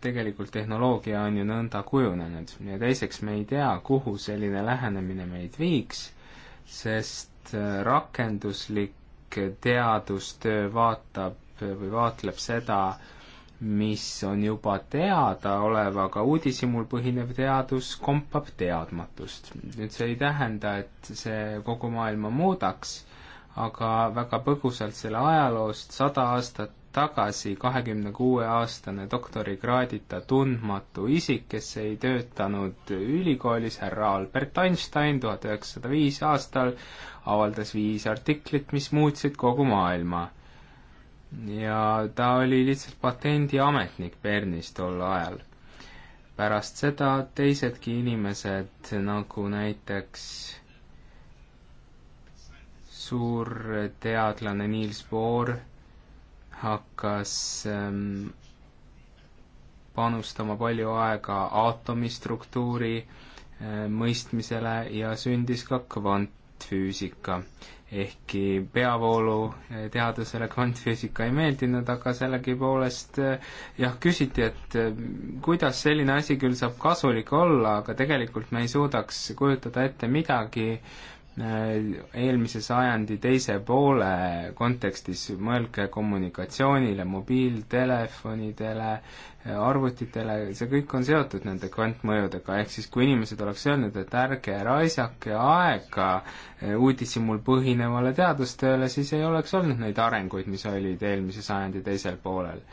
tegelikult tehnoloogia on ju nõnda kujunenud ja teiseks me ei tea, kuhu selline lähenemine meid viiks, sest äh, rakenduslik teadustöö vaatab või vaatleb seda, mis on juba teadaolevaga, uudishimul põhinev teadus kompab teadmatust. nüüd see ei tähenda, et see kogu maailma muudaks, aga väga põgusalt selle ajaloost sada aastat tagasi kahekümne kuue aastane doktorikraadita tundmatu isik, kes ei töötanud ülikoolis, härra Albert Einstein tuhat üheksasada viis aastal avaldas viis artiklit, mis muutsid kogu maailma ja ta oli lihtsalt patendiametnik Bernis tol ajal. pärast seda teisedki inimesed, nagu näiteks suur teadlane Niels Bohr, hakkas ähm, panustama palju aega aatomistruktuuri äh, mõistmisele ja sündis ka kvantfüüsika ehkki peavooluteadusele eh, kvantfüüsika ei meeldinud, aga sellegipoolest eh, jah, küsiti, et eh, kuidas selline asi küll saab kasulik olla, aga tegelikult me ei suudaks kujutada ette midagi, Äh, eelmise sajandi teise poole kontekstis, mõelge kommunikatsioonile, mobiiltelefonidele, äh, arvutitele, see kõik on seotud nende kvantmõjudega, ehk siis kui inimesed oleks öelnud, et ärge raisake aega äh, uudishimul põhinevale teadustööle, siis ei oleks olnud neid arenguid, mis olid eelmise sajandi teisel poolel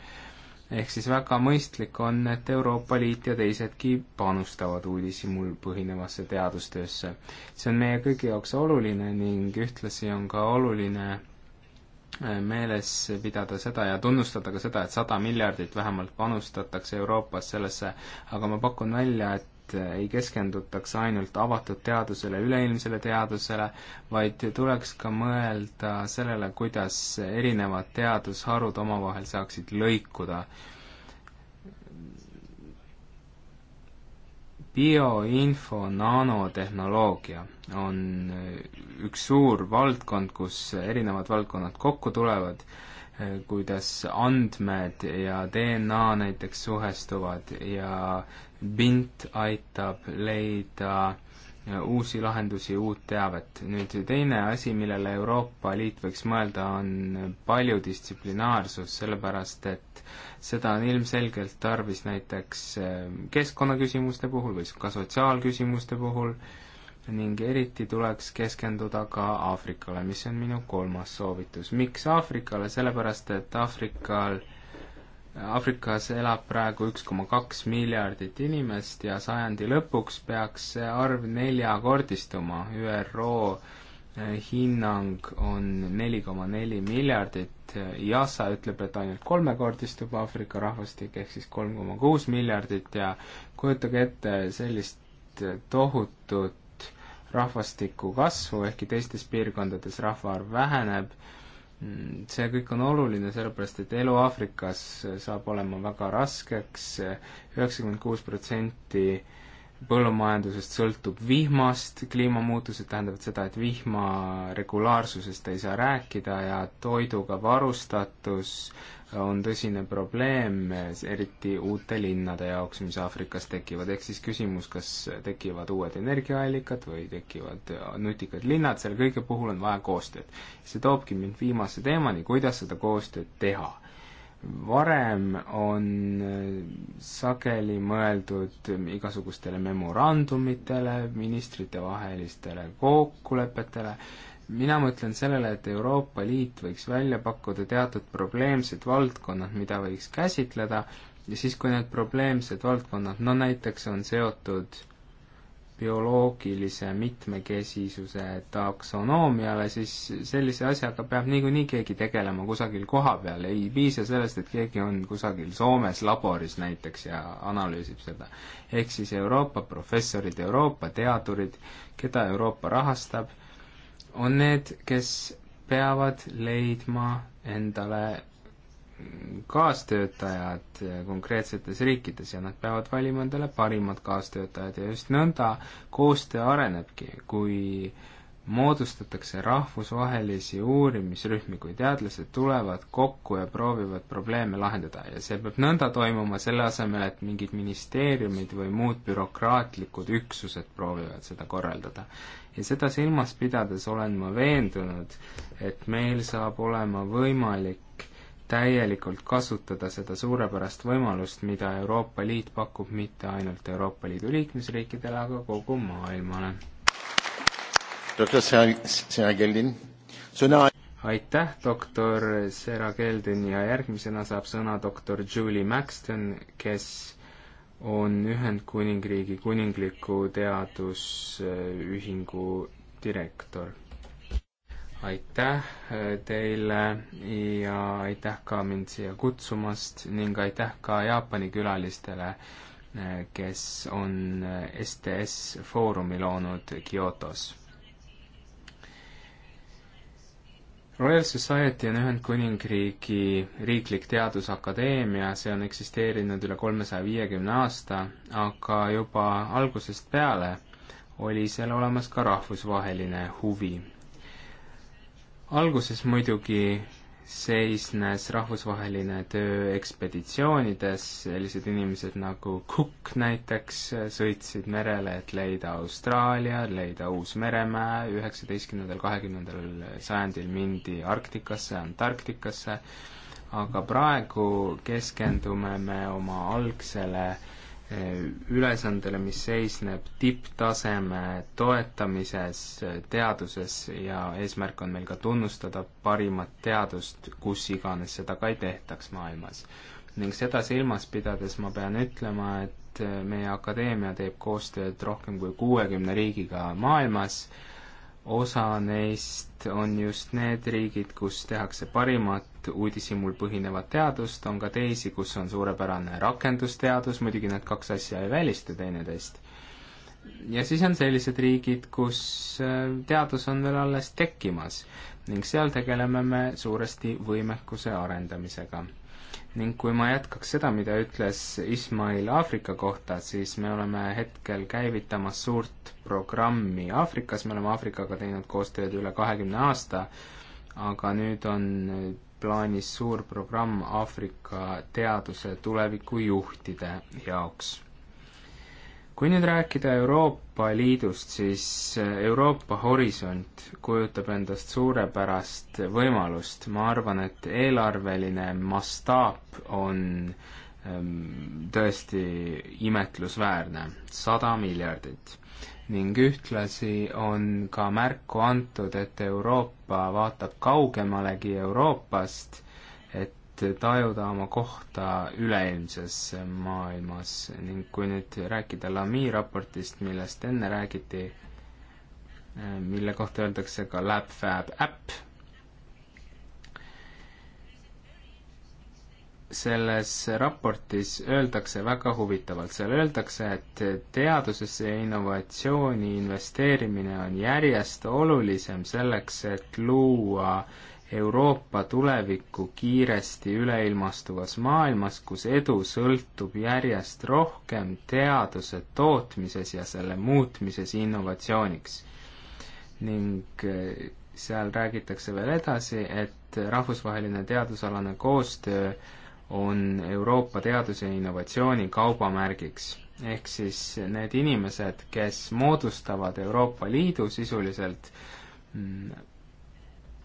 ehk siis väga mõistlik on, et Euroopa Liit ja teisedki panustavad uudishimul põhinevasse teadustöösse. see on meie kõigi jaoks oluline ning ühtlasi on ka oluline äh, meeles pidada seda ja tunnustada ka seda, et sada miljardit vähemalt panustatakse Euroopas sellesse, aga ma pakun välja, et et ei keskendutaks ainult avatud teadusele, üleilmsele teadusele, vaid tuleks ka mõelda sellele, kuidas erinevad teadusharud omavahel saaksid lõikuda. bioinfo nanotehnoloogia on üks suur valdkond, kus erinevad valdkonnad kokku tulevad kuidas andmed ja DNA näiteks suhestuvad ja BINT aitab leida äh, uusi lahendusi, uut teavet. nüüd teine asi, millele Euroopa Liit võiks mõelda, on paljudistsiplinaarsus, sellepärast et seda on ilmselgelt tarvis näiteks äh, keskkonnaküsimuste puhul või ka sotsiaalküsimuste puhul ning eriti tuleks keskenduda ka Aafrikale, mis on minu kolmas soovitus. miks Aafrikale, sellepärast et Aafrikal äh, Aafrikas elab praegu üks koma kaks miljardit inimest ja sajandi lõpuks peaks see arv neljakordistuma. ÜRO eh, hinnang on neli koma neli miljardit, IASA ütleb, et ainult kolmekordistub Aafrika rahvastik, ehk siis kolm koma kuus miljardit ja kujutage ette sellist tohutut rahvastiku kasvu, ehkki teistes piirkondades rahvaarv väheneb Mm, see kõik on oluline, sellepärast et elu Aafrikas äh, saab olema väga raskeks, üheksakümmend kuus protsenti põllumajandusest sõltub vihmast, kliimamuutused tähendavad seda, et vihma regulaarsusest ei saa rääkida ja toiduga varustatus on tõsine probleem, eriti uute linnade jaoks, mis Aafrikas tekivad, ehk siis küsimus, kas tekivad uued energiaallikad või tekivad nutikad linnad, selle kõige puhul on vaja koostööd. see toobki mind viimase teemani, kuidas seda koostööd teha. varem on sageli mõeldud igasugustele memorandumitele, ministritevahelistele kokkulepetele, mina mõtlen sellele, et Euroopa Liit võiks välja pakkuda teatud probleemsed valdkonnad, mida võiks käsitleda, ja siis, kui need probleemsed valdkonnad, no näiteks on seotud bioloogilise mitmekesisuse taksonoomiale, siis sellise asjaga peab niikuinii keegi tegelema kusagil kohapeal, ei piisa sellest, et keegi on kusagil Soomes laboris näiteks ja analüüsib seda. ehk siis Euroopa professorid, Euroopa teadurid, keda Euroopa rahastab on need, kes peavad leidma endale kaastöötajad konkreetsetes riikides ja nad peavad valima endale parimad kaastöötajad ja just nõnda koostöö arenebki, kui äh, moodustatakse rahvusvahelisi uurimisrühmi, kui teadlased tulevad kokku ja proovivad probleeme lahendada ja see peab nõnda toimuma, selle asemel, et mingid ministeeriumid või muud bürokraatlikud üksused proovivad seda korraldada. ja seda silmas pidades olen ma veendunud, et meil saab olema võimalik täielikult kasutada seda suurepärast võimalust, mida Euroopa Liit pakub mitte ainult Euroopa Liidu liikmesriikidele, aga kogu maailmale doktor Serageldin, sõna. aitäh, doktor Serageldin ja järgmisena saab sõna doktor Julie Maxton, kes on Ühendkuningriigi Kuningliku Teadusühingu direktor. aitäh äh, teile ja aitäh ka mind siia kutsumast ning aitäh ka Jaapani külalistele, äh, kes on STS äh, Foorumi loonud Kyotos Royal Society on Ühendkuningriigi riiklik teadusakadeemia, see on eksisteerinud üle kolmesaja viiekümne aasta, aga juba algusest peale oli seal olemas ka rahvusvaheline huvi. alguses muidugi seisnes rahvusvaheline töö ekspeditsioonides, sellised inimesed nagu Cook näiteks sõitsid merele, et leida Austraalia, leida Uus-Meremäe, üheksateistkümnendal, kahekümnendal sajandil mindi Arktikasse, Antarktikasse, aga praegu keskendume me oma algsele äh, ülesandele, mis seisneb tipptaseme toetamises teaduses ja eesmärk on meil ka tunnustada parimat teadust, kus iganes seda ka ei tehtaks maailmas. ning seda silmas pidades ma pean ütlema, et meie akadeemia teeb koostööd rohkem kui kuuekümne riigiga maailmas, osa neist on just need riigid, kus tehakse parimat tuhat uudishimul põhinevat teadust, on ka teisi, kus on suurepärane rakendusteadus, muidugi need kaks asja ei välista teineteist. ja siis on sellised riigid, kus äh, teadus on veel alles tekkimas ning seal tegeleme me suuresti võimekuse arendamisega. ning kui ma jätkaks seda, mida ütles Ismail Aafrika kohta, siis me oleme hetkel käivitamas suurt programmi Aafrikas, me oleme Aafrikaga teinud koostööd üle kahekümne aasta, aga nüüd on plaanis suur programm Aafrika teaduse tulevikujuhtide jaoks. kui nüüd rääkida Euroopa Liidust, siis Euroopa Horisont kujutab endast suurepärast võimalust, ma arvan, et eelarveline mastaap on ähm, tõesti imetlusväärne, sada miljardit ning ühtlasi on ka märku antud, et Euroopa vaatab kaugemalegi Euroopast, et tajuda oma kohta üleilmses maailmas ning kui nüüd rääkida Lami raportist, millest enne räägiti, mille kohta öeldakse ka LabFab äpp, selles raportis öeldakse väga huvitavalt, seal öeldakse, et teadusesse ja innovatsiooni investeerimine on järjest olulisem selleks, et luua Euroopa tulevikku kiiresti üleilmastuvas maailmas, kus edu sõltub järjest rohkem teaduse tootmises ja selle muutmises innovatsiooniks. ning eh, seal räägitakse veel edasi, et rahvusvaheline teadusalane koostöö äh, on Euroopa teaduse ja innovatsiooni kaubamärgiks. ehk siis need inimesed, kes moodustavad Euroopa Liidu sisuliselt, mm,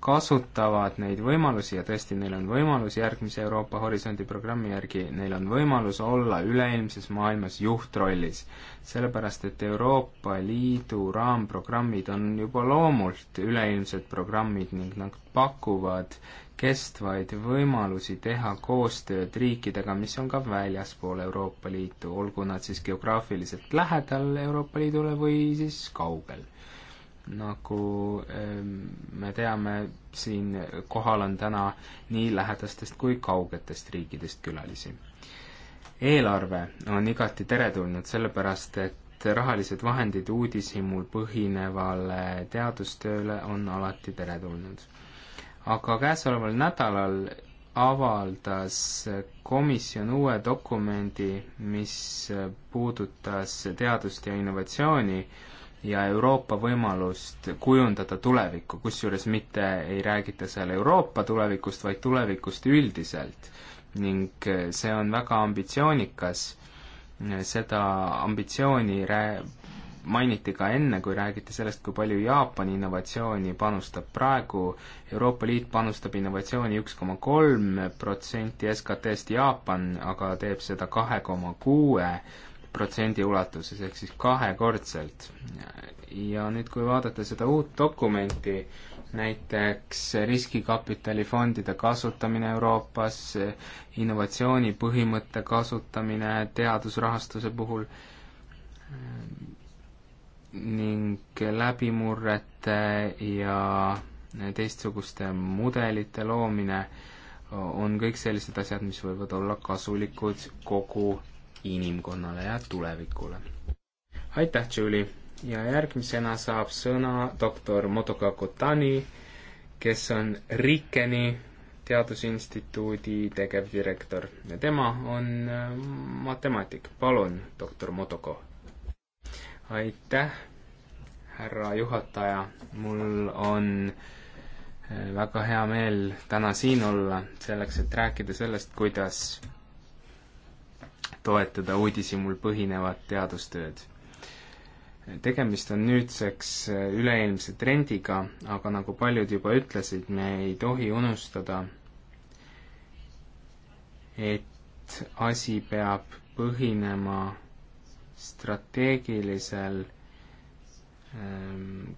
kasutavad neid võimalusi ja tõesti, neil on võimalus järgmise Euroopa Horisondi programmi järgi, neil on võimalus olla üleilmses maailmas juhtrollis. sellepärast, et Euroopa Liidu raamprogrammid on juba loomult üleilmsed programmid ning nad pakuvad kestvaid võimalusi teha koostööd riikidega, mis on ka väljaspool Euroopa Liitu, olgu nad siis geograafiliselt lähedal Euroopa Liidule või siis kaugel nagu me teame, siin kohal on täna nii lähedastest kui kaugetest riikidest külalisi. eelarve on igati teretulnud, sellepärast et rahalised vahendid uudishimul põhinevale teadustööle on alati teretulnud. aga käesoleval nädalal avaldas komisjon uue dokumendi, mis puudutas teadust ja innovatsiooni ja Euroopa võimalust kujundada tulevikku, kusjuures mitte ei räägita seal Euroopa tulevikust, vaid tulevikust üldiselt. ning eh, see on väga ambitsioonikas, seda ambitsiooni rää-, mainiti ka enne, kui räägiti sellest, kui palju Jaapani innovatsiooni panustab praegu, Euroopa Liit panustab innovatsiooni üks koma kolm protsenti SKT-st, Jaapan aga teeb seda kahe koma kuue protsendi ulatuses, ehk siis kahekordselt. ja nüüd, kui vaadata seda uut dokumenti, näiteks riskikapitalifondide kasutamine Euroopas, innovatsioonipõhimõtte kasutamine teadusrahastuse puhul ning läbimurrete ja teistsuguste mudelite loomine, on kõik sellised asjad, mis võivad olla kasulikud kogu inimkonnale ja tulevikule. aitäh, Julie! ja järgmisena saab sõna doktor Motoka Kotani, kes on Rikeni Teadusinstituudi tegevdirektor ja tema on äh, matemaatik. palun, doktor Motoko! aitäh, härra juhataja, mul on äh, väga hea meel täna siin olla, selleks et rääkida sellest, kuidas toetada uudishimul põhinevat teadustööd. tegemist on nüüdseks äh, üleilmse trendiga, aga nagu paljud juba ütlesid, me ei tohi unustada, et asi peab põhinema strateegilisel ähm,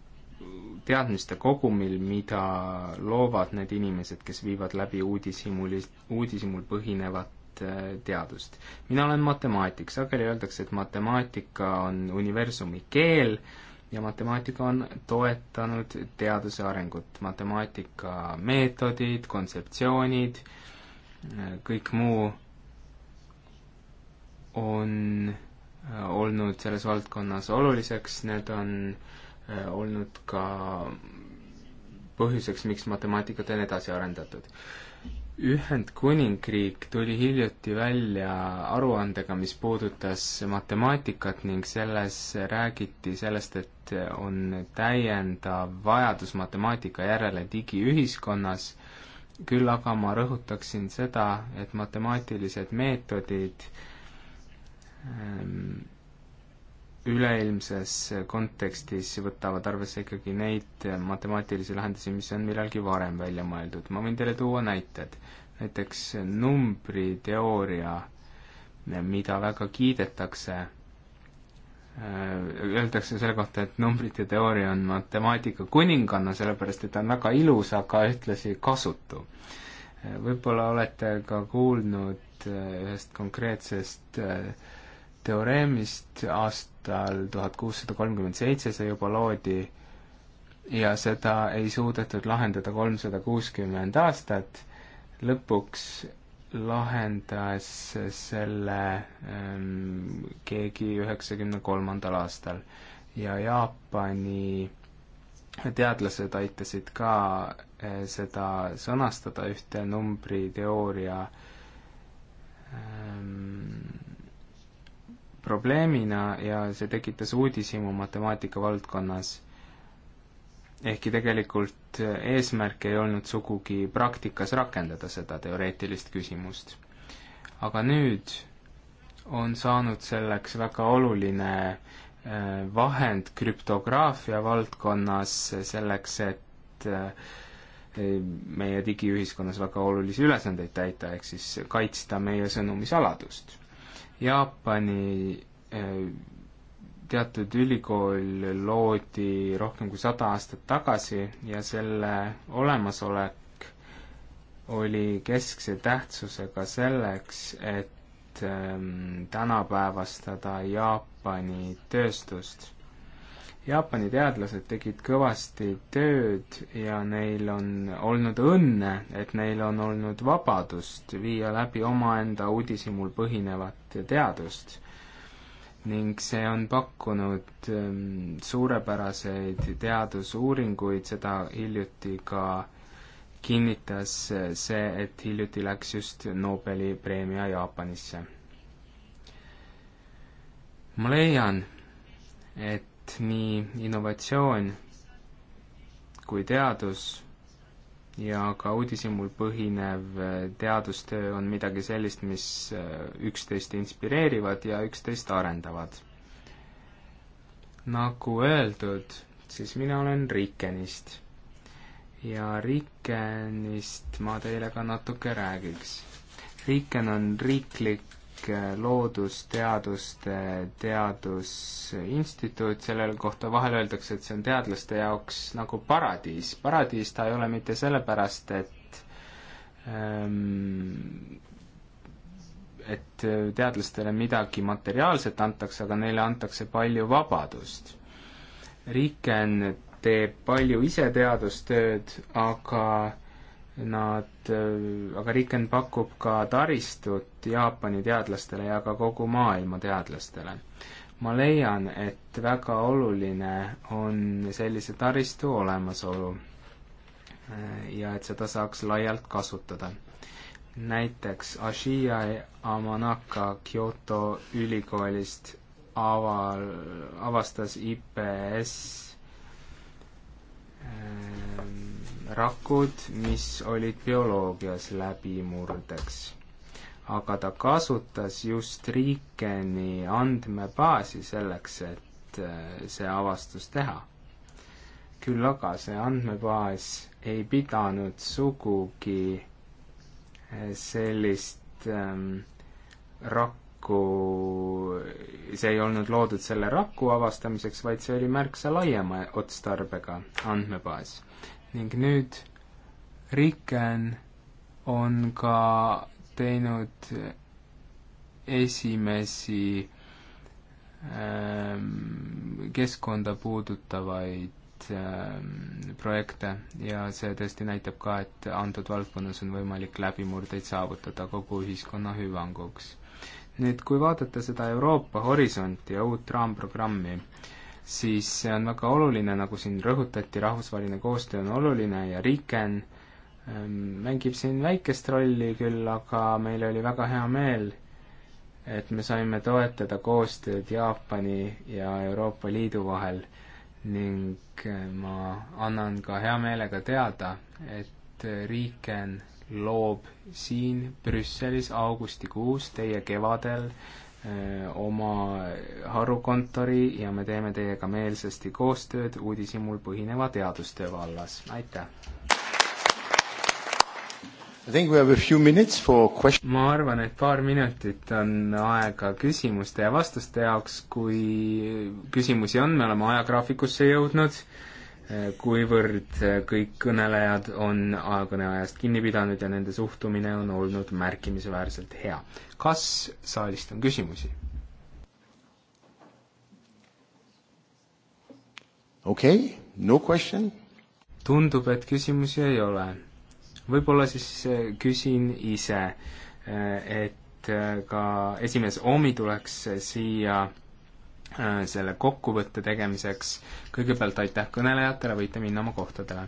teadmiste kogumil, mida loovad need inimesed, kes viivad läbi uudishimul, uudishimul põhinevat Äh, teadust. mina olen matemaatik, sageli öeldakse, et matemaatika on universumi keel ja matemaatika on toetanud teaduse arengut, matemaatika meetodid, kontseptsioonid, äh, kõik muu on äh, olnud selles valdkonnas oluliseks, need on olnud ka põhjuseks, miks matemaatikat on edasi arendatud Ühendkuningriik tuli hiljuti välja aruandega, mis puudutas matemaatikat ning selles räägiti sellest, et on täiendav vajadus matemaatika järele digiühiskonnas, küll aga ma rõhutaksin seda, et matemaatilised meetodid ähm, üleilmses kontekstis võtavad arvesse ikkagi neid matemaatilisi lahendusi, mis on millalgi varem välja mõeldud. ma võin teile tuua näited. näiteks numbriteooria, mida väga kiidetakse, äh, öeldakse selle kohta, et numbrite teooria on matemaatika kuninganna, sellepärast et ta on väga ilus, aga ühtlasi kasutu. Äh, võib-olla olete ka kuulnud äh, ühest konkreetsest teoreemist aast-, aastal tuhat kuussada kolmkümmend seitse see juba loodi ja seda ei suudetud lahendada kolmsada kuuskümmend aastat, lõpuks lahendas selle ähm, keegi üheksakümne kolmandal aastal ja Jaapani teadlased aitasid ka äh, seda sõnastada ühte numbriteooria ähm, probleemina ja see tekitas uudishimu matemaatika valdkonnas. ehkki tegelikult eesmärk ei olnud sugugi praktikas rakendada seda teoreetilist küsimust. aga nüüd on saanud selleks väga oluline äh, vahend krüptograafia valdkonnas selleks, et äh, meie digiühiskonnas väga olulisi ülesandeid täita, ehk siis kaitsta meie sõnumi saladust Jaapani äh, teatud ülikool loodi rohkem kui sada aastat tagasi ja selle olemasolek oli keskse tähtsusega selleks, et ähm, tänapäevastada Jaapani tööstust Jaapani teadlased tegid kõvasti tööd ja neil on olnud õnne, et neil on olnud vabadust viia läbi omaenda uudishimul põhinevat teadust. ning see on pakkunud ehm, suurepäraseid teadusuuringuid, seda hiljuti ka kinnitas see, et hiljuti läks just Nobeli preemia Jaapanisse. ma leian, et et nii innovatsioon kui teadus ja ka uudishimul põhinev äh, teadustöö on midagi sellist, mis äh, üksteist inspireerivad ja üksteist arendavad. nagu öeldud, siis mina olen Rikenist. ja Rikenist ma teile ka natuke räägiks. Riken on riiklik loodusteaduste teadusinstituut, sellel kohta vahel öeldakse, et see on teadlaste jaoks nagu paradiis. paradiis ta ei ole mitte sellepärast, et ähm, et teadlastele midagi materiaalset antakse, aga neile antakse palju vabadust. Riken teeb palju ise teadustööd, aga Nad, äh, aga Riken pakub ka taristut Jaapani teadlastele ja ka kogu maailma teadlastele. ma leian, et väga oluline on sellise taristu olemasolu äh, ja et seda saaks laialt kasutada. näiteks Ashiai Amanaka Kyoto ülikoolist aval, avastas IPS Ehm, rakud, mis olid bioloogias läbimurdeks. aga ta kasutas just Riikeni andmebaasi selleks, et eh, see avastus teha. küll aga see andmebaas ei pidanud sugugi eh, sellist ähm, rakku raku, see ei olnud loodud selle raku avastamiseks, vaid see oli märksa laiema otstarbega andmebaas. ning nüüd Riken on ka teinud esimesi ähm, keskkonda puudutavaid ähm, projekte ja see tõesti näitab ka, et antud valdkonnas on võimalik läbimurdeid saavutada kogu ühiskonna hüvanguks nüüd, kui vaadata seda Euroopa horisonti ja uut raamprogrammi, siis see on väga oluline, nagu siin rõhutati, rahvusvaheline koostöö on oluline ja Riken ähm, mängib siin väikest rolli küll, aga meil oli väga hea meel, et me saime toetada koostööd Jaapani ja Euroopa Liidu vahel ning äh, ma annan ka hea meelega teada, et Riken loob siin Brüsselis augustikuus, teie kevadel, äh, oma harukontori ja me teeme teiega meelsasti koostööd uudishimul põhineva teadustöö vallas, aitäh! ma arvan, et paar minutit on aega küsimuste ja vastuste jaoks, kui küsimusi on, me oleme ajagraafikusse jõudnud Eh, kuivõrd eh, kõik kõnelejad on kõneajast kinni pidanud ja nende suhtumine on olnud märkimisväärselt hea. kas saalist on küsimusi? okei okay,, no question. tundub, et küsimusi ei ole. võib-olla siis eh, küsin ise, et ka esimees Omi tuleks siia Äh, selle kokkuvõtte tegemiseks. kõigepealt aitäh kõnelejatele, võite minna oma kohtadele.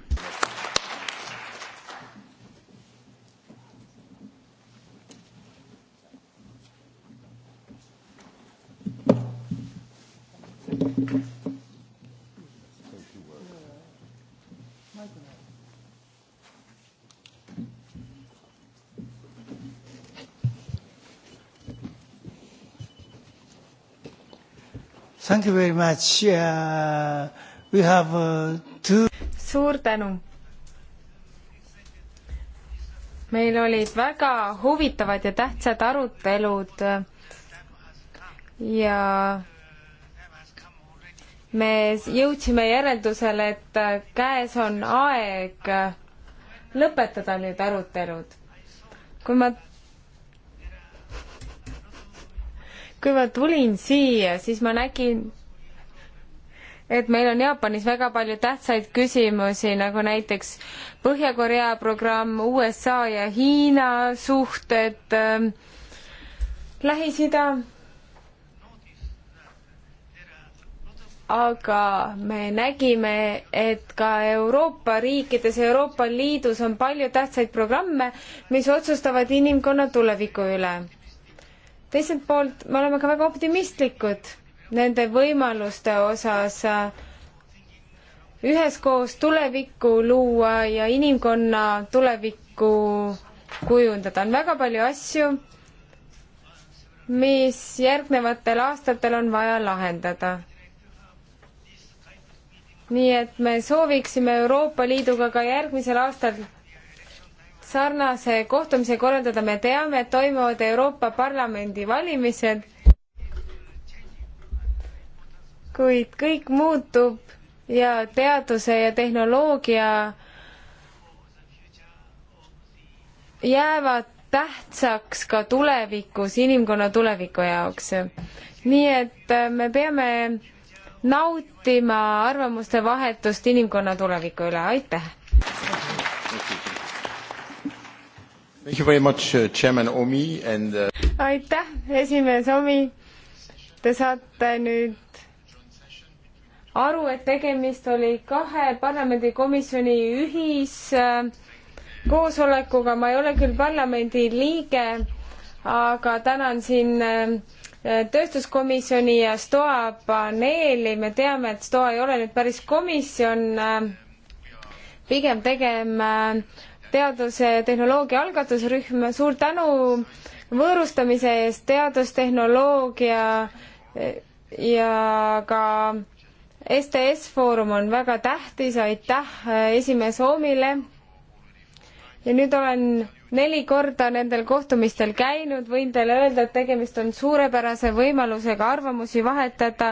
much uh,. We have uh, two. suur tänu. meil olid väga huvitavad ja tähtsad arutelud ja me jõudsime järeldusele, et käes on aeg lõpetada nüüd arutelud. kui ma, kui ma tulin siia, siis ma nägin et meil on Jaapanis väga palju tähtsaid küsimusi, nagu näiteks Põhja-Korea programm, USA ja Hiina suhted äh,, Lähis-Ida. aga me nägime, et ka Euroopa riikides, Euroopa Liidus on palju tähtsaid programme, mis otsustavad inimkonna tuleviku üle. teiselt poolt me oleme ka väga optimistlikud nende võimaluste osas äh, üheskoos tulevikku luua ja inimkonna tulevikku kujundada. on väga palju asju, mis järgnevatel aastatel on vaja lahendada. nii et me sooviksime Euroopa Liiduga ka järgmisel aastal sarnase kohtumise korraldada, me teame, et toimuvad Euroopa Parlamendi valimised kuid kõik muutub ja teaduse ja tehnoloogia jäävad tähtsaks ka tulevikus, inimkonna tuleviku jaoks. nii et äh, me peame nautima arvamuste vahetust inimkonna tuleviku üle, aitäh! Uh, uh, aitäh, esimees Omi! Te saate nüüd aru, et tegemist oli kahe parlamendikomisjoni ühiskoosolekuga, äh, ma ei ole küll parlamendi liige, aga tänan siin äh, tööstuskomisjoni ja STOA paneeli, me teame, et STOA ei ole nüüd päris komisjon, äh, pigem tegem teaduse ja tehnoloogia algatusrühm, suur tänu võõrustamise eest, teadustehnoloogia ja ka STS Foorum on väga tähtis, aitäh äh, esimees Oomile. ja nüüd olen neli korda nendel kohtumistel käinud, võin teile öelda, et tegemist on suurepärase võimalusega arvamusi vahetada.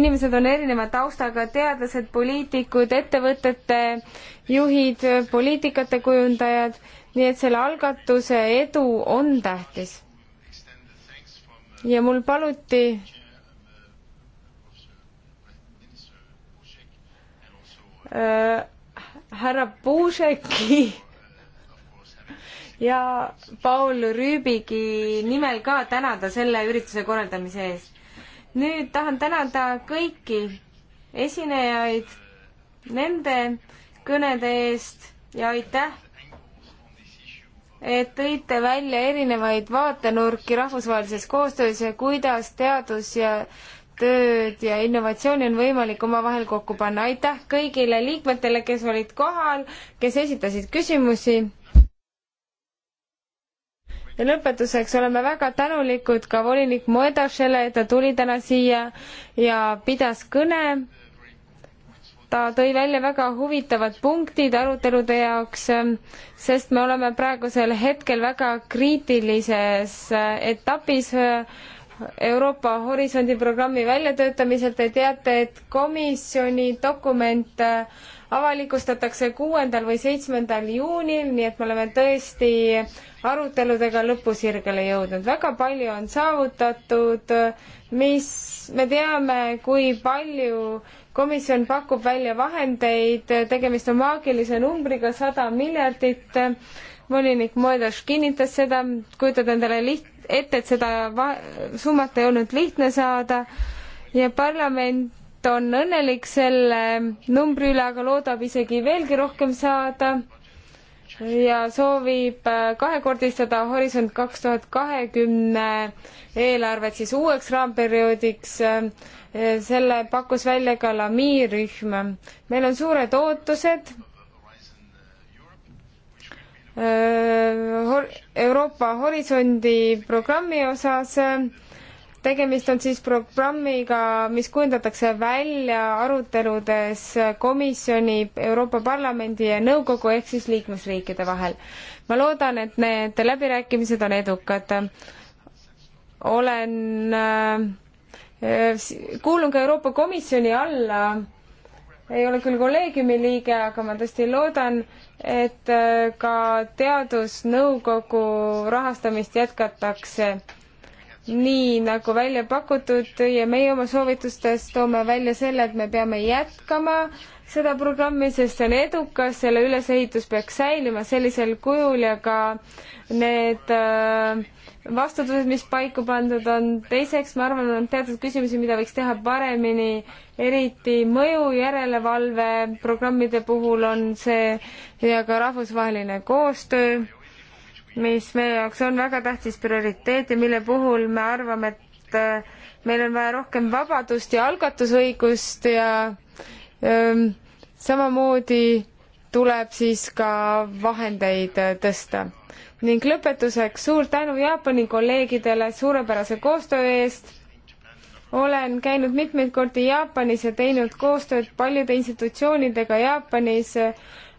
inimesed on erineva taustaga, teadlased, poliitikud, ettevõtete juhid, poliitikate kujundajad, nii et selle algatuse edu on tähtis. ja mul paluti Äh, härra Puuseki ja Paul Rüübigi nimel ka tänada selle ürituse korraldamise eest. nüüd tahan tänada kõiki esinejaid nende kõnede eest ja aitäh, et tõite välja erinevaid vaatenurki rahvusvahelises koostöös ja kuidas teadus ja tööd ja innovatsiooni on võimalik omavahel kokku panna. aitäh kõigile liikmetele, kes olid kohal, kes esitasid küsimusi. ja lõpetuseks oleme väga tänulikud ka volinik Moedašele, et ta tuli täna siia ja pidas kõne. ta tõi välja väga huvitavad punktid arutelude jaoks, sest me oleme praegusel hetkel väga kriitilises etapis äh, Euroopa Horisondi programmi väljatöötamiselt. Te teate, et komisjoni dokument äh, avalikustatakse kuuendal või seitsmendal juunil, nii et me oleme tõesti aruteludega lõpusirgele jõudnud. väga palju on saavutatud, mis me teame, kui palju komisjon pakub välja vahendeid, tegemist on maagilise numbriga sada miljardit. volinik Moedas kinnitas seda, kujutad endale liht-, ette, et seda summat ei olnud lihtne saada ja parlament on õnnelik selle numbri üle, aga loodab isegi veelgi rohkem saada ja soovib äh, kahekordistada Horisont kaks tuhat kahekümne eelarvet siis uueks raamperioodiks. Äh, selle pakkus välja ka Lami rühm. meil on suured ootused Euroopa Horisondi programmi osas. tegemist on siis programmiga, mis kujundatakse välja aruteludes komisjoni, Euroopa Parlamendi ja nõukogu ehk siis liikmesriikide vahel. ma loodan, et need läbirääkimised on edukad. olen, kuulun ka Euroopa Komisjoni alla ei ole küll kolleegiumi liige, aga ma tõesti loodan, et äh, ka teadusnõukogu rahastamist jätkatakse nii nagu välja pakutud ja meie oma soovitustes toome välja selle, et me peame jätkama seda programmi, sest see on edukas, selle ülesehitus peaks säilima sellisel kujul ja ka need äh, vastutused, mis paiku pandud on. teiseks, ma arvan, on teatud küsimusi, mida võiks teha paremini, eriti mõju järelevalve programmide puhul on see ja ka rahvusvaheline koostöö mis meie jaoks on väga tähtis prioriteet ja mille puhul me arvame, et äh, meil on vaja rohkem vabadust ja algatusõigust ja öö, ähm, samamoodi tuleb siis ka vahendeid äh, tõsta. ning lõpetuseks suur tänu Jaapani kolleegidele suurepärase koostöö eest. olen käinud mitmeid kordi Jaapanis ja teinud koostööd paljude institutsioonidega Jaapanis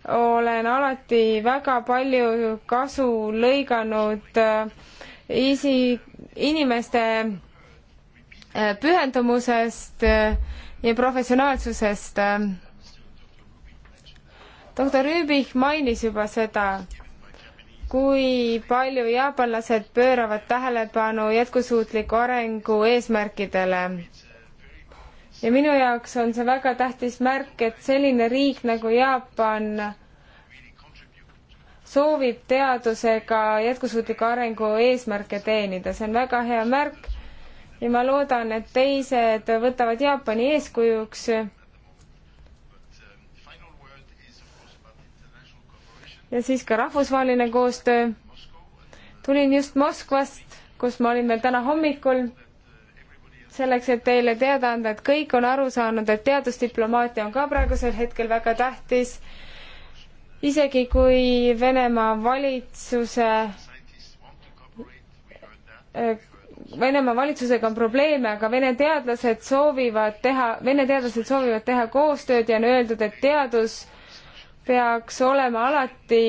olen alati väga palju kasu lõiganud äh, isi, inimeste äh, pühendumusest äh, ja professionaalsusest. doktor Rüübich mainis juba seda, kui palju jaapanlased pööravad tähelepanu jätkusuutliku arengu eesmärkidele ja minu jaoks on see väga tähtis märk, et selline riik nagu Jaapan soovib teadusega jätkusuutliku arengu eesmärke teenida, see on väga hea märk ja ma loodan, et teised võtavad Jaapani eeskujuks. ja siis ka rahvusvaheline koostöö. tulin just Moskvast, kus ma olin veel täna hommikul selleks, et teile teada anda, et kõik on aru saanud, et teadusdiplomaatia on ka praegusel hetkel väga tähtis. isegi kui Venemaa valitsuse Venemaa valitsusega on probleeme, aga Vene teadlased soovivad teha, Vene teadlased soovivad teha koostööd ja on öeldud, et teadus peaks olema alati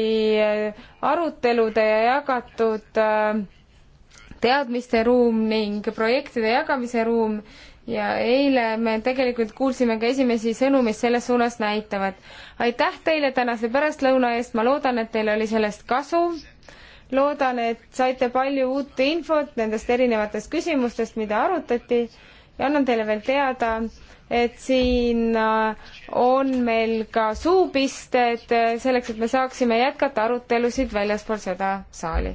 arutelude ja jagatud äh, teadmiste ruum ning projektide jagamise ruum ja eile me tegelikult kuulsime ka esimesi sõnu, mis selles suunas näitavad. aitäh teile tänase pärastlõuna eest, ma loodan, et teil oli sellest kasu. loodan, et saite palju uut infot nendest erinevatest küsimustest, mida arutati ja annan teile veel teada, et siin äh, on meil ka suupisted äh, selleks, et me saaksime jätkata arutelusid väljaspool seda saali